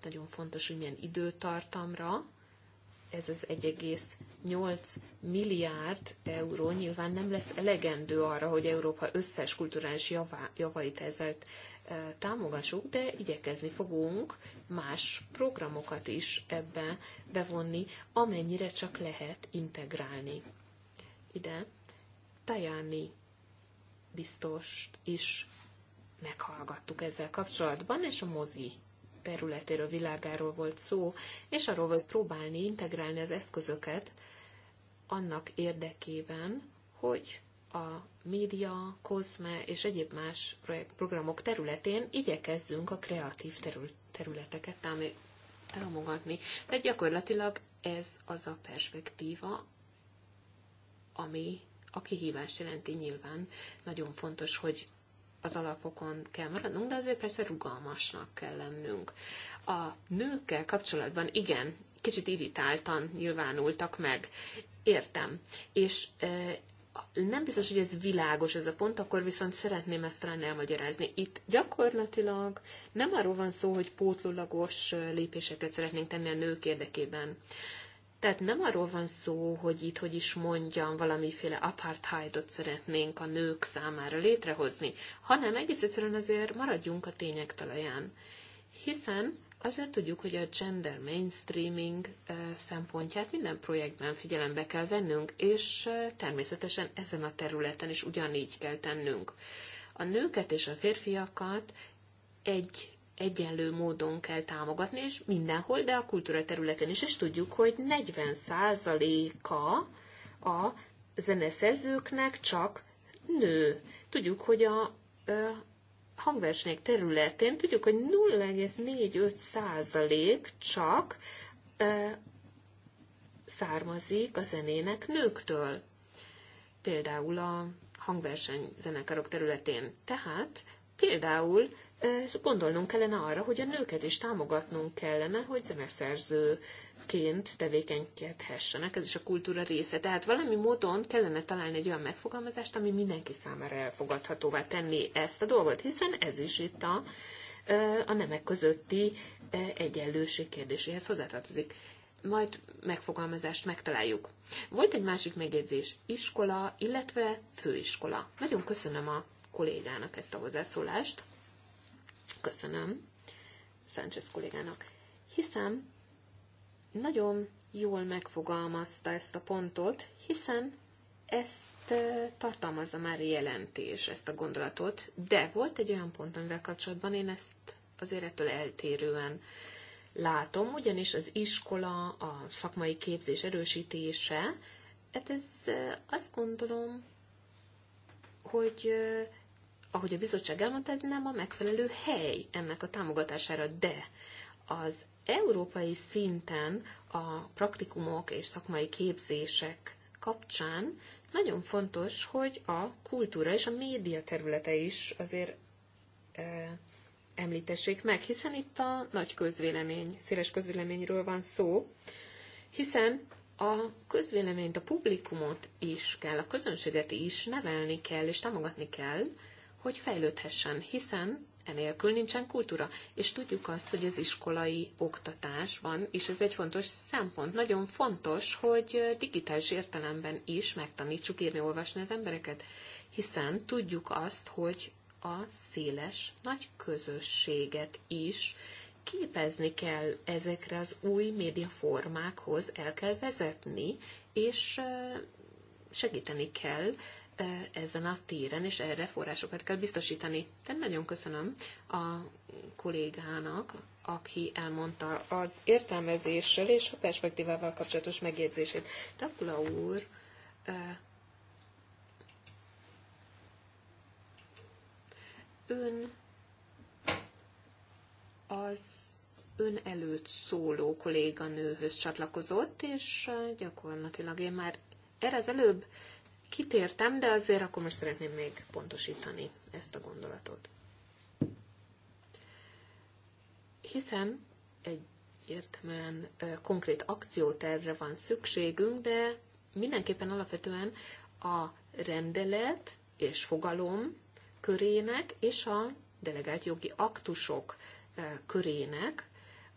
Nagyon fontos, hogy milyen időtartamra ez az 1,8 milliárd euró nyilván nem lesz elegendő arra, hogy Európa összes kulturális javá, javait ezzel e, támogassuk, de igyekezni fogunk más programokat is ebbe bevonni, amennyire csak lehet integrálni. Ide Tajáni biztos is meghallgattuk ezzel kapcsolatban, és a mozi területéről, világáról volt szó, és arról volt próbálni integrálni az eszközöket annak érdekében, hogy a média, kozme és egyéb más projekt, programok területén igyekezzünk a kreatív területeket támogatni. Tehát gyakorlatilag ez az a perspektíva, ami a kihívás jelenti nyilván. Nagyon fontos, hogy az alapokon kell maradnunk, de azért persze rugalmasnak kell lennünk. A nőkkel kapcsolatban igen, kicsit irritáltan nyilvánultak meg. Értem. És nem biztos, hogy ez világos ez a pont, akkor viszont szeretném ezt talán elmagyarázni. Itt gyakorlatilag nem arról van szó, hogy pótlólagos lépéseket szeretnénk tenni a nők érdekében, tehát nem arról van szó, hogy itt, hogy is mondjam, valamiféle apartheidot szeretnénk a nők számára létrehozni, hanem egész egyszerűen azért maradjunk a tények talaján. Hiszen azért tudjuk, hogy a gender mainstreaming szempontját minden projektben figyelembe kell vennünk, és természetesen ezen a területen is ugyanígy kell tennünk. A nőket és a férfiakat egy egyenlő módon kell támogatni, és mindenhol, de a kultúra területen is, és tudjuk, hogy 40%-a a zeneszerzőknek csak nő. Tudjuk, hogy a a hangversenyek területén, tudjuk, hogy 0,45 százalék csak a, származik a zenének nőktől. Például a hangverseny zenekarok területén. Tehát például gondolnunk kellene arra, hogy a nőket is támogatnunk kellene, hogy zeneszerzőként tevékenykedhessenek, ez is a kultúra része. Tehát valami módon kellene találni egy olyan megfogalmazást, ami mindenki számára elfogadhatóvá tenni ezt a dolgot, hiszen ez is itt a, a nemek közötti egyenlőség kérdéséhez hozzátartozik. Majd megfogalmazást megtaláljuk. Volt egy másik megjegyzés, iskola, illetve főiskola. Nagyon köszönöm a kollégának ezt a hozzászólást köszönöm Sánchez kollégának, hiszen nagyon jól megfogalmazta ezt a pontot, hiszen ezt tartalmazza már a jelentés, ezt a gondolatot, de volt egy olyan pont, amivel kapcsolatban én ezt azért ettől eltérően látom, ugyanis az iskola, a szakmai képzés erősítése, hát ez azt gondolom, hogy ahogy a bizottság elmondta, ez nem a megfelelő hely ennek a támogatására, de az európai szinten a praktikumok és szakmai képzések kapcsán nagyon fontos, hogy a kultúra és a média területe is azért e, említessék meg, hiszen itt a nagy közvélemény, széles közvéleményről van szó, hiszen a közvéleményt, a publikumot is kell, a közönséget is nevelni kell és támogatni kell, hogy fejlődhessen, hiszen enélkül nincsen kultúra. És tudjuk azt, hogy az iskolai oktatás van, és ez egy fontos szempont, nagyon fontos, hogy digitális értelemben is megtanítsuk írni, olvasni az embereket, hiszen tudjuk azt, hogy a széles nagy közösséget is képezni kell ezekre az új médiaformákhoz, el kell vezetni, és segíteni kell ezen a téren, és erre forrásokat kell biztosítani. Tehát nagyon köszönöm a kollégának, aki elmondta az értelmezéssel és a perspektívával kapcsolatos megjegyzését. Dracula úr ön az ön előtt szóló kolléganőhöz csatlakozott, és gyakorlatilag én már erre az előbb kitértem, de azért akkor most szeretném még pontosítani ezt a gondolatot. Hiszen egyértelműen konkrét akciótervre van szükségünk, de mindenképpen alapvetően a rendelet és fogalom körének és a delegált jogi aktusok körének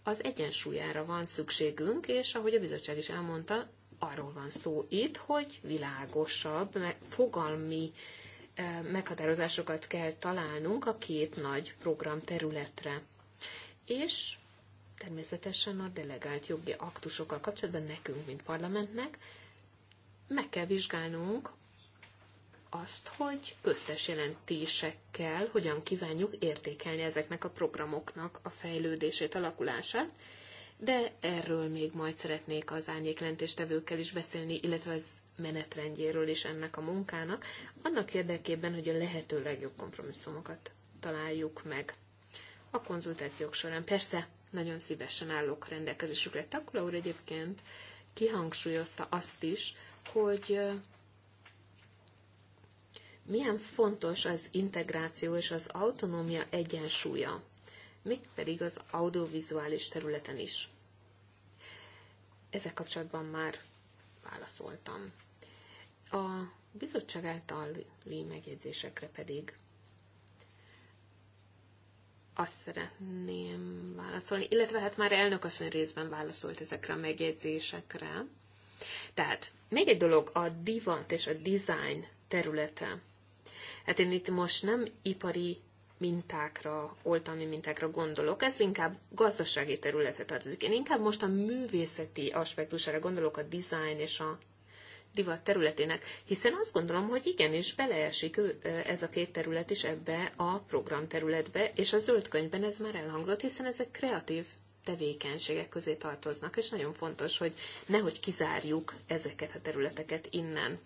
az egyensúlyára van szükségünk, és ahogy a bizottság is elmondta, arról van szó itt, hogy világosabb, fogalmi meghatározásokat kell találnunk a két nagy program területre. És természetesen a delegált jogi aktusokkal kapcsolatban nekünk, mint parlamentnek, meg kell vizsgálnunk azt, hogy köztes jelentésekkel hogyan kívánjuk értékelni ezeknek a programoknak a fejlődését, alakulását, de erről még majd szeretnék az árnyéklentéstevőkkel is beszélni, illetve az menetrendjéről is ennek a munkának, annak érdekében, hogy a lehető legjobb kompromisszumokat találjuk meg a konzultációk során. Persze, nagyon szívesen állok rendelkezésükre. Takula úr egyébként kihangsúlyozta azt is, hogy milyen fontos az integráció és az autonómia egyensúlya mégpedig az audiovizuális területen is. Ezzel kapcsolatban már válaszoltam. A bizottság általi megjegyzésekre pedig azt szeretném válaszolni, illetve hát már elnök asszony részben válaszolt ezekre a megjegyzésekre. Tehát még egy dolog, a divat és a design területe. Hát én itt most nem ipari mintákra, oltalmi mintákra gondolok, ez inkább gazdasági területre tartozik. Én inkább most a művészeti aspektusára gondolok, a design és a divat területének, hiszen azt gondolom, hogy igenis beleesik ez a két terület is ebbe a programterületbe, és a zöld könyvben ez már elhangzott, hiszen ezek kreatív tevékenységek közé tartoznak, és nagyon fontos, hogy nehogy kizárjuk ezeket a területeket innen.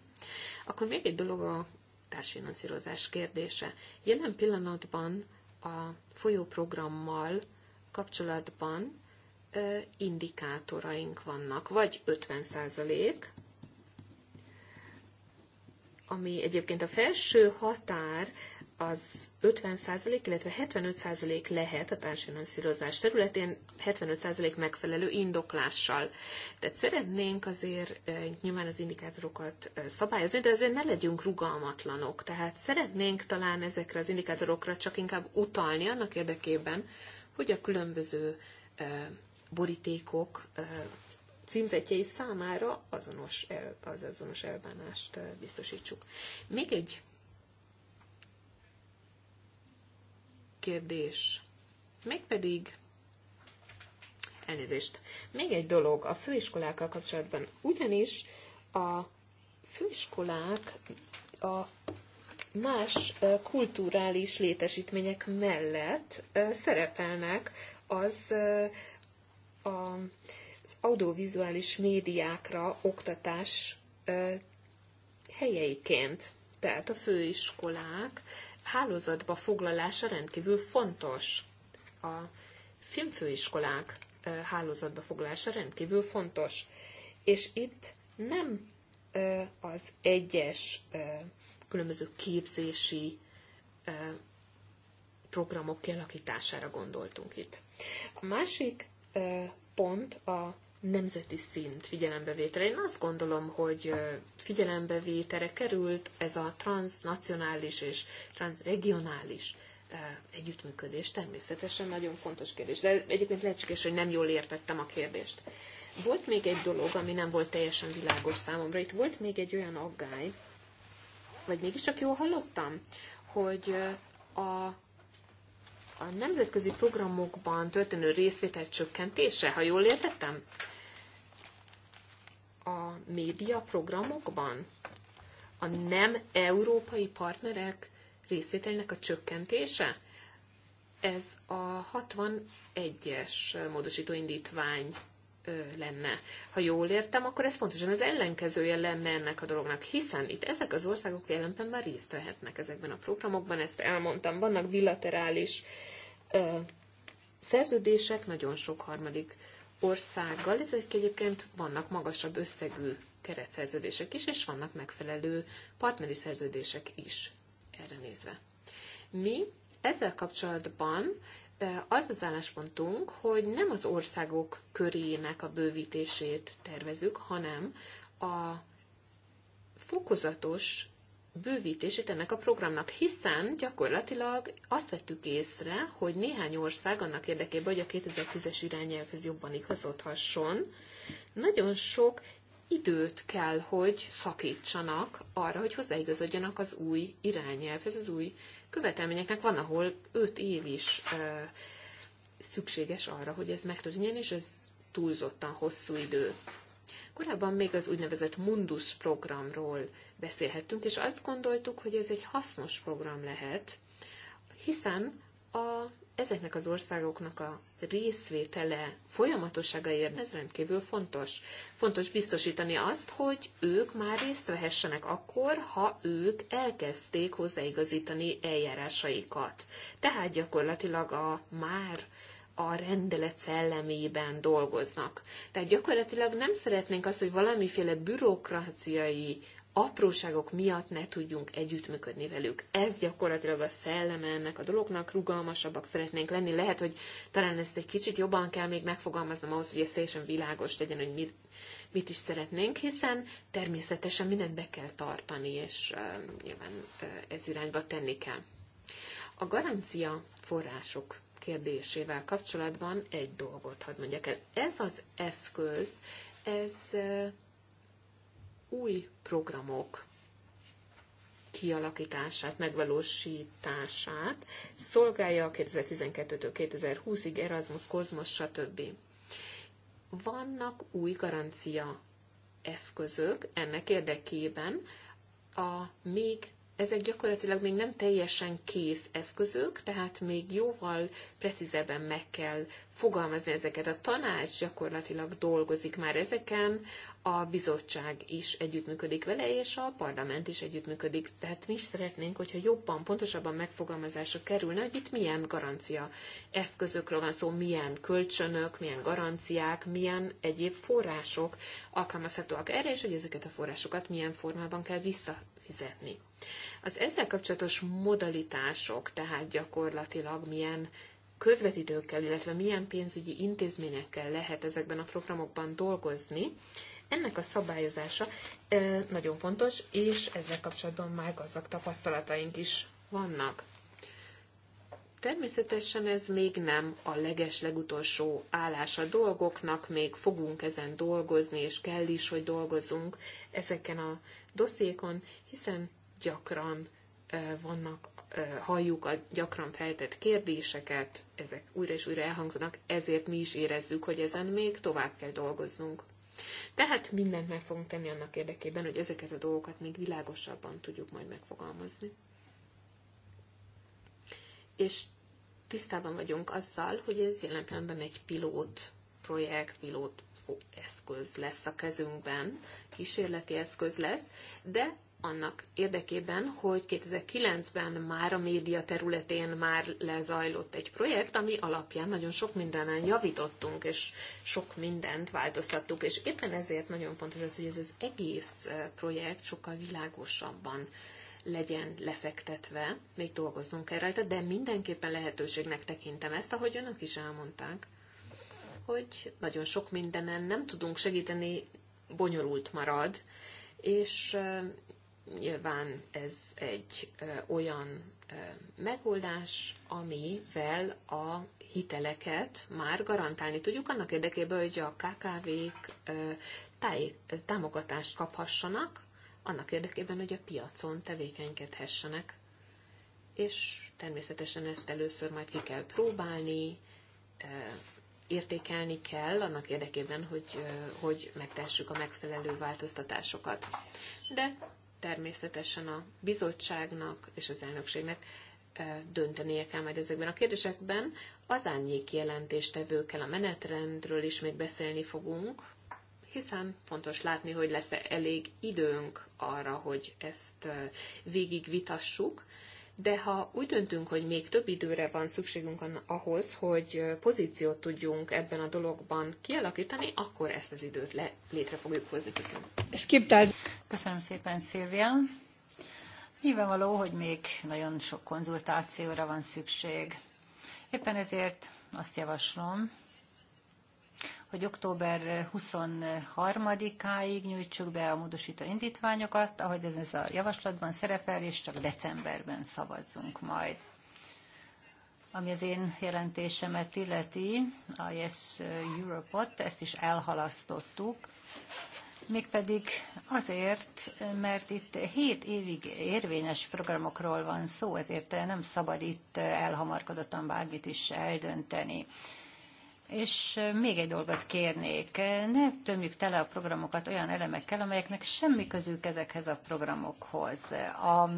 Akkor még egy dolog a társfinanszírozás kérdése. Jelen pillanatban a folyóprogrammal kapcsolatban indikátoraink vannak, vagy 50 százalék, ami egyébként a felső határ az 50%, illetve 75% lehet a társfinanszírozás területén, 75% megfelelő indoklással. Tehát szeretnénk azért nyilván az indikátorokat szabályozni, de azért ne legyünk rugalmatlanok. Tehát szeretnénk talán ezekre az indikátorokra csak inkább utalni annak érdekében, hogy a különböző borítékok címzetjei számára azonos, az azonos elbánást biztosítsuk. Még egy kérdés. Mégpedig, elnézést, még egy dolog a főiskolákkal kapcsolatban. Ugyanis a főiskolák a más kulturális létesítmények mellett szerepelnek az az audiovizuális médiákra oktatás helyeiként. Tehát a főiskolák hálózatba foglalása rendkívül fontos. A filmfőiskolák hálózatba foglalása rendkívül fontos. És itt nem az egyes különböző képzési programok kialakítására gondoltunk itt. A másik pont a nemzeti szint figyelembevétele. Én azt gondolom, hogy figyelembevétele került ez a transnacionális és transregionális együttműködés természetesen nagyon fontos kérdés. De egyébként lehetséges, hogy nem jól értettem a kérdést. Volt még egy dolog, ami nem volt teljesen világos számomra. Itt volt még egy olyan aggály, vagy mégiscsak jól hallottam, hogy a a nemzetközi programokban történő részvétel csökkentése, ha jól értettem? A média programokban? A nem európai partnerek részvételnek a csökkentése? Ez a 61-es módosítóindítvány lenne. Ha jól értem, akkor ez pontosan az ellenkezője lenne ennek a dolognak, hiszen itt ezek az országok jelenben már részt vehetnek ezekben a programokban, ezt elmondtam, vannak bilaterális ö, szerződések nagyon sok harmadik országgal, ezek egyébként vannak magasabb összegű keretszerződések is, és vannak megfelelő partneri szerződések is erre nézve. Mi ezzel kapcsolatban az az álláspontunk, hogy nem az országok körének a bővítését tervezük, hanem a fokozatos bővítését ennek a programnak, hiszen gyakorlatilag azt vettük észre, hogy néhány ország annak érdekében, hogy a 2010-es irányelvhez jobban igazodhasson, nagyon sok időt kell, hogy szakítsanak arra, hogy hozzáigazodjanak az új irányelvhez, az új követelményeknek van, ahol 5 év is szükséges arra, hogy ez megtörténjen, és ez túlzottan hosszú idő. Korábban még az úgynevezett Mundus programról beszélhettünk, és azt gondoltuk, hogy ez egy hasznos program lehet, hiszen a ezeknek az országoknak a részvétele folyamatossága ér, ez rendkívül fontos. Fontos biztosítani azt, hogy ők már részt vehessenek akkor, ha ők elkezdték hozzáigazítani eljárásaikat. Tehát gyakorlatilag a már a rendelet szellemében dolgoznak. Tehát gyakorlatilag nem szeretnénk azt, hogy valamiféle bürokráciai apróságok miatt ne tudjunk együttműködni velük. Ez gyakorlatilag a szelleme ennek a dolognak, rugalmasabbak szeretnénk lenni. Lehet, hogy talán ezt egy kicsit jobban kell még megfogalmaznom ahhoz, hogy ez teljesen világos legyen, hogy mit, mit is szeretnénk, hiszen természetesen mindent be kell tartani, és uh, nyilván uh, ez irányba tenni kell. A garancia források kérdésével kapcsolatban egy dolgot hadd mondjak el. Ez az eszköz, ez új programok kialakítását, megvalósítását szolgálja 2012-től 2020-ig Erasmus, Kozmos, stb. Vannak új garancia eszközök ennek érdekében a még ezek gyakorlatilag még nem teljesen kész eszközök, tehát még jóval precízebben meg kell fogalmazni ezeket. A tanács gyakorlatilag dolgozik már ezeken, a bizottság is együttműködik vele, és a parlament is együttműködik. Tehát mi is szeretnénk, hogyha jobban, pontosabban megfogalmazásra kerülne, hogy itt milyen garancia eszközökről van szó, milyen kölcsönök, milyen garanciák, milyen egyéb források alkalmazhatóak erre, és hogy ezeket a forrásokat milyen formában kell visszafizetni. Az ezzel kapcsolatos modalitások, tehát gyakorlatilag milyen közvetítőkkel, illetve milyen pénzügyi intézményekkel lehet ezekben a programokban dolgozni, ennek a szabályozása nagyon fontos, és ezzel kapcsolatban már gazdag tapasztalataink is vannak. Természetesen ez még nem a leges legutolsó állás a dolgoknak, még fogunk ezen dolgozni, és kell is, hogy dolgozunk ezeken a dossziékon, hiszen gyakran vannak, halljuk a gyakran feltett kérdéseket, ezek újra és újra elhangzanak, ezért mi is érezzük, hogy ezen még tovább kell dolgoznunk. Tehát mindent meg fogunk tenni annak érdekében, hogy ezeket a dolgokat még világosabban tudjuk majd megfogalmazni. És tisztában vagyunk azzal, hogy ez jelen pillanatban egy pilót projekt, pilót eszköz lesz a kezünkben, kísérleti eszköz lesz, de annak érdekében, hogy 2009-ben már a média területén már lezajlott egy projekt, ami alapján nagyon sok mindenen javítottunk, és sok mindent változtattuk, és éppen ezért nagyon fontos az, hogy ez az egész projekt sokkal világosabban legyen lefektetve, még dolgoznunk kell rajta, de mindenképpen lehetőségnek tekintem ezt, ahogy önök is elmondták, hogy nagyon sok mindenen nem tudunk segíteni, bonyolult marad, és Nyilván ez egy olyan megoldás, amivel a hiteleket már garantálni tudjuk annak érdekében, hogy a KKV-k támogatást kaphassanak, annak érdekében, hogy a piacon tevékenykedhessenek. És természetesen ezt először majd ki kell próbálni, értékelni kell annak érdekében, hogy, hogy megtessük a megfelelő változtatásokat. De természetesen a bizottságnak és az elnökségnek e, döntenie kell majd ezekben a kérdésekben. Az árnyék jelentéstevőkkel a menetrendről is még beszélni fogunk, hiszen fontos látni, hogy lesz-e elég időnk arra, hogy ezt e, végigvitassuk de ha úgy döntünk, hogy még több időre van szükségünk ahhoz, hogy pozíciót tudjunk ebben a dologban kialakítani, akkor ezt az időt le, létre fogjuk hozni. Köszönöm. Köszönöm szépen, Szilvia. Nyilvánvaló, hogy még nagyon sok konzultációra van szükség. Éppen ezért azt javaslom, hogy október 23-áig nyújtsuk be a módosító indítványokat, ahogy ez a javaslatban szerepel, és csak decemberben szavazzunk majd. Ami az én jelentésemet illeti, a Yes Europe-ot, ezt is elhalasztottuk, mégpedig azért, mert itt hét évig érvényes programokról van szó, ezért nem szabad itt elhamarkodottan bármit is eldönteni. És még egy dolgot kérnék, ne tömjük tele a programokat olyan elemekkel, amelyeknek semmi közük ezekhez a programokhoz. A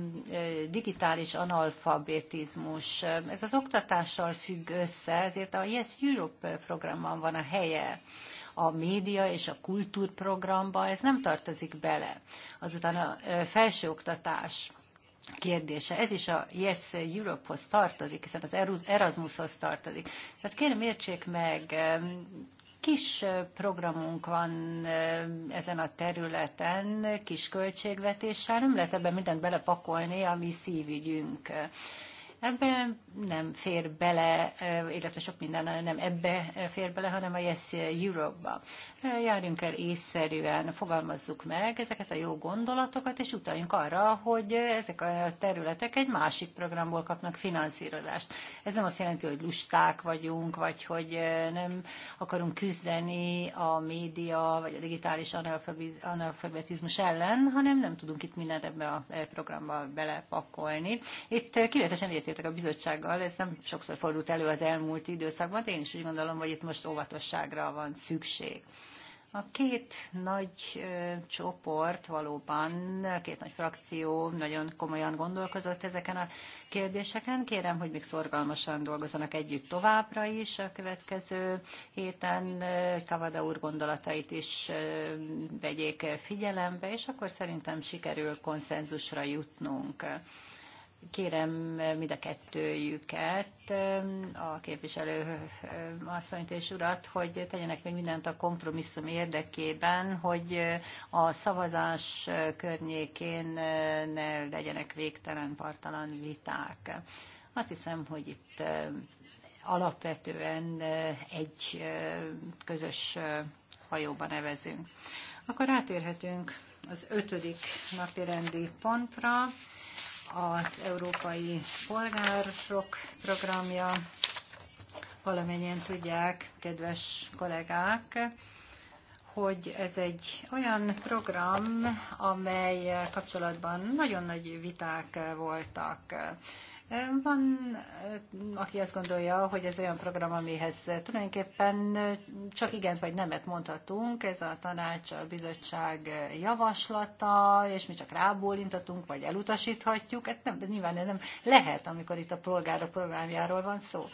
digitális analfabetizmus, ez az oktatással függ össze, ezért a Yes Europe programban van a helye a média és a kultúrprogramba, ez nem tartozik bele. Azután a felsőoktatás, kérdése. Ez is a Yes Europe-hoz tartozik, hiszen az Erasmushoz tartozik. Tehát kérem értsék meg, kis programunk van ezen a területen, kis költségvetéssel, nem lehet ebben mindent belepakolni, ami szívügyünk. Ebbe nem fér bele, illetve sok minden nem ebbe fér bele, hanem a Yes Europe-ba. Járjunk el észszerűen, fogalmazzuk meg ezeket a jó gondolatokat, és utaljunk arra, hogy ezek a területek egy másik programból kapnak finanszírozást. Ez nem azt jelenti, hogy lusták vagyunk, vagy hogy nem akarunk küzdeni a média, vagy a digitális analfabetizmus ellen, hanem nem tudunk itt mindent ebbe a programba belepakolni. Itt kivetesen értünk egyetértek a bizottsággal, ez nem sokszor fordult elő az elmúlt időszakban, de én is úgy gondolom, hogy itt most óvatosságra van szükség. A két nagy csoport valóban, két nagy frakció nagyon komolyan gondolkozott ezeken a kérdéseken. Kérem, hogy még szorgalmasan dolgozzanak együtt továbbra is a következő héten. Kavada úr gondolatait is vegyék figyelembe, és akkor szerintem sikerül konszenzusra jutnunk. Kérem mind a kettőjüket, a képviselő asszonyt és urat, hogy tegyenek még mindent a kompromisszum érdekében, hogy a szavazás környékén ne legyenek végtelen, partalan viták. Azt hiszem, hogy itt alapvetően egy közös hajóba nevezünk. Akkor átérhetünk az ötödik napi rendi pontra, az Európai Polgárok programja, valamennyien tudják, kedves kollégák, hogy ez egy olyan program, amely kapcsolatban nagyon nagy viták voltak. Van, aki azt gondolja, hogy ez olyan program, amihez tulajdonképpen csak igent vagy nemet mondhatunk, ez a tanács, a bizottság javaslata, és mi csak rábólintatunk, vagy elutasíthatjuk. Hát nem, ez nyilván nem lehet, amikor itt a polgárok programjáról van szó.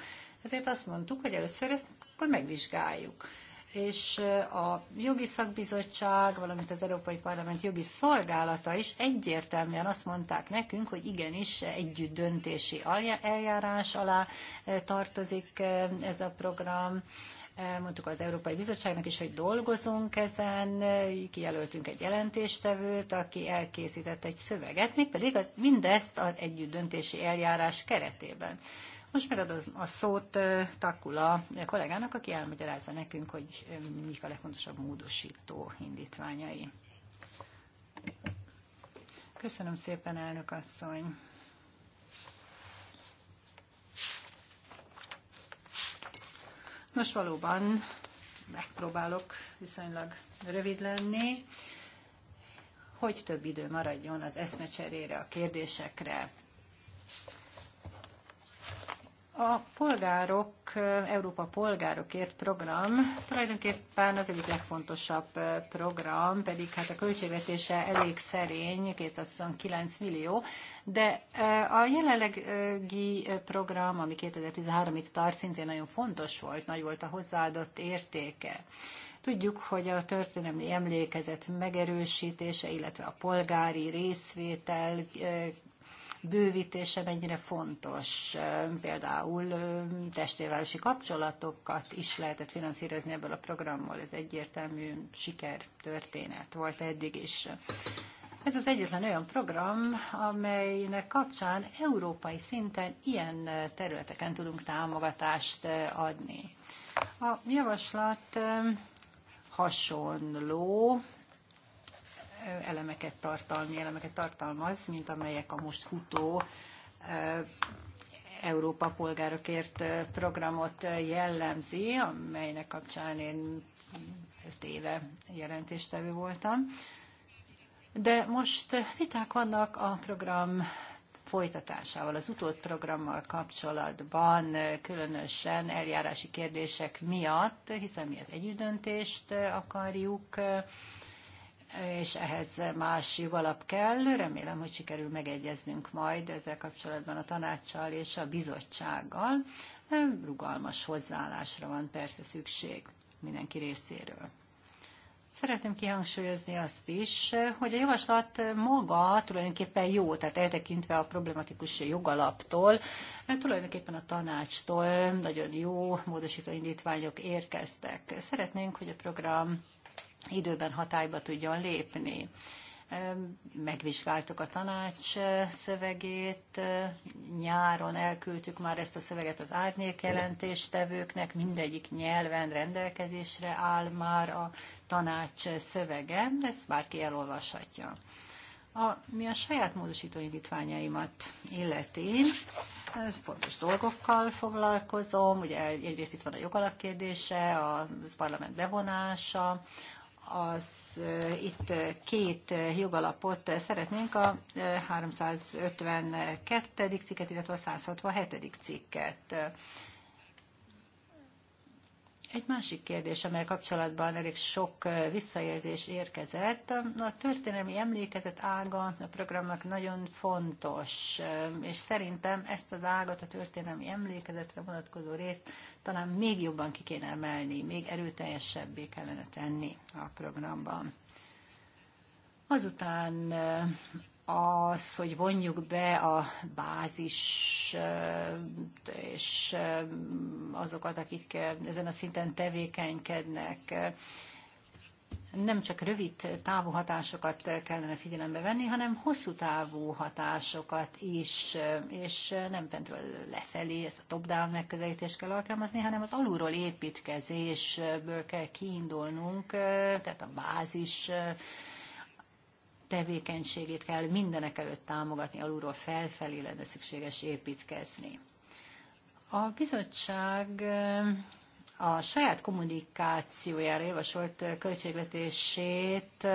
Ezért azt mondtuk, hogy először ezt akkor megvizsgáljuk és a jogi szakbizottság, valamint az Európai Parlament jogi szolgálata is egyértelműen azt mondták nekünk, hogy igenis együtt döntési eljárás alá tartozik ez a program, mondtuk az Európai Bizottságnak is, hogy dolgozunk ezen, kijelöltünk egy jelentéstevőt, aki elkészített egy szöveget, mégpedig az, mindezt az együtt döntési eljárás keretében. Most megadom a szót Takula kollégának, aki elmagyarázza nekünk, hogy mik a legfontosabb módosító indítványai. Köszönöm szépen, elnök asszony! Nos, valóban megpróbálok viszonylag rövid lenni, hogy több idő maradjon az eszmecserére, a kérdésekre. A polgárok, Európa polgárokért program tulajdonképpen az egyik legfontosabb program, pedig hát a költségvetése elég szerény, 229 millió, de a jelenlegi program, ami 2013-ig tart, szintén nagyon fontos volt, nagy volt a hozzáadott értéke. Tudjuk, hogy a történelmi emlékezet megerősítése, illetve a polgári részvétel bővítése mennyire fontos. Például testvérvárosi kapcsolatokat is lehetett finanszírozni ebből a programból. Ez egyértelmű sikertörténet volt eddig is. Ez az egyetlen olyan program, amelynek kapcsán európai szinten ilyen területeken tudunk támogatást adni. A javaslat hasonló elemeket tartalmi elemeket tartalmaz, mint amelyek a most futó Európa polgárokért programot jellemzi, amelynek kapcsán én öt éve jelentéstevő voltam. De most viták vannak a program folytatásával, az utolt programmal kapcsolatban, különösen eljárási kérdések miatt, hiszen mi az együttdöntést akarjuk és ehhez más jogalap kell. Remélem, hogy sikerül megegyeznünk majd ezzel kapcsolatban a tanácssal és a bizottsággal. Hm, rugalmas hozzáállásra van persze szükség mindenki részéről. Szeretném kihangsúlyozni azt is, hogy a javaslat maga tulajdonképpen jó, tehát eltekintve a problematikus jogalaptól, tulajdonképpen a tanácstól nagyon jó módosító indítványok érkeztek. Szeretnénk, hogy a program időben hatályba tudjon lépni. Megvizsgáltuk a tanács szövegét, nyáron elküldtük már ezt a szöveget az árnyék jelentéstevőknek, mindegyik nyelven rendelkezésre áll már a tanács szövege, ezt bárki elolvashatja. A, mi a saját módosító indítványaimat illeti, fontos dolgokkal foglalkozom, ugye egyrészt itt van a jogalapkérdése, a parlament bevonása, az eh, itt két eh, jogalapot szeretnénk, a 352. Eh, cikket, illetve a 167. cikket. Egy másik kérdés, amely kapcsolatban elég sok visszajelzés érkezett. A történelmi emlékezet ága a programnak nagyon fontos, és szerintem ezt az ágat, a történelmi emlékezetre vonatkozó részt talán még jobban ki kéne emelni, még erőteljesebbé kellene tenni a programban. Azután az, hogy vonjuk be a bázis és azokat, akik ezen a szinten tevékenykednek. Nem csak rövid távú hatásokat kellene figyelembe venni, hanem hosszú távú hatásokat is, és nem fentről lefelé, ezt a top-down megközelítést kell alkalmazni, hanem az alulról építkezésből kell kiindulnunk, tehát a bázis tevékenységét kell mindenek előtt támogatni, alulról felfelé lenne szükséges építkezni. A bizottság a saját kommunikációjára javasolt költségvetését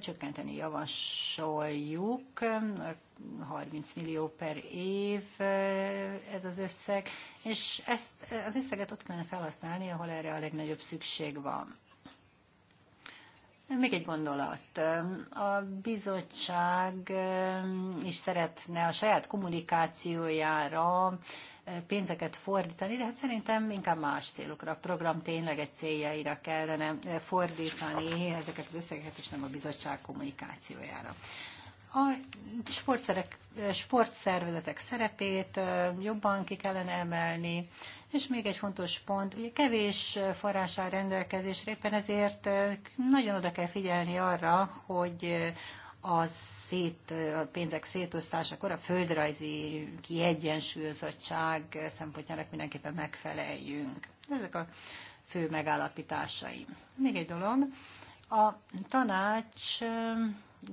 csökkenteni javasoljuk. 30 millió per év ez az összeg, és ezt az összeget ott kellene felhasználni, ahol erre a legnagyobb szükség van. Még egy gondolat. A bizottság ehm, is szeretne a saját kommunikációjára eh, pénzeket fordítani, de hát szerintem inkább más célokra. A program tényleges céljaira kellene eh, fordítani ezeket az összegeket, és nem a bizottság kommunikációjára. A eh, sportszervezetek szerepét jobban ki kellene emelni, és még egy fontos pont, ugye kevés forrás áll rendelkezésre, éppen ezért nagyon oda kell figyelni arra, hogy a, szét, a pénzek szétosztásakor a földrajzi kiegyensúlyozottság szempontjának mindenképpen megfeleljünk. Ezek a fő megállapításaim. Még egy dolog, a tanács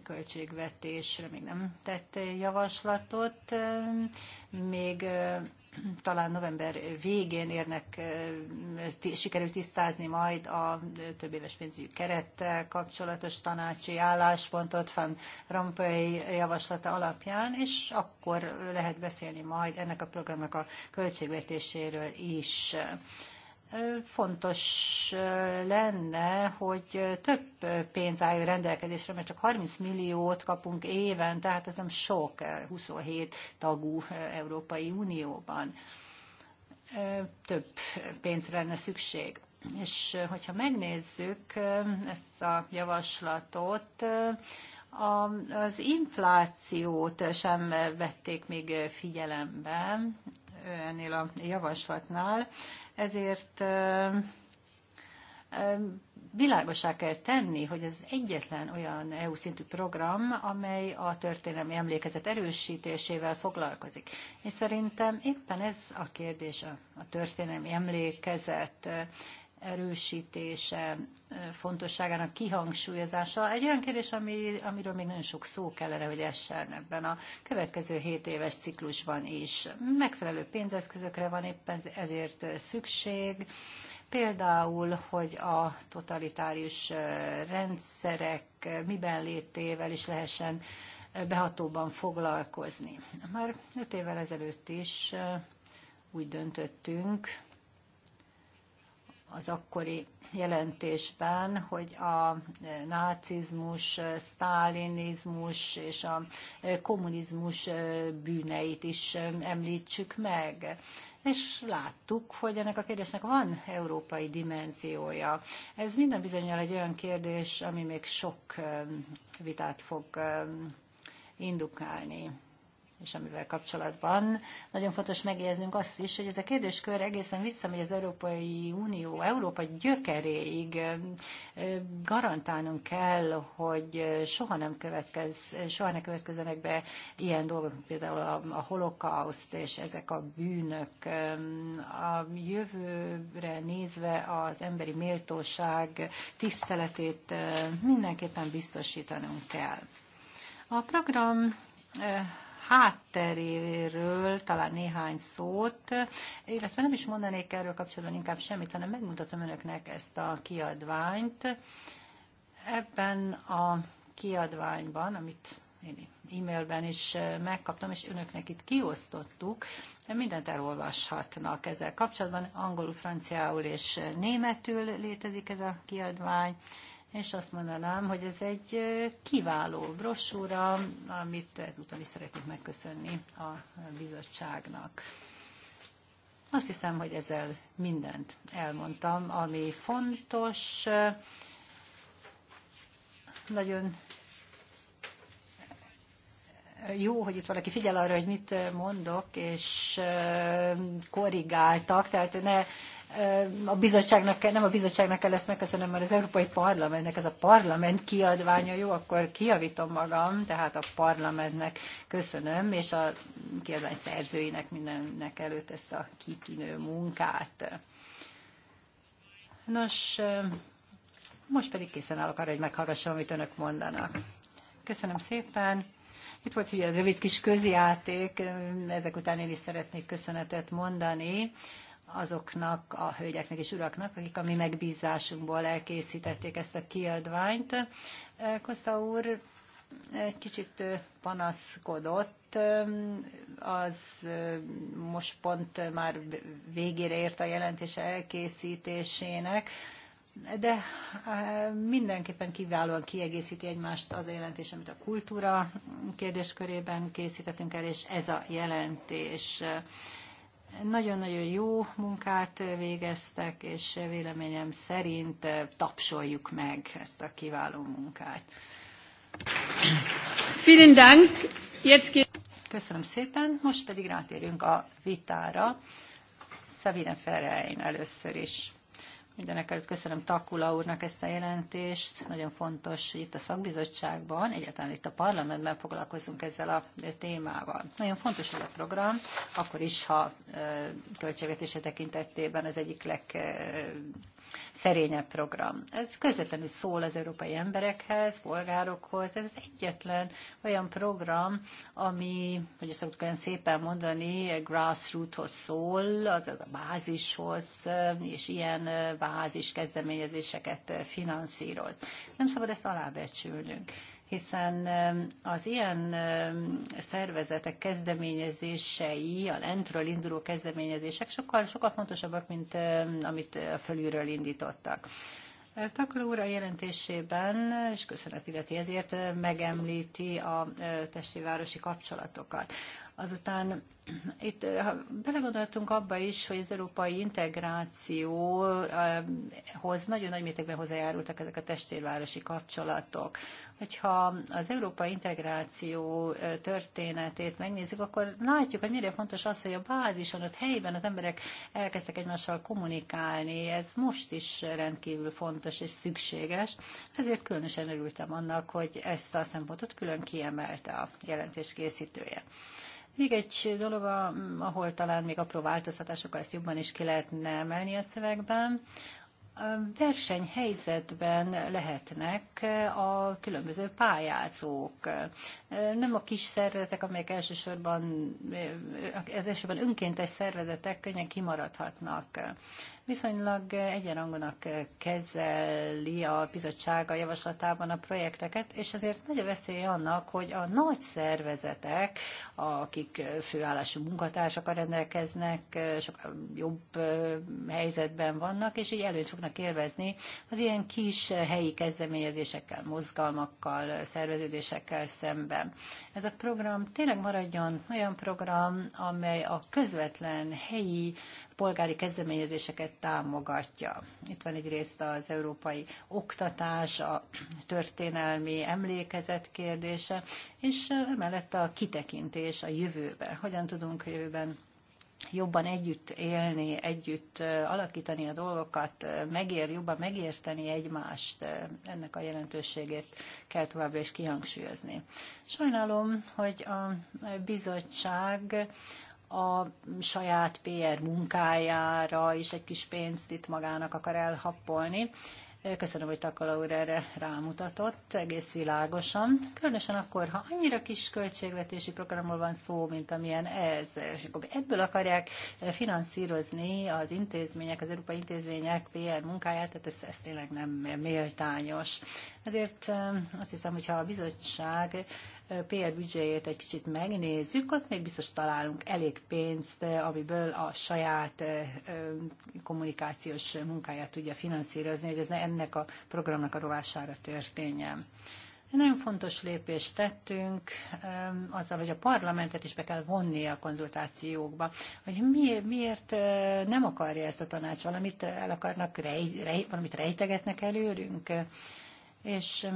költségvetésre még nem tett javaslatot, még talán november végén érnek, sikerül tisztázni majd a több éves pénzügyi kerettel kapcsolatos tanácsi álláspontot Van Rompuy javaslata alapján, és akkor lehet beszélni majd ennek a programnak a költségvetéséről is fontos lenne, hogy több pénz álljon rendelkezésre, mert csak 30 milliót kapunk éven, tehát ez nem sok 27 tagú Európai Unióban. Több pénzre lenne szükség. És hogyha megnézzük ezt a javaslatot, az inflációt sem vették még figyelembe ennél a javaslatnál. Ezért világosá kell tenni, hogy ez egyetlen olyan EU szintű program, amely a történelmi emlékezet erősítésével foglalkozik. És szerintem éppen ez a kérdés, a, a történelmi emlékezet, erősítése, fontosságának kihangsúlyozása egy olyan kérdés, ami, amiről még nagyon sok szó kellene, hogy essen ebben a következő 7 éves ciklusban is. Megfelelő pénzeszközökre van éppen ezért szükség, Például, hogy a totalitárius rendszerek miben létével is lehessen behatóban foglalkozni. Már 5 évvel ezelőtt is úgy döntöttünk, az akkori jelentésben, hogy a e, nácizmus, e, sztálinizmus és a e, kommunizmus bűneit is említsük meg. És láttuk, hogy ennek a kérdésnek van európai dimenziója. Ez minden bizonyal egy olyan kérdés, ami még sok vitát fog indukálni és amivel kapcsolatban nagyon fontos megjegyeznünk azt is, hogy ez a kérdéskör egészen visszamegy az Európai Unió, Európa gyökeréig. Garantálnunk kell, hogy soha nem következ, soha ne következzenek be ilyen dolgok, például a, a holokauszt és ezek a bűnök. A jövőre nézve az emberi méltóság tiszteletét mindenképpen biztosítanunk kell. A program hátteréről talán néhány szót, illetve nem is mondanék erről kapcsolatban inkább semmit, hanem megmutatom önöknek ezt a kiadványt. Ebben a kiadványban, amit én e-mailben is eh, megkaptam, és önöknek itt kiosztottuk. Mindent elolvashatnak ezzel kapcsolatban. Angolul, franciául és németül létezik ez a kiadvány, és azt mondanám, hogy ez egy kiváló brosúra, amit ezúttal is szeretnék megköszönni a bizottságnak. Azt hiszem, hogy ezzel mindent elmondtam, ami fontos, nagyon jó, hogy itt valaki figyel arra, hogy mit mondok, és korrigáltak, tehát ne a bizottságnak, nem a bizottságnak kell ezt megköszönöm, mert az Európai Parlamentnek, ez a parlament kiadványa, jó, akkor kiavítom magam, tehát a parlamentnek köszönöm, és a kiadvány szerzőinek mindennek előtt ezt a kitűnő munkát. Nos, most pedig készen állok arra, hogy meghallgassam, amit önök mondanak. Köszönöm szépen. Itt volt ugye egy rövid kis közjáték, ezek után én is szeretnék köszönetet mondani azoknak a hölgyeknek és uraknak, akik a mi megbízásunkból elkészítették ezt a kiadványt. Kosta úr egy kicsit panaszkodott, az most pont már végére ért a jelentés elkészítésének, de e, mindenképpen kiválóan kiegészíti egymást az a jelentés, amit a kultúra kérdéskörében készítettünk el, és ez a jelentés nagyon-nagyon jó munkát végeztek, és véleményem szerint eh, tapsoljuk meg ezt a kiváló munkát. Köszönöm szépen. Most pedig rátérünk a vitára. Szabine Ferejn először is. Mindenek előtt köszönöm Takula úrnak ezt a jelentést. Nagyon fontos itt a szakbizottságban, egyáltalán itt a parlamentben foglalkozunk ezzel a témával. Nagyon fontos ez a program, akkor is, ha költségvetése tekintetében az egyik leg szerényebb program. Ez közvetlenül szól az európai emberekhez, polgárokhoz. Ez az egyetlen olyan program, ami, hogy szoktuk olyan szépen mondani, grassrootshoz szól, azaz a bázishoz, és ilyen bázis kezdeményezéseket finanszíroz. Nem szabad ezt alábecsülnünk hiszen az ilyen szervezetek kezdeményezései, a lentről induló kezdeményezések sokkal, sokkal fontosabbak, mint amit a fölülről indítottak. Takló úr a jelentésében, és köszönet illeti ezért, megemlíti a testi városi kapcsolatokat. Azután itt ha belegondoltunk abba is, hogy az európai integrációhoz eh, nagyon nagy mértékben hozzájárultak ezek a testvérvárosi kapcsolatok. Hogyha az európai integráció eh, történetét megnézzük, akkor látjuk, hogy mire fontos az, hogy a bázison, ott helyben az emberek elkezdtek egymással kommunikálni. Ez most is rendkívül fontos és szükséges. Ezért különösen örültem annak, hogy ezt a szempontot külön kiemelte a jelentés készítője. Még egy dolog, ahol talán még apró változtatásokkal ezt jobban is ki lehetne emelni a szövegben, versenyhelyzetben lehetnek a különböző pályázók. Nem a kis szervezetek, amelyek elsősorban, az elsősorban önkéntes szervezetek könnyen kimaradhatnak viszonylag egyenrangonak kezeli a bizottsága javaslatában a projekteket, és ezért nagy a veszély annak, hogy a nagy szervezetek, akik főállású munkatársakkal rendelkeznek, sokkal jobb helyzetben vannak, és így előnyt fognak élvezni az ilyen kis helyi kezdeményezésekkel, mozgalmakkal, szerveződésekkel szemben. Ez a program tényleg maradjon olyan program, amely a közvetlen helyi polgári kezdeményezéseket támogatja. Itt van egy részt az európai oktatás, a történelmi emlékezet kérdése, és emellett a kitekintés a jövőbe. Hogyan tudunk a jövőben jobban együtt élni, együtt alakítani a dolgokat, megér, jobban megérteni egymást, ennek a jelentőségét kell továbbra is kihangsúlyozni. Sajnálom, hogy a bizottság a saját PR munkájára is egy kis pénzt itt magának akar elhappolni. Köszönöm, hogy Takala úr erre rámutatott egész világosan. Különösen akkor, ha annyira kis költségvetési programról van szó, mint amilyen ez, és akkor ebből akarják finanszírozni az intézmények, az európai intézmények PR munkáját, tehát ez, ez tényleg nem méltányos. Ezért eh, azt hiszem, hogyha a bizottság PR büdzséjét egy kicsit megnézzük, ott még biztos találunk elég pénzt, eh, amiből a saját eh, eh, kommunikációs munkáját tudja finanszírozni, hogy ez ennek a programnak a rovására történjen. Nagyon fontos lépést tettünk azzal, hogy a parlamentet is be kell vonni a konzultációkba, hogy miért, miért nem akarja ezt a tanács, valamit el akarnak, rej, rej, valamit rejtegetnek előrünk és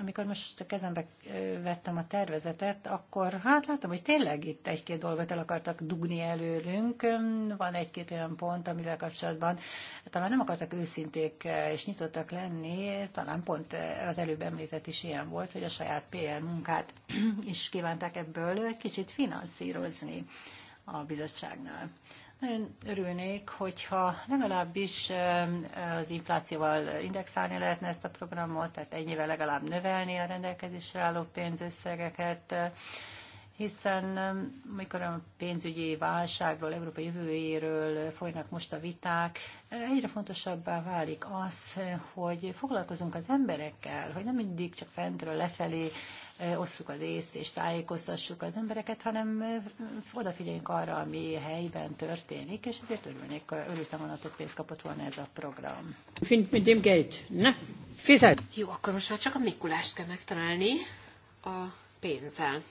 amikor most a kezembe vettem a tervezetet, akkor hát látom, hogy tényleg itt egy-két dolgot el akartak dugni előlünk. Van egy-két olyan pont, amivel kapcsolatban talán nem akartak őszinték e, és nyitottak lenni, talán pont e, az előbb említett is ilyen volt, hogy a saját PR munkát is kívánták ebből egy kicsit finanszírozni a bizottságnál. Nagyon örülnék, hogyha legalábbis az inflációval indexálni lehetne ezt a programot, tehát ennyivel legalább növelni a rendelkezésre álló pénzösszegeket, hiszen mikor a pénzügyi válságról, Európa jövőjéről folynak most a viták, egyre fontosabbá válik az, hogy foglalkozunk az emberekkel, hogy nem mindig csak fentről lefelé osszuk az észt és tájékoztassuk az embereket, hanem odafigyeljünk arra, ami helyben történik, és ezért örülnék, örültem volna, hogy pénzt kapott volna ez a program. Fint mit dem Geld, ne? Fizet! Jó, akkor most már csak a Mikulást kell megtalálni a pénzzel.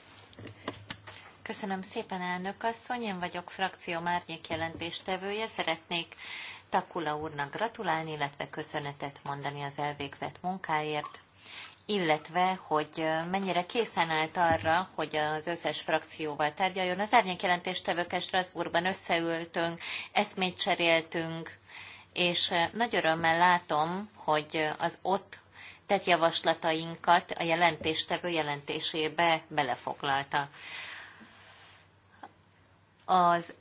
Köszönöm szépen, elnök asszony. Én vagyok frakció márnyék jelentéstevője. Szeretnék Takula úrnak gratulálni, illetve köszönetet mondani az elvégzett munkáért illetve hogy mennyire készen állt arra, hogy az összes frakcióval tárgyaljon. Az árnyékjelentéstevőkkel Strasbourgban összeültünk, eszmét cseréltünk, és nagy örömmel látom, hogy az ott tett javaslatainkat a jelentéstevő jelentésébe belefoglalta. Az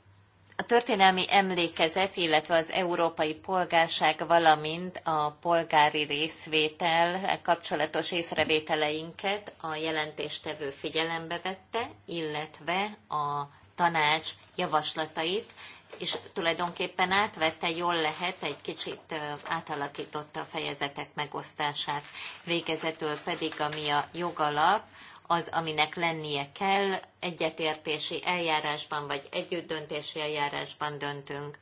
a történelmi emlékezet, illetve az európai polgárság, valamint a polgári részvétel kapcsolatos észrevételeinket a jelentéstevő figyelembe vette, illetve a tanács javaslatait, és tulajdonképpen átvette, jól lehet, egy kicsit átalakította a fejezetek megosztását. Végezetül pedig, ami a jogalap, az, aminek lennie kell, egyetértési eljárásban vagy együttdöntési eljárásban döntünk.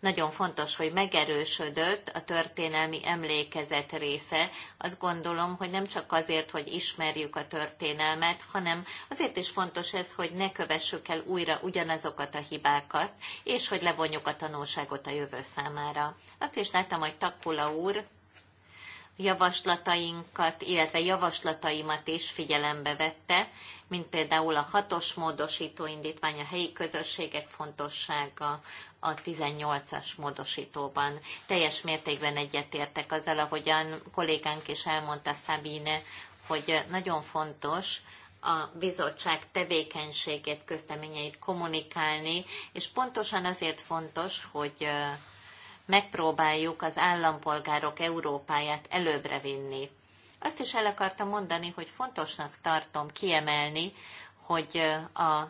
Nagyon fontos, hogy megerősödött a történelmi emlékezet része. Azt gondolom, hogy nem csak azért, hogy ismerjük a történelmet, hanem azért is fontos ez, hogy ne kövessük el újra ugyanazokat a hibákat, és hogy levonjuk a tanulságot a jövő számára. Azt is láttam, hogy Takula úr javaslatainkat, illetve javaslataimat is figyelembe vette, mint például a hatos módosító indítvány, a helyi közösségek fontossága a 18-as módosítóban. Teljes mértékben egyetértek azzal, ahogyan kollégánk is elmondta Szabine, hogy nagyon fontos, a bizottság tevékenységét, közteményeit kommunikálni, és pontosan azért fontos, hogy megpróbáljuk az állampolgárok Európáját előbbre vinni. Azt is el akartam mondani, hogy fontosnak tartom kiemelni, hogy a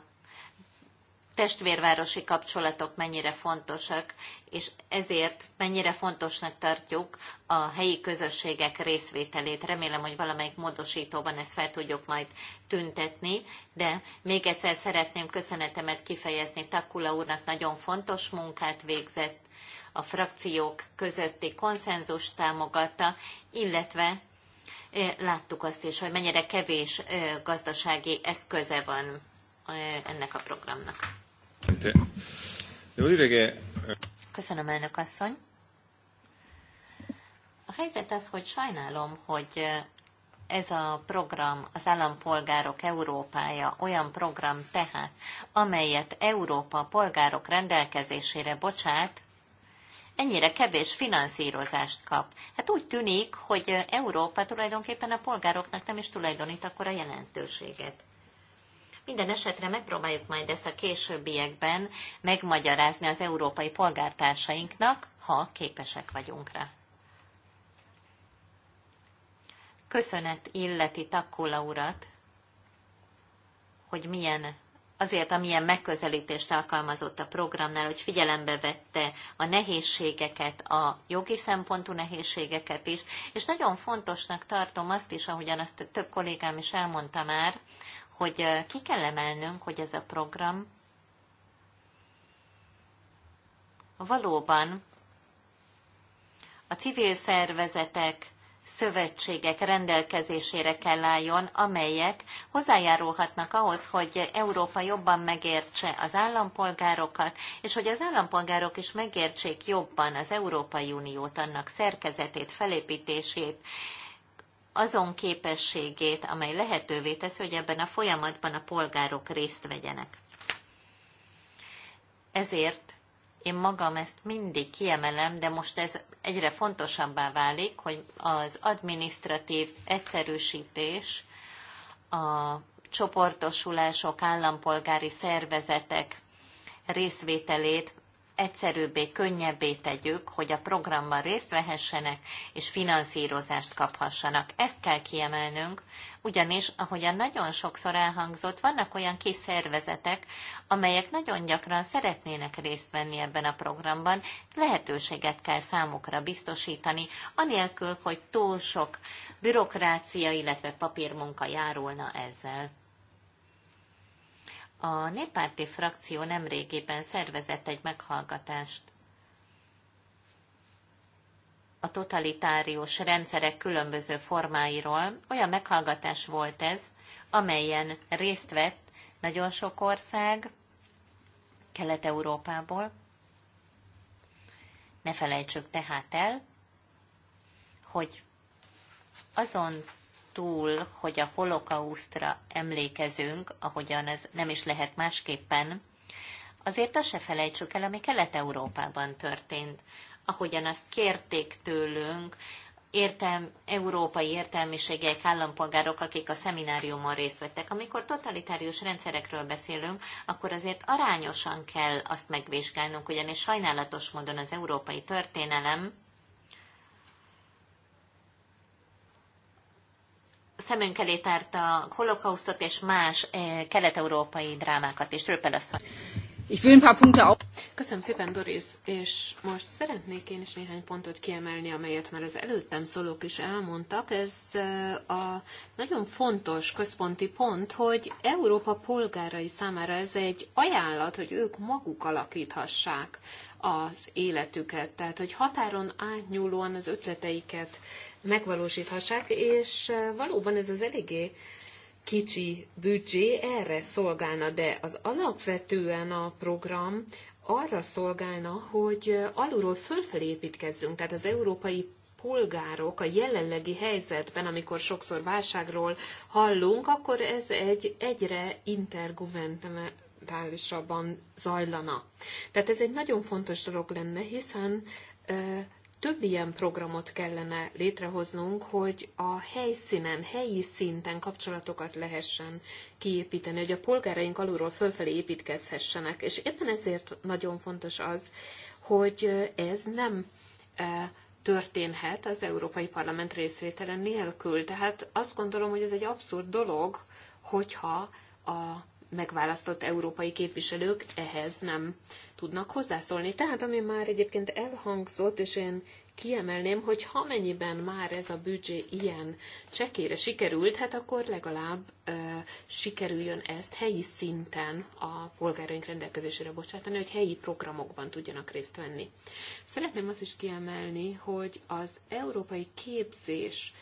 testvérvárosi kapcsolatok mennyire fontosak, és ezért mennyire fontosnak tartjuk a helyi közösségek részvételét. Remélem, hogy valamelyik módosítóban ezt fel tudjuk majd tüntetni, de még egyszer szeretném köszönetemet kifejezni Takula úrnak, nagyon fontos munkát végzett, a frakciók közötti konszenzus támogatta, illetve láttuk azt is, hogy mennyire kevés gazdasági eszköze van ennek a programnak. Köszönöm, elnök asszony. A helyzet az, hogy sajnálom, hogy ez a program, az állampolgárok Európája olyan program tehát, amelyet Európa polgárok rendelkezésére bocsát, ennyire kevés finanszírozást kap. Hát úgy tűnik, hogy Európa tulajdonképpen a polgároknak nem is tulajdonít akkor a jelentőséget. Minden esetre megpróbáljuk majd ezt a későbbiekben megmagyarázni az európai polgártársainknak, ha képesek vagyunk rá. Köszönet illeti Takkula urat, hogy milyen azért, amilyen megközelítést alkalmazott a programnál, hogy figyelembe vette a nehézségeket, a jogi szempontú nehézségeket is, és nagyon fontosnak tartom azt is, ahogyan azt több kollégám is elmondta már, hogy ki kell emelnünk, hogy ez a program valóban a civil szervezetek, szövetségek rendelkezésére kell álljon, amelyek hozzájárulhatnak ahhoz, hogy Európa jobban megértse az állampolgárokat, és hogy az állampolgárok is megértsék jobban az Európai Uniót, annak szerkezetét, felépítését, azon képességét, amely lehetővé teszi, hogy ebben a folyamatban a polgárok részt vegyenek. Ezért én magam ezt mindig kiemelem, de most ez egyre fontosabbá válik, hogy az administratív egyszerűsítés a csoportosulások, állampolgári szervezetek részvételét egyszerűbbé, könnyebbé tegyük, hogy a programban részt vehessenek és finanszírozást kaphassanak. Ezt kell kiemelnünk, ugyanis, ahogyan nagyon sokszor elhangzott, vannak olyan kis szervezetek, amelyek nagyon gyakran szeretnének részt venni ebben a programban, lehetőséget kell számukra biztosítani, anélkül, hogy túl sok bürokrácia, illetve papírmunka járulna ezzel. A néppárti frakció nemrégében szervezett egy meghallgatást a totalitárius rendszerek különböző formáiról. Olyan meghallgatás volt ez, amelyen részt vett nagyon sok ország Kelet-Európából. Ne felejtsük tehát el, hogy azon túl, hogy a holokausztra emlékezünk, ahogyan ez nem is lehet másképpen, azért azt se felejtsük el, ami Kelet-Európában történt. Ahogyan azt kérték tőlünk, értem európai értelmiségek, állampolgárok, akik a szemináriumon részt vettek. Amikor totalitárius rendszerekről beszélünk, akkor azért arányosan kell azt megvizsgálnunk, ugyanis sajnálatos módon az európai történelem szemünk elé tárta a holokausztot és más eh, kelet-európai drámákat is. Röpel asszony. Köszönöm szépen, Doris, és most szeretnék én is néhány pontot kiemelni, amelyet már az előttem szólók is elmondtak. Ez eh, a nagyon fontos központi pont, hogy Európa polgárai számára ez egy ajánlat, hogy ők maguk alakíthassák az életüket, tehát hogy határon átnyúlóan az ötleteiket megvalósíthassák, és valóban ez az eléggé kicsi büdzsé erre szolgálna, de az alapvetően a program arra szolgálna, hogy alulról fölfelé építkezzünk, tehát az európai polgárok a jelenlegi helyzetben, amikor sokszor válságról hallunk, akkor ez egy egyre intergovernmentálisabban zajlana. Tehát ez egy nagyon fontos dolog lenne, hiszen több ilyen programot kellene létrehoznunk, hogy a helyszínen, helyi szinten kapcsolatokat lehessen kiépíteni, hogy a polgáraink alulról fölfelé építkezhessenek. És éppen ezért nagyon fontos az, hogy ez nem e, történhet az Európai Parlament részvételen nélkül. Tehát azt gondolom, hogy ez egy abszurd dolog, hogyha a megválasztott európai képviselők ehhez nem tudnak hozzászólni. Tehát ami már egyébként elhangzott, és én kiemelném, hogy ha mennyiben már ez a büdzsé ilyen csekére sikerült, hát akkor legalább ö, sikerüljön ezt helyi szinten a polgáraink rendelkezésére bocsátani, hogy helyi programokban tudjanak részt venni. Szeretném azt is kiemelni, hogy az európai képzés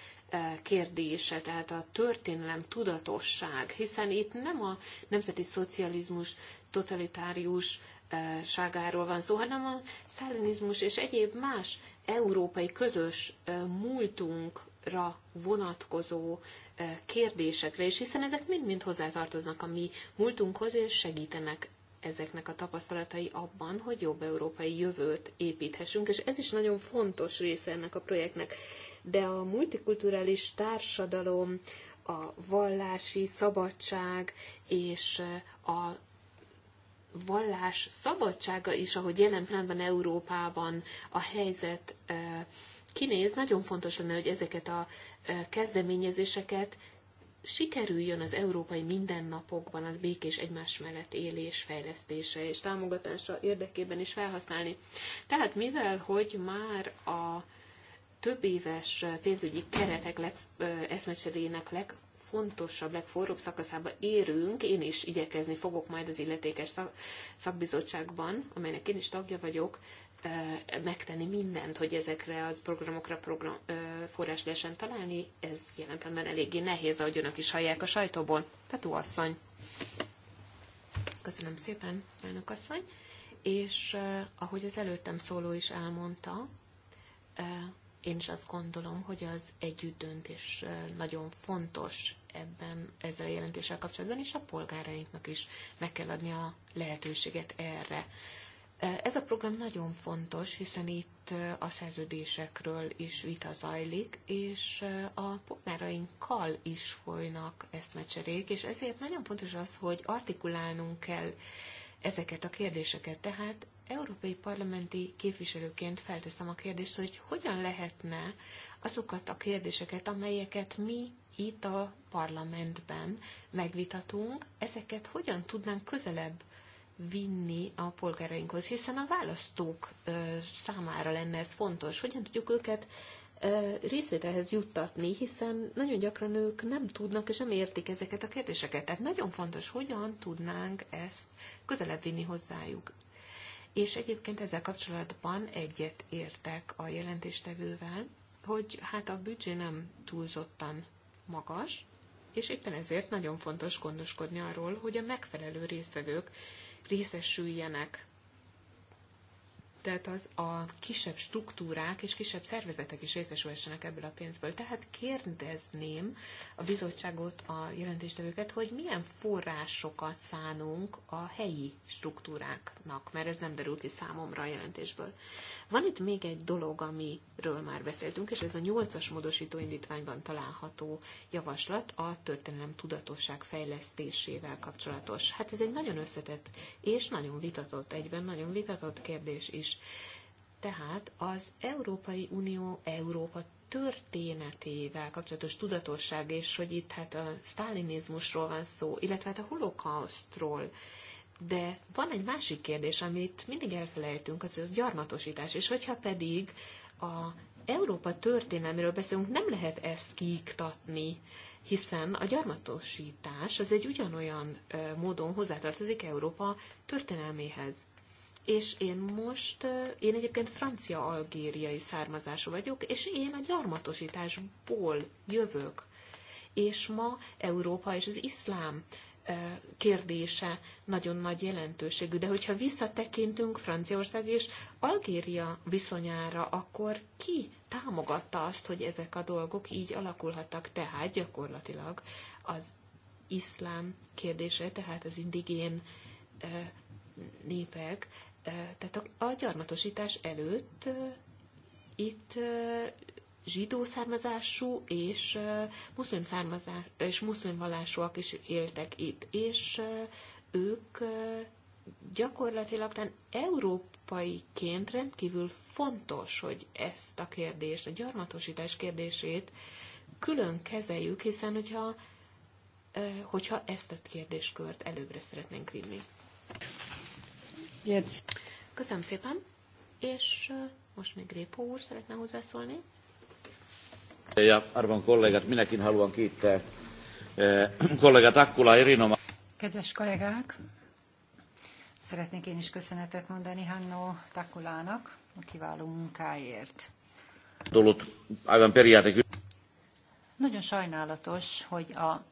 kérdése, tehát a történelem tudatosság, hiszen itt nem a nemzeti szocializmus totalitárius ságáról van szó, hanem a szállinizmus és egyéb más európai közös múltunkra vonatkozó kérdésekre, és hiszen ezek mind-mind hozzátartoznak a mi múltunkhoz, és segítenek ezeknek a tapasztalatai abban, hogy jobb európai jövőt építhessünk, és ez is nagyon fontos része ennek a projektnek. De a multikulturális társadalom, a vallási szabadság és eh, a vallás szabadsága is, ahogy jelen pillanatban Európában a helyzet eh, kinéz, nagyon fontos lenne, hogy ezeket a eh, kezdeményezéseket sikerüljön az európai mindennapokban az békés egymás mellett élés fejlesztése és támogatása érdekében is felhasználni. Tehát mivel, hogy már a több éves pénzügyi keretek leg, eszmecserének legfontosabb, legforróbb szakaszába érünk, én is igyekezni fogok majd az illetékes szak, szakbizottságban, amelynek én is tagja vagyok, megtenni mindent, hogy ezekre az programokra program, forrás lehessen találni, ez jelen pillanatban eléggé nehéz, ahogy önök is hallják a sajtóból. Tatú asszony. Köszönöm szépen, elnök asszony. És eh, ahogy az előttem szóló is elmondta, eh, én is azt gondolom, hogy az együttdöntés eh, nagyon fontos ebben ezzel a jelentéssel kapcsolatban, és a polgárainknak is meg kell adni a lehetőséget erre. E, ez a program nagyon fontos, hiszen itt e, a szerződésekről is vita zajlik, és e, a polgárainkkal is folynak eszmecserék, és ezért nagyon fontos az, hogy artikulálnunk kell ezeket a kérdéseket. Tehát európai parlamenti képviselőként felteszem a kérdést, hogy hogyan lehetne azokat a kérdéseket, amelyeket mi itt a parlamentben megvitatunk, ezeket hogyan tudnánk közelebb vinni a polgárainkhoz, hiszen a választók számára lenne ez fontos. Hogyan tudjuk őket részvételhez juttatni, hiszen nagyon gyakran ők nem tudnak és nem értik ezeket a kérdéseket. Tehát nagyon fontos, hogyan tudnánk ezt közelebb vinni hozzájuk. És egyébként ezzel kapcsolatban egyet értek a jelentéstevővel, hogy hát a büdzsé nem túlzottan magas, és éppen ezért nagyon fontos gondoskodni arról, hogy a megfelelő résztvevők részesüljenek tehát az a kisebb struktúrák és kisebb szervezetek is részesülhessenek ebből a pénzből. Tehát kérdezném a bizottságot, a jelentéstevőket, hogy milyen forrásokat szánunk a helyi struktúráknak, mert ez nem derül ki számomra a jelentésből. Van itt még egy dolog, amiről már beszéltünk, és ez a nyolcas módosító indítványban található javaslat a történelem tudatosság fejlesztésével kapcsolatos. Hát ez egy nagyon összetett és nagyon vitatott, egyben nagyon vitatott kérdés is is. Tehát az Európai Unió Európa történetével kapcsolatos tudatosság, és hogy itt hát a sztálinizmusról van szó, illetve hát a holokausztról, de van egy másik kérdés, amit mindig elfelejtünk, az a gyarmatosítás, és hogyha pedig a Európa történelméről beszélünk, nem lehet ezt kiiktatni, hiszen a gyarmatosítás az egy ugyanolyan módon hozzátartozik Európa történelméhez és én most, én egyébként francia-algériai származású vagyok, és én a gyarmatosításból jövök. És ma Európa és az iszlám kérdése nagyon nagy jelentőségű, de hogyha visszatekintünk Franciaország és Algéria viszonyára, akkor ki támogatta azt, hogy ezek a dolgok így alakulhattak, tehát gyakorlatilag az iszlám kérdése, tehát az indigén népek tehát a gyarmatosítás előtt itt zsidó származású és muszlim, származás, és muszlim vallásúak is éltek itt, és ők gyakorlatilag tán európaiként rendkívül fontos, hogy ezt a kérdést, a gyarmatosítás kérdését külön kezeljük, hiszen hogyha, hogyha ezt a kérdéskört előbbre szeretnénk vinni. Köszönöm szépen, és most még Répó úr szeretne hozzászólni. Ja arvon kollégát, minäkin haluan kiittää Kollégát Akkula, Irinoma. Kedves kollégák, szeretnék én is köszönetet mondani Hannó takulának, a kiváló munkáért. Tullut aivan periaatekysymys. Nagyon sajnálatos, hogy a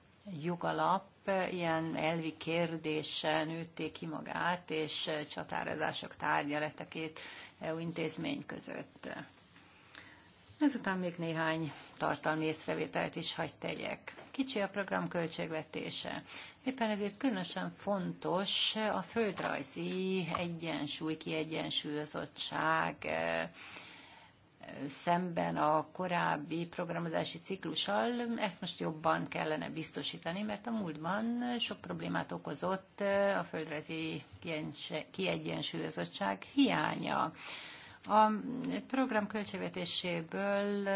jogalap ilyen elvi kérdéssel nőtték ki magát, és csatározások tárgya lett a két EU intézmény között. Ezután még néhány tartalmi észrevételt is hagy tegyek. Kicsi a program költségvetése. Éppen ezért különösen fontos a földrajzi egyensúly, kiegyensúlyozottság szemben a korábbi programozási ciklussal, ezt most jobban kellene biztosítani, mert a múltban sok problémát okozott a földrajzi kiegyensúlyozottság hiánya. A program költségvetéséből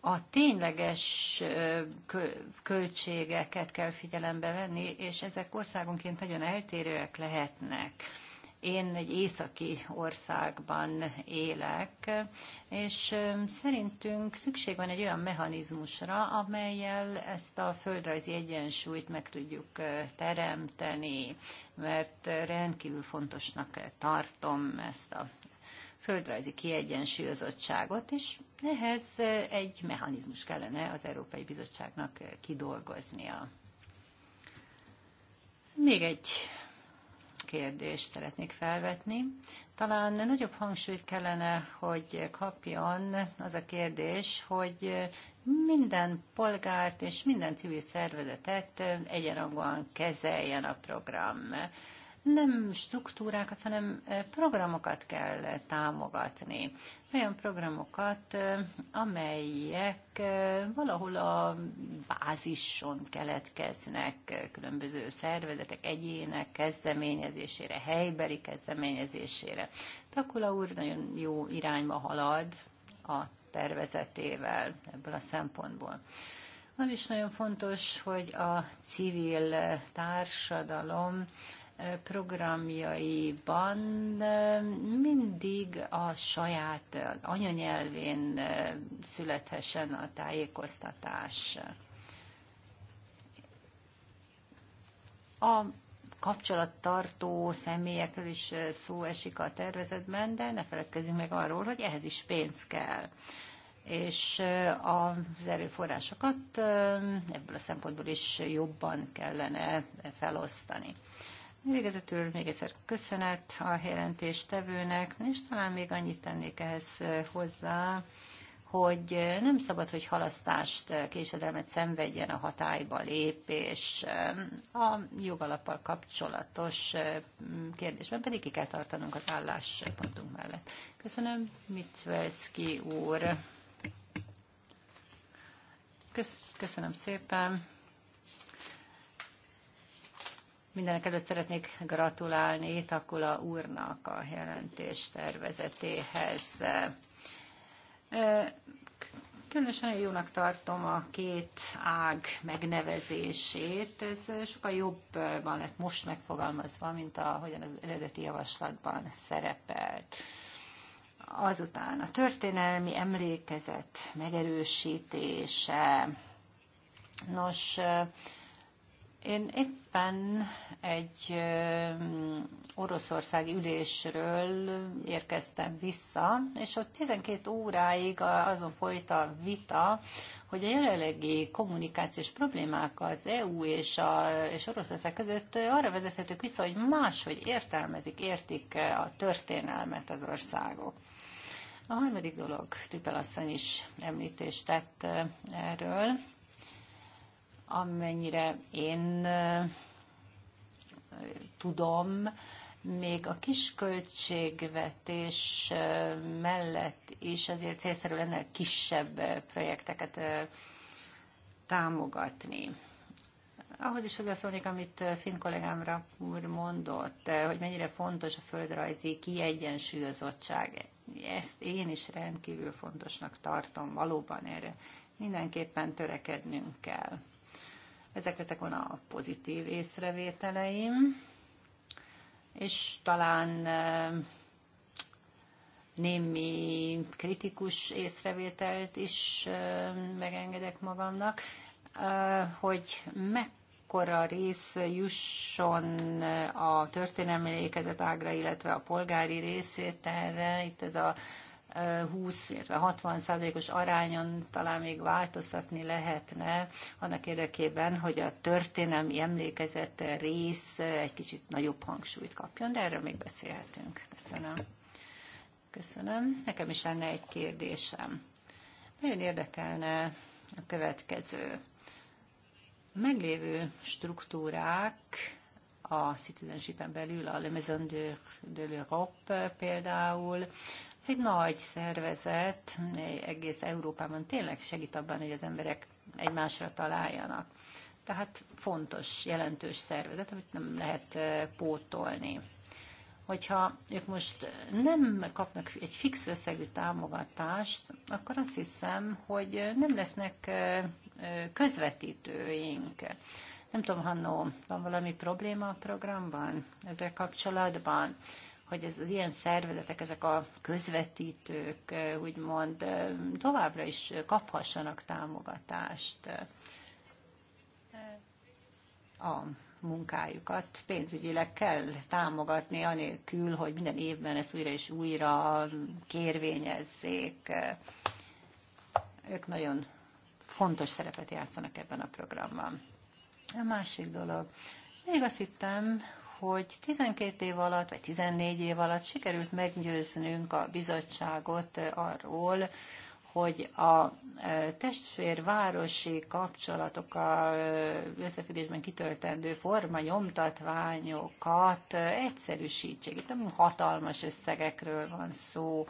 a tényleges költségeket kell figyelembe venni, és ezek országonként nagyon eltérőek lehetnek. Én egy északi országban élek, és um, szerintünk szükség van egy olyan mechanizmusra, amelyel ezt a földrajzi egyensúlyt meg tudjuk uh, teremteni, mert rendkívül fontosnak tartom ezt a földrajzi kiegyensúlyozottságot, és ehhez egy mechanizmus kellene az Európai Bizottságnak kidolgoznia. Még egy kérdést szeretnék felvetni. Talán nagyobb hangsúlyt kellene, hogy kapjon az a kérdés, hogy minden polgárt és minden civil szervezetet egyenrangúan kezeljen a program nem struktúrákat, hanem eh, programokat kell eh, támogatni. Olyan programokat, eh, amelyek valahol a bázison keletkeznek, különböző szervezetek, egyének kezdeményezésére, helybeli kezdeményezésére. Takula úr nagyon jó irányba halad a tervezetével ebből a szempontból. Az is nagyon fontos, hogy a civil társadalom programjaiban mindig a saját anyanyelvén születhessen a tájékoztatás. A kapcsolattartó személyekről is szó esik a tervezetben, de ne feledkezzünk meg arról, hogy ehhez is pénz kell és az erőforrásokat ebből a szempontból is jobban kellene felosztani. Végezetül még egyszer köszönet a jelentéstevőnek, és talán még annyit tennék ehhez eh, hozzá, hogy eh, nem szabad, hogy halasztást, eh, késedelmet szenvedjen a hatályba lépés. A jogalappal kapcsolatos kérdésben pedig ki kell tartanunk az álláspontunk mellett. Köszönöm, Mitvelszki úr. Köszönöm szépen. Mindenek előtt szeretnék gratulálni Takula úrnak a jelentés tervezetéhez. Különösen jónak tartom a két ág megnevezését. Ez sokkal jobban lett most megfogalmazva, mint ahogyan az eredeti javaslatban szerepelt. Azután a történelmi emlékezet megerősítése. Nos, én éppen egy oroszországi ülésről érkeztem vissza, és ott 12 óráig azon folyt a vita, hogy a jelenlegi kommunikációs problémák az EU és, a, és Oroszország között arra vezethetők vissza, hogy máshogy értelmezik, értik a történelmet az országok. A harmadik dolog, Tüpel asszony is említést tett erről, Amennyire én tudom, még a kisköltségvetés mellett is azért célszerű lenne kisebb projekteket támogatni. Ahhoz is hozzászólnék, amit Finn kollégámra úr mondott, hogy mennyire fontos a földrajzi kiegyensúlyozottság. Ezt én is rendkívül fontosnak tartom, valóban erre mindenképpen törekednünk kell. Ezek lettek volna a pozitív észrevételeim, és talán némi kritikus észrevételt is megengedek magamnak, hogy meg mekkora rész jusson a történelmi ágra, illetve a polgári részvételre. Itt ez a 20, illetve 60 százalékos arányon talán még változtatni lehetne, annak érdekében, hogy a történelmi emlékezett rész egy kicsit nagyobb hangsúlyt kapjon, de erről még beszélhetünk. Köszönöm. Köszönöm. Nekem is lenne egy kérdésem. Nagyon érdekelne a következő. A meglévő struktúrák a citizenshipen belül, a Le Maison de, de l'Europe például. Ez egy nagy szervezet, egész Európában tényleg segít abban, hogy az emberek egymásra találjanak. Tehát fontos, jelentős szervezet, amit nem lehet pótolni hogyha ők most nem kapnak egy fix összegű támogatást, akkor azt hiszem, hogy nem lesznek közvetítőink. Nem tudom, Hannó, van valami probléma a programban ezzel kapcsolatban? hogy ez, az ilyen szervezetek, ezek a közvetítők, úgymond továbbra is kaphassanak támogatást a munkájukat. Pénzügyileg kell támogatni, anélkül, hogy minden évben ezt újra és újra kérvényezzék. Ők nagyon fontos szerepet játszanak ebben a programban. A másik dolog. Még azt hittem, hogy 12 év alatt, vagy 14 év alatt sikerült meggyőznünk a bizottságot arról, hogy a testvérvárosi kapcsolatokkal összefüggésben kitöltendő forma nyomtatványokat egyszerűsítsék. Itt nem hatalmas összegekről van szó,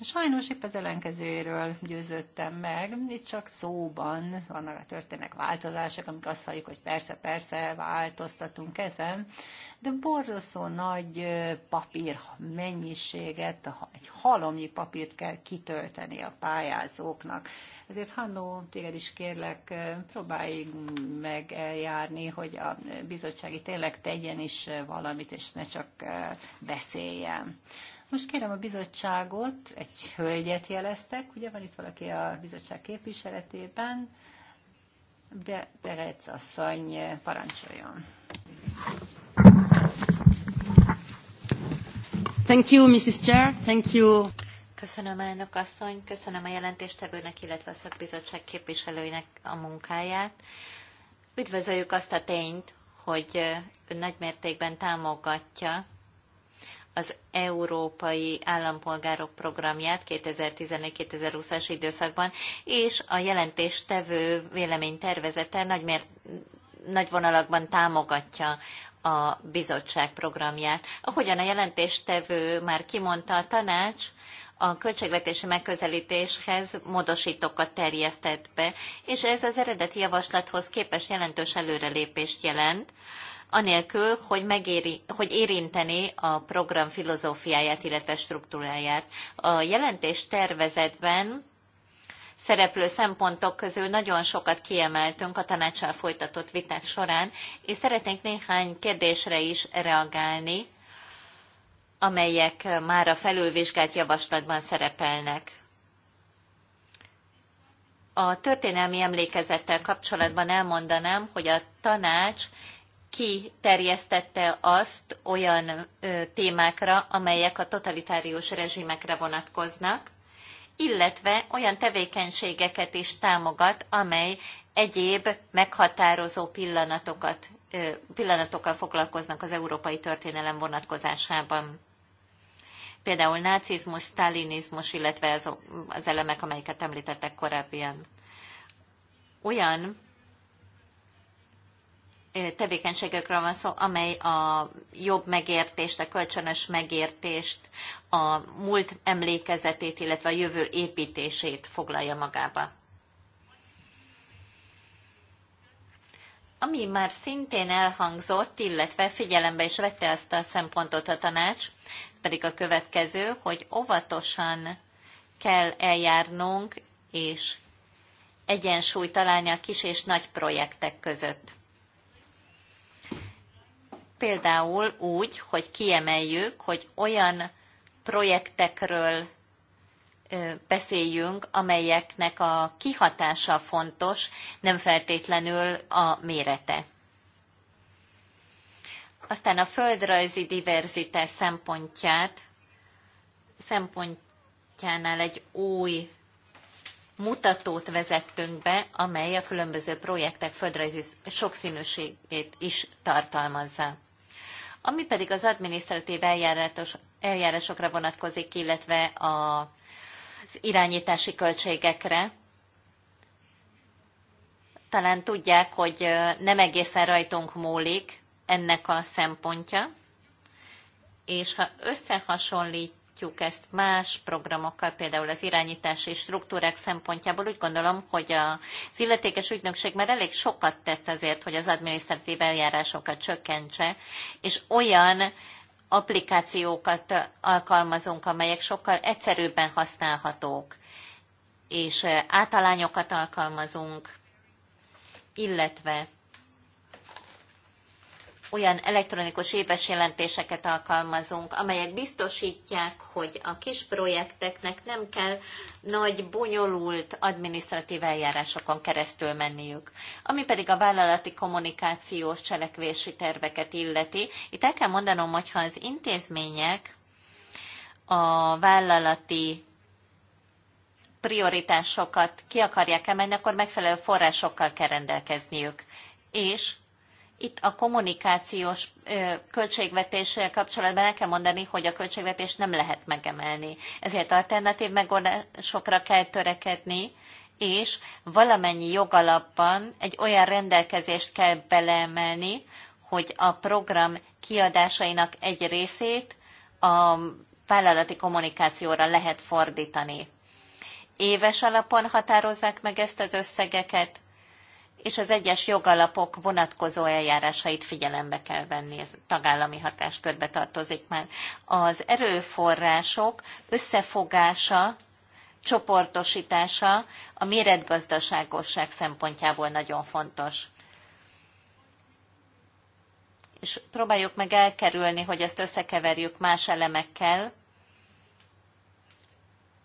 Sajnos épp az ellenkezőjéről győződtem meg, itt csak szóban vannak, történnek változások, amik azt halljuk, hogy persze, persze, változtatunk ezen, de borzasztó nagy papír mennyiséget, egy halomnyi papírt kell kitölteni a pályázóknak. Ezért Hannó, téged is kérlek, próbálj meg eljárni, hogy a bizottsági tényleg tegyen is valamit, és ne csak beszéljen. Most kérem a bizottságot, egy hölgyet jeleztek, ugye van itt valaki a bizottság képviseletében, de Berec asszony parancsoljon. Thank you, Mrs. Chair. Thank you. Köszönöm, elnök asszony, köszönöm a jelentéstevőnek, illetve a szakbizottság képviselőinek a munkáját. Üdvözöljük azt a tényt, hogy ön nagymértékben támogatja az Európai Állampolgárok Programját 2014 2020 as időszakban, és a jelentéstevő véleménytervezete nagymért, nagy vonalakban támogatja a bizottság programját. Ahogyan a jelentéstevő már kimondta, a tanács a költségvetési megközelítéshez módosítókat terjesztett be, és ez az eredeti javaslathoz képes jelentős előrelépést jelent anélkül, hogy, megéri, hogy érinteni a program filozófiáját, illetve struktúráját. A jelentés tervezetben szereplő szempontok közül nagyon sokat kiemeltünk a tanácssal folytatott viták során, és szeretnénk néhány kérdésre is reagálni, amelyek már a felülvizsgált javaslatban szerepelnek. A történelmi emlékezettel kapcsolatban elmondanám, hogy a tanács kiterjesztette azt olyan témákra, amelyek a totalitárius rezsimekre vonatkoznak, illetve olyan tevékenységeket is támogat, amely egyéb meghatározó pillanatokat, pillanatokkal foglalkoznak az európai történelem vonatkozásában. Például nácizmus, sztálinizmus, illetve az, az elemek, amelyeket említettek korábban. Olyan tevékenységekről van szó, amely a jobb megértést, a kölcsönös megértést, a múlt emlékezetét, illetve a jövő építését foglalja magába. Ami már szintén elhangzott, illetve figyelembe is vette azt a szempontot a tanács, pedig a következő, hogy óvatosan kell eljárnunk, és egyensúlyt találni a kis és nagy projektek között. Például úgy, hogy kiemeljük, hogy olyan projektekről beszéljünk, amelyeknek a kihatása fontos, nem feltétlenül a mérete. Aztán a földrajzi diverzitás szempontját, szempontjánál egy új mutatót vezettünk be, amely a különböző projektek földrajzi sokszínűségét is tartalmazza. Ami pedig az adminisztratív eljárásokra vonatkozik, illetve a, az irányítási költségekre, talán tudják, hogy nem egészen rajtunk múlik ennek a szempontja, és ha összehasonlít látjuk ezt más programokkal, például az irányítási struktúrák szempontjából. Úgy gondolom, hogy az illetékes ügynökség már elég sokat tett azért, hogy az adminisztratív eljárásokat csökkentse, és olyan applikációkat alkalmazunk, amelyek sokkal egyszerűbben használhatók, és eh, általányokat alkalmazunk, illetve olyan elektronikus éves jelentéseket alkalmazunk, amelyek biztosítják, hogy a kis projekteknek nem kell nagy, bonyolult adminisztratív eljárásokon keresztül menniük. Ami pedig a vállalati kommunikációs cselekvési terveket illeti, itt el kell mondanom, hogy ha az intézmények a vállalati prioritásokat ki akarják emelni, akkor megfelelő forrásokkal kell rendelkezniük. És itt a kommunikációs költségvetéssel kapcsolatban el kell mondani, hogy a költségvetés nem lehet megemelni. Ezért alternatív megoldásokra kell törekedni, és valamennyi jogalapban egy olyan rendelkezést kell beleemelni, hogy a program kiadásainak egy részét a vállalati kommunikációra lehet fordítani. Éves alapon határozzák meg ezt az összegeket, és az egyes jogalapok vonatkozó eljárásait figyelembe kell venni, ez tagállami hatáskörbe tartozik már. Az erőforrások összefogása, csoportosítása a méretgazdaságosság szempontjából nagyon fontos és próbáljuk meg elkerülni, hogy ezt összekeverjük más elemekkel,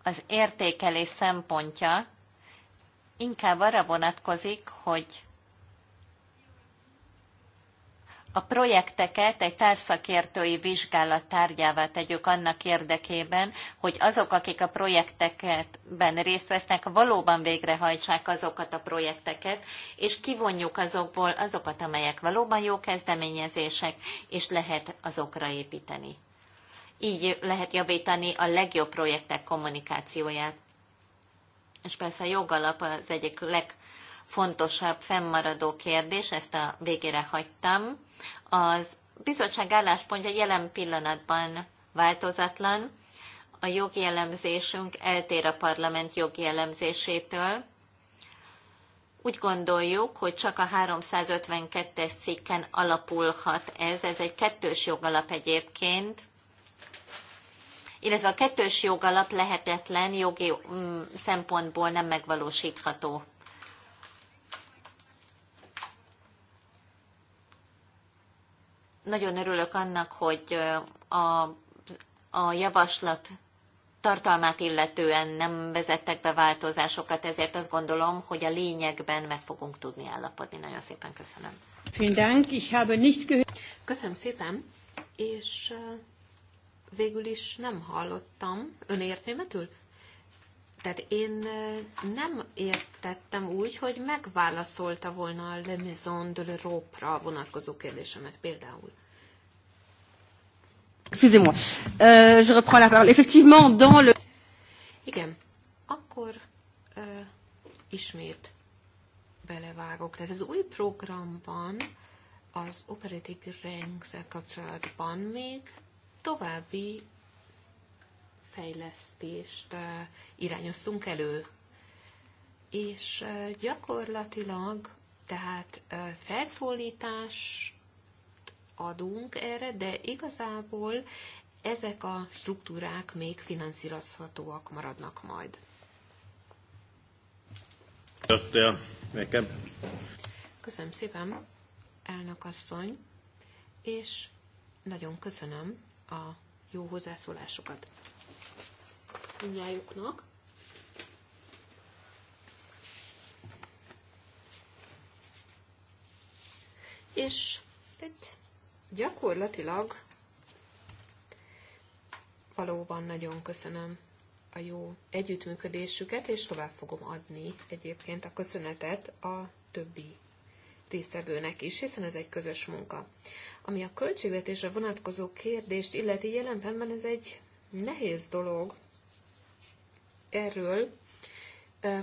az értékelés szempontja inkább arra vonatkozik, hogy a projekteket egy társzakértői vizsgálat tárgyává tegyük annak érdekében, hogy azok, akik a projekteketben részt vesznek, valóban végrehajtsák azokat a projekteket, és kivonjuk azokból azokat, amelyek valóban jó kezdeményezések, és lehet azokra építeni. Így lehet javítani a legjobb projektek kommunikációját. És persze a jogalap az egyik legfontosabb fennmaradó kérdés, ezt a végére hagytam. Az bizottság álláspontja jelen pillanatban változatlan, a jogi elemzésünk eltér a parlament jogi elemzésétől. Úgy gondoljuk, hogy csak a 352-es cikken alapulhat ez, ez egy kettős jogalap egyébként, illetve a kettős jogalap lehetetlen jogi mm, szempontból nem megvalósítható. Nagyon örülök annak, hogy a, a javaslat tartalmát illetően nem vezettek be változásokat, ezért azt gondolom, hogy a lényegben meg fogunk tudni állapodni. Nagyon szépen köszönöm. Köszönöm szépen, és végül is nem hallottam önértnémetül. Tehát én nem értettem úgy, hogy megválaszolta volna a Le Maison de l'Europe-ra vonatkozó kérdésemet például. Excusez-moi, euh, je reprends la parole. Effectivement, dans le... Igen, akkor euh, ismét belevágok. Tehát az új programban az operatív rendszer kapcsolatban még további fejlesztést irányoztunk elő. És gyakorlatilag tehát felszólítás adunk erre, de igazából ezek a struktúrák még finanszírozhatóak maradnak majd. Jöttél nekem. Köszönöm szépen, elnök asszony, és nagyon köszönöm a jó hozzászólásokat mindjájuknak. És gyakorlatilag valóban nagyon köszönöm a jó együttműködésüket, és tovább fogom adni egyébként a köszönetet a többi résztvevőnek is, hiszen ez egy közös munka. Ami a költségvetésre vonatkozó kérdést illeti, jelen pillanatban ez egy nehéz dolog erről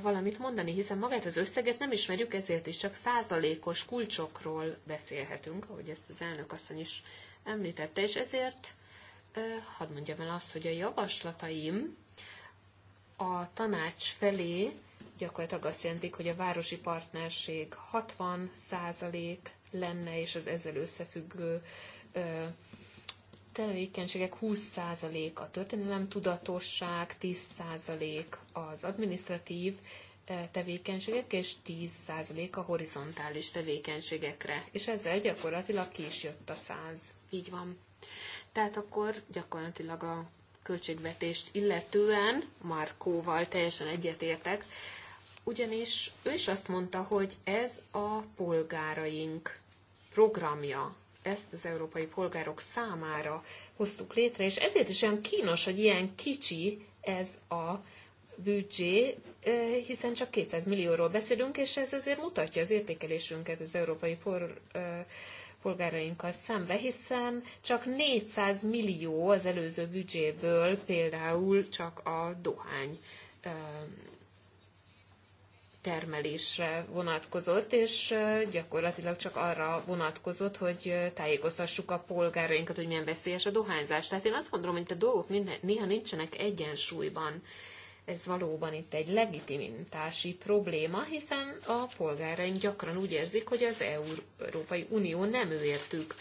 valamit mondani, hiszen magát az összeget nem ismerjük, ezért is csak százalékos kulcsokról beszélhetünk, ahogy ezt az elnök asszony is említette, és ezért hadd mondjam el azt, hogy a javaslataim a tanács felé gyakorlatilag azt jelentik, hogy a városi partnerség 60% lenne, és az ezzel összefüggő ö, tevékenységek 20% a történelem tudatosság, 10% az administratív tevékenységek, és 10% a horizontális tevékenységekre. És ezzel gyakorlatilag ki is jött a 100. Így van. Tehát akkor gyakorlatilag a költségvetést illetően Markóval teljesen egyetértek, ugyanis ő is azt mondta, hogy ez a polgáraink programja, ezt az európai polgárok számára hoztuk létre, és ezért is olyan kínos, hogy ilyen kicsi ez a büdzsé, hiszen csak 200 millióról beszélünk, és ez azért mutatja az értékelésünket az európai por, polgárainkkal szembe, hiszen csak 400 millió az előző büdzséből például csak a dohány termelésre vonatkozott, és gyakorlatilag csak arra vonatkozott, hogy tájékoztassuk a polgárainkat, hogy milyen veszélyes a dohányzás. Tehát én azt gondolom, hogy itt a dolgok néha nincsenek egyensúlyban. Ez valóban itt egy legitimitási probléma, hiszen a polgáraink gyakran úgy érzik, hogy az Európai Unió nem őértük. értük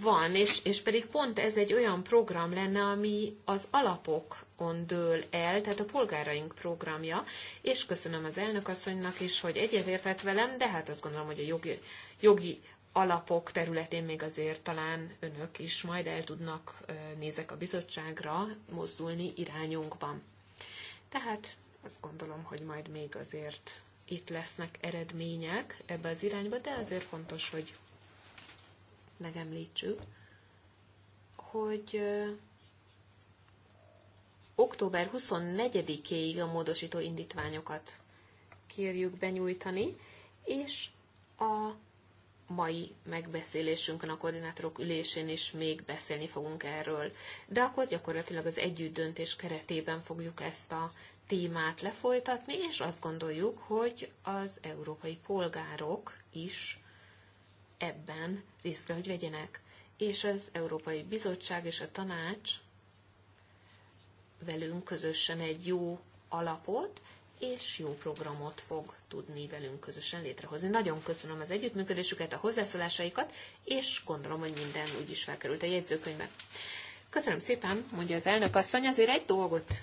van, és, és pedig pont ez egy olyan program lenne, ami az alapokon dől el, tehát a polgáraink programja, és köszönöm az elnökasszonynak is, hogy egyetértett velem, de hát azt gondolom, hogy a jogi, jogi alapok területén még azért talán önök is majd el tudnak nézek a bizottságra mozdulni irányunkban. Tehát azt gondolom, hogy majd még azért itt lesznek eredmények ebbe az irányba, de azért fontos, hogy megemlítsük, hogy október 24-éig a módosító indítványokat kérjük benyújtani, és a mai megbeszélésünkön a koordinátorok ülésén is még beszélni fogunk erről. De akkor gyakorlatilag az együtt döntés keretében fogjuk ezt a témát lefolytatni, és azt gondoljuk, hogy az európai polgárok is ebben részt kell, hogy vegyenek. És az Európai Bizottság és a Tanács velünk közösen egy jó alapot és jó programot fog tudni velünk közösen létrehozni. Nagyon köszönöm az együttműködésüket, a hozzászólásaikat, és gondolom, hogy minden úgy is felkerült a jegyzőkönyvbe. Köszönöm szépen, mondja az elnök asszony, azért egy dolgot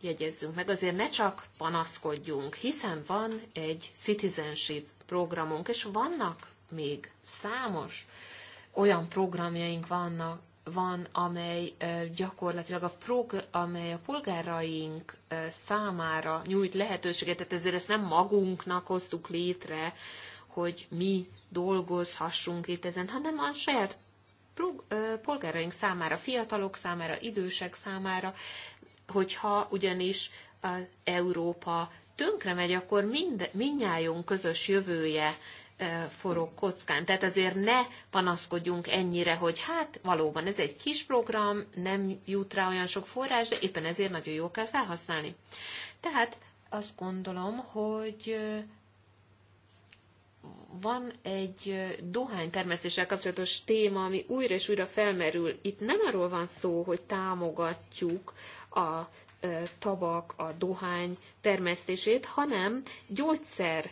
jegyezzünk meg, azért ne csak panaszkodjunk, hiszen van egy citizenship programunk, és vannak még számos olyan programjaink vannak, van, amely gyakorlatilag a, prog- amely a polgáraink számára nyújt lehetőséget, tehát ezért ezt nem magunknak hoztuk létre, hogy mi dolgozhassunk itt ezen, hanem a saját polgáraink számára, fiatalok számára, idősek számára, hogyha ugyanis Európa tönkre megy, akkor mind, mindnyájunk közös jövője forró kockán. Tehát azért ne panaszkodjunk ennyire, hogy hát valóban ez egy kis program, nem jut rá olyan sok forrás, de éppen ezért nagyon jó kell felhasználni. Tehát azt gondolom, hogy van egy dohány termesztéssel kapcsolatos téma, ami újra és újra felmerül. Itt nem arról van szó, hogy támogatjuk a tabak, a dohány termesztését, hanem gyógyszer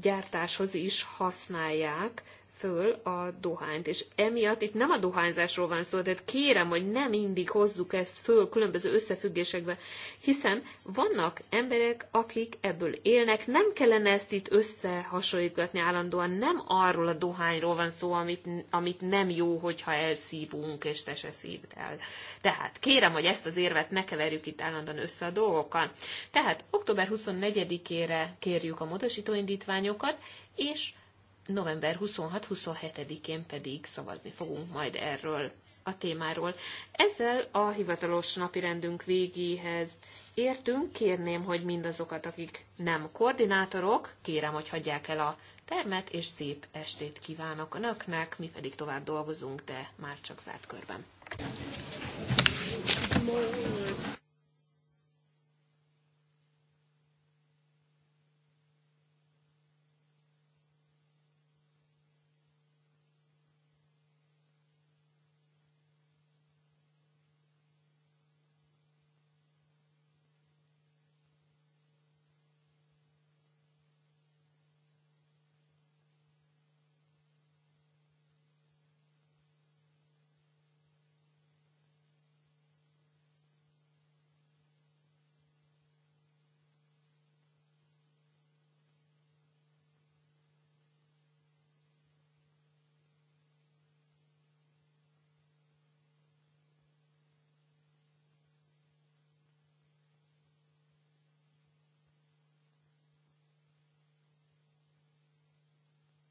gyártáshoz is használják, föl a dohányt. És emiatt itt nem a dohányzásról van szó, tehát kérem, hogy nem mindig hozzuk ezt föl különböző összefüggésekbe, hiszen vannak emberek, akik ebből élnek, nem kellene ezt itt összehasonlítgatni állandóan, nem arról a dohányról van szó, amit, amit nem jó, hogyha elszívunk, és te se szívd el. Tehát kérem, hogy ezt az érvet ne keverjük itt állandóan össze a dolgokkal. Tehát október 24-ére kérjük a módosítóindítványokat, és november 26-27-én pedig szavazni fogunk majd erről a témáról. Ezzel a hivatalos napirendünk végéhez értünk. Kérném, hogy mindazokat, akik nem koordinátorok, kérem, hogy hagyják el a termet, és szép estét kívánok önöknek, mi pedig tovább dolgozunk, de már csak zárt körben. Tomorrow.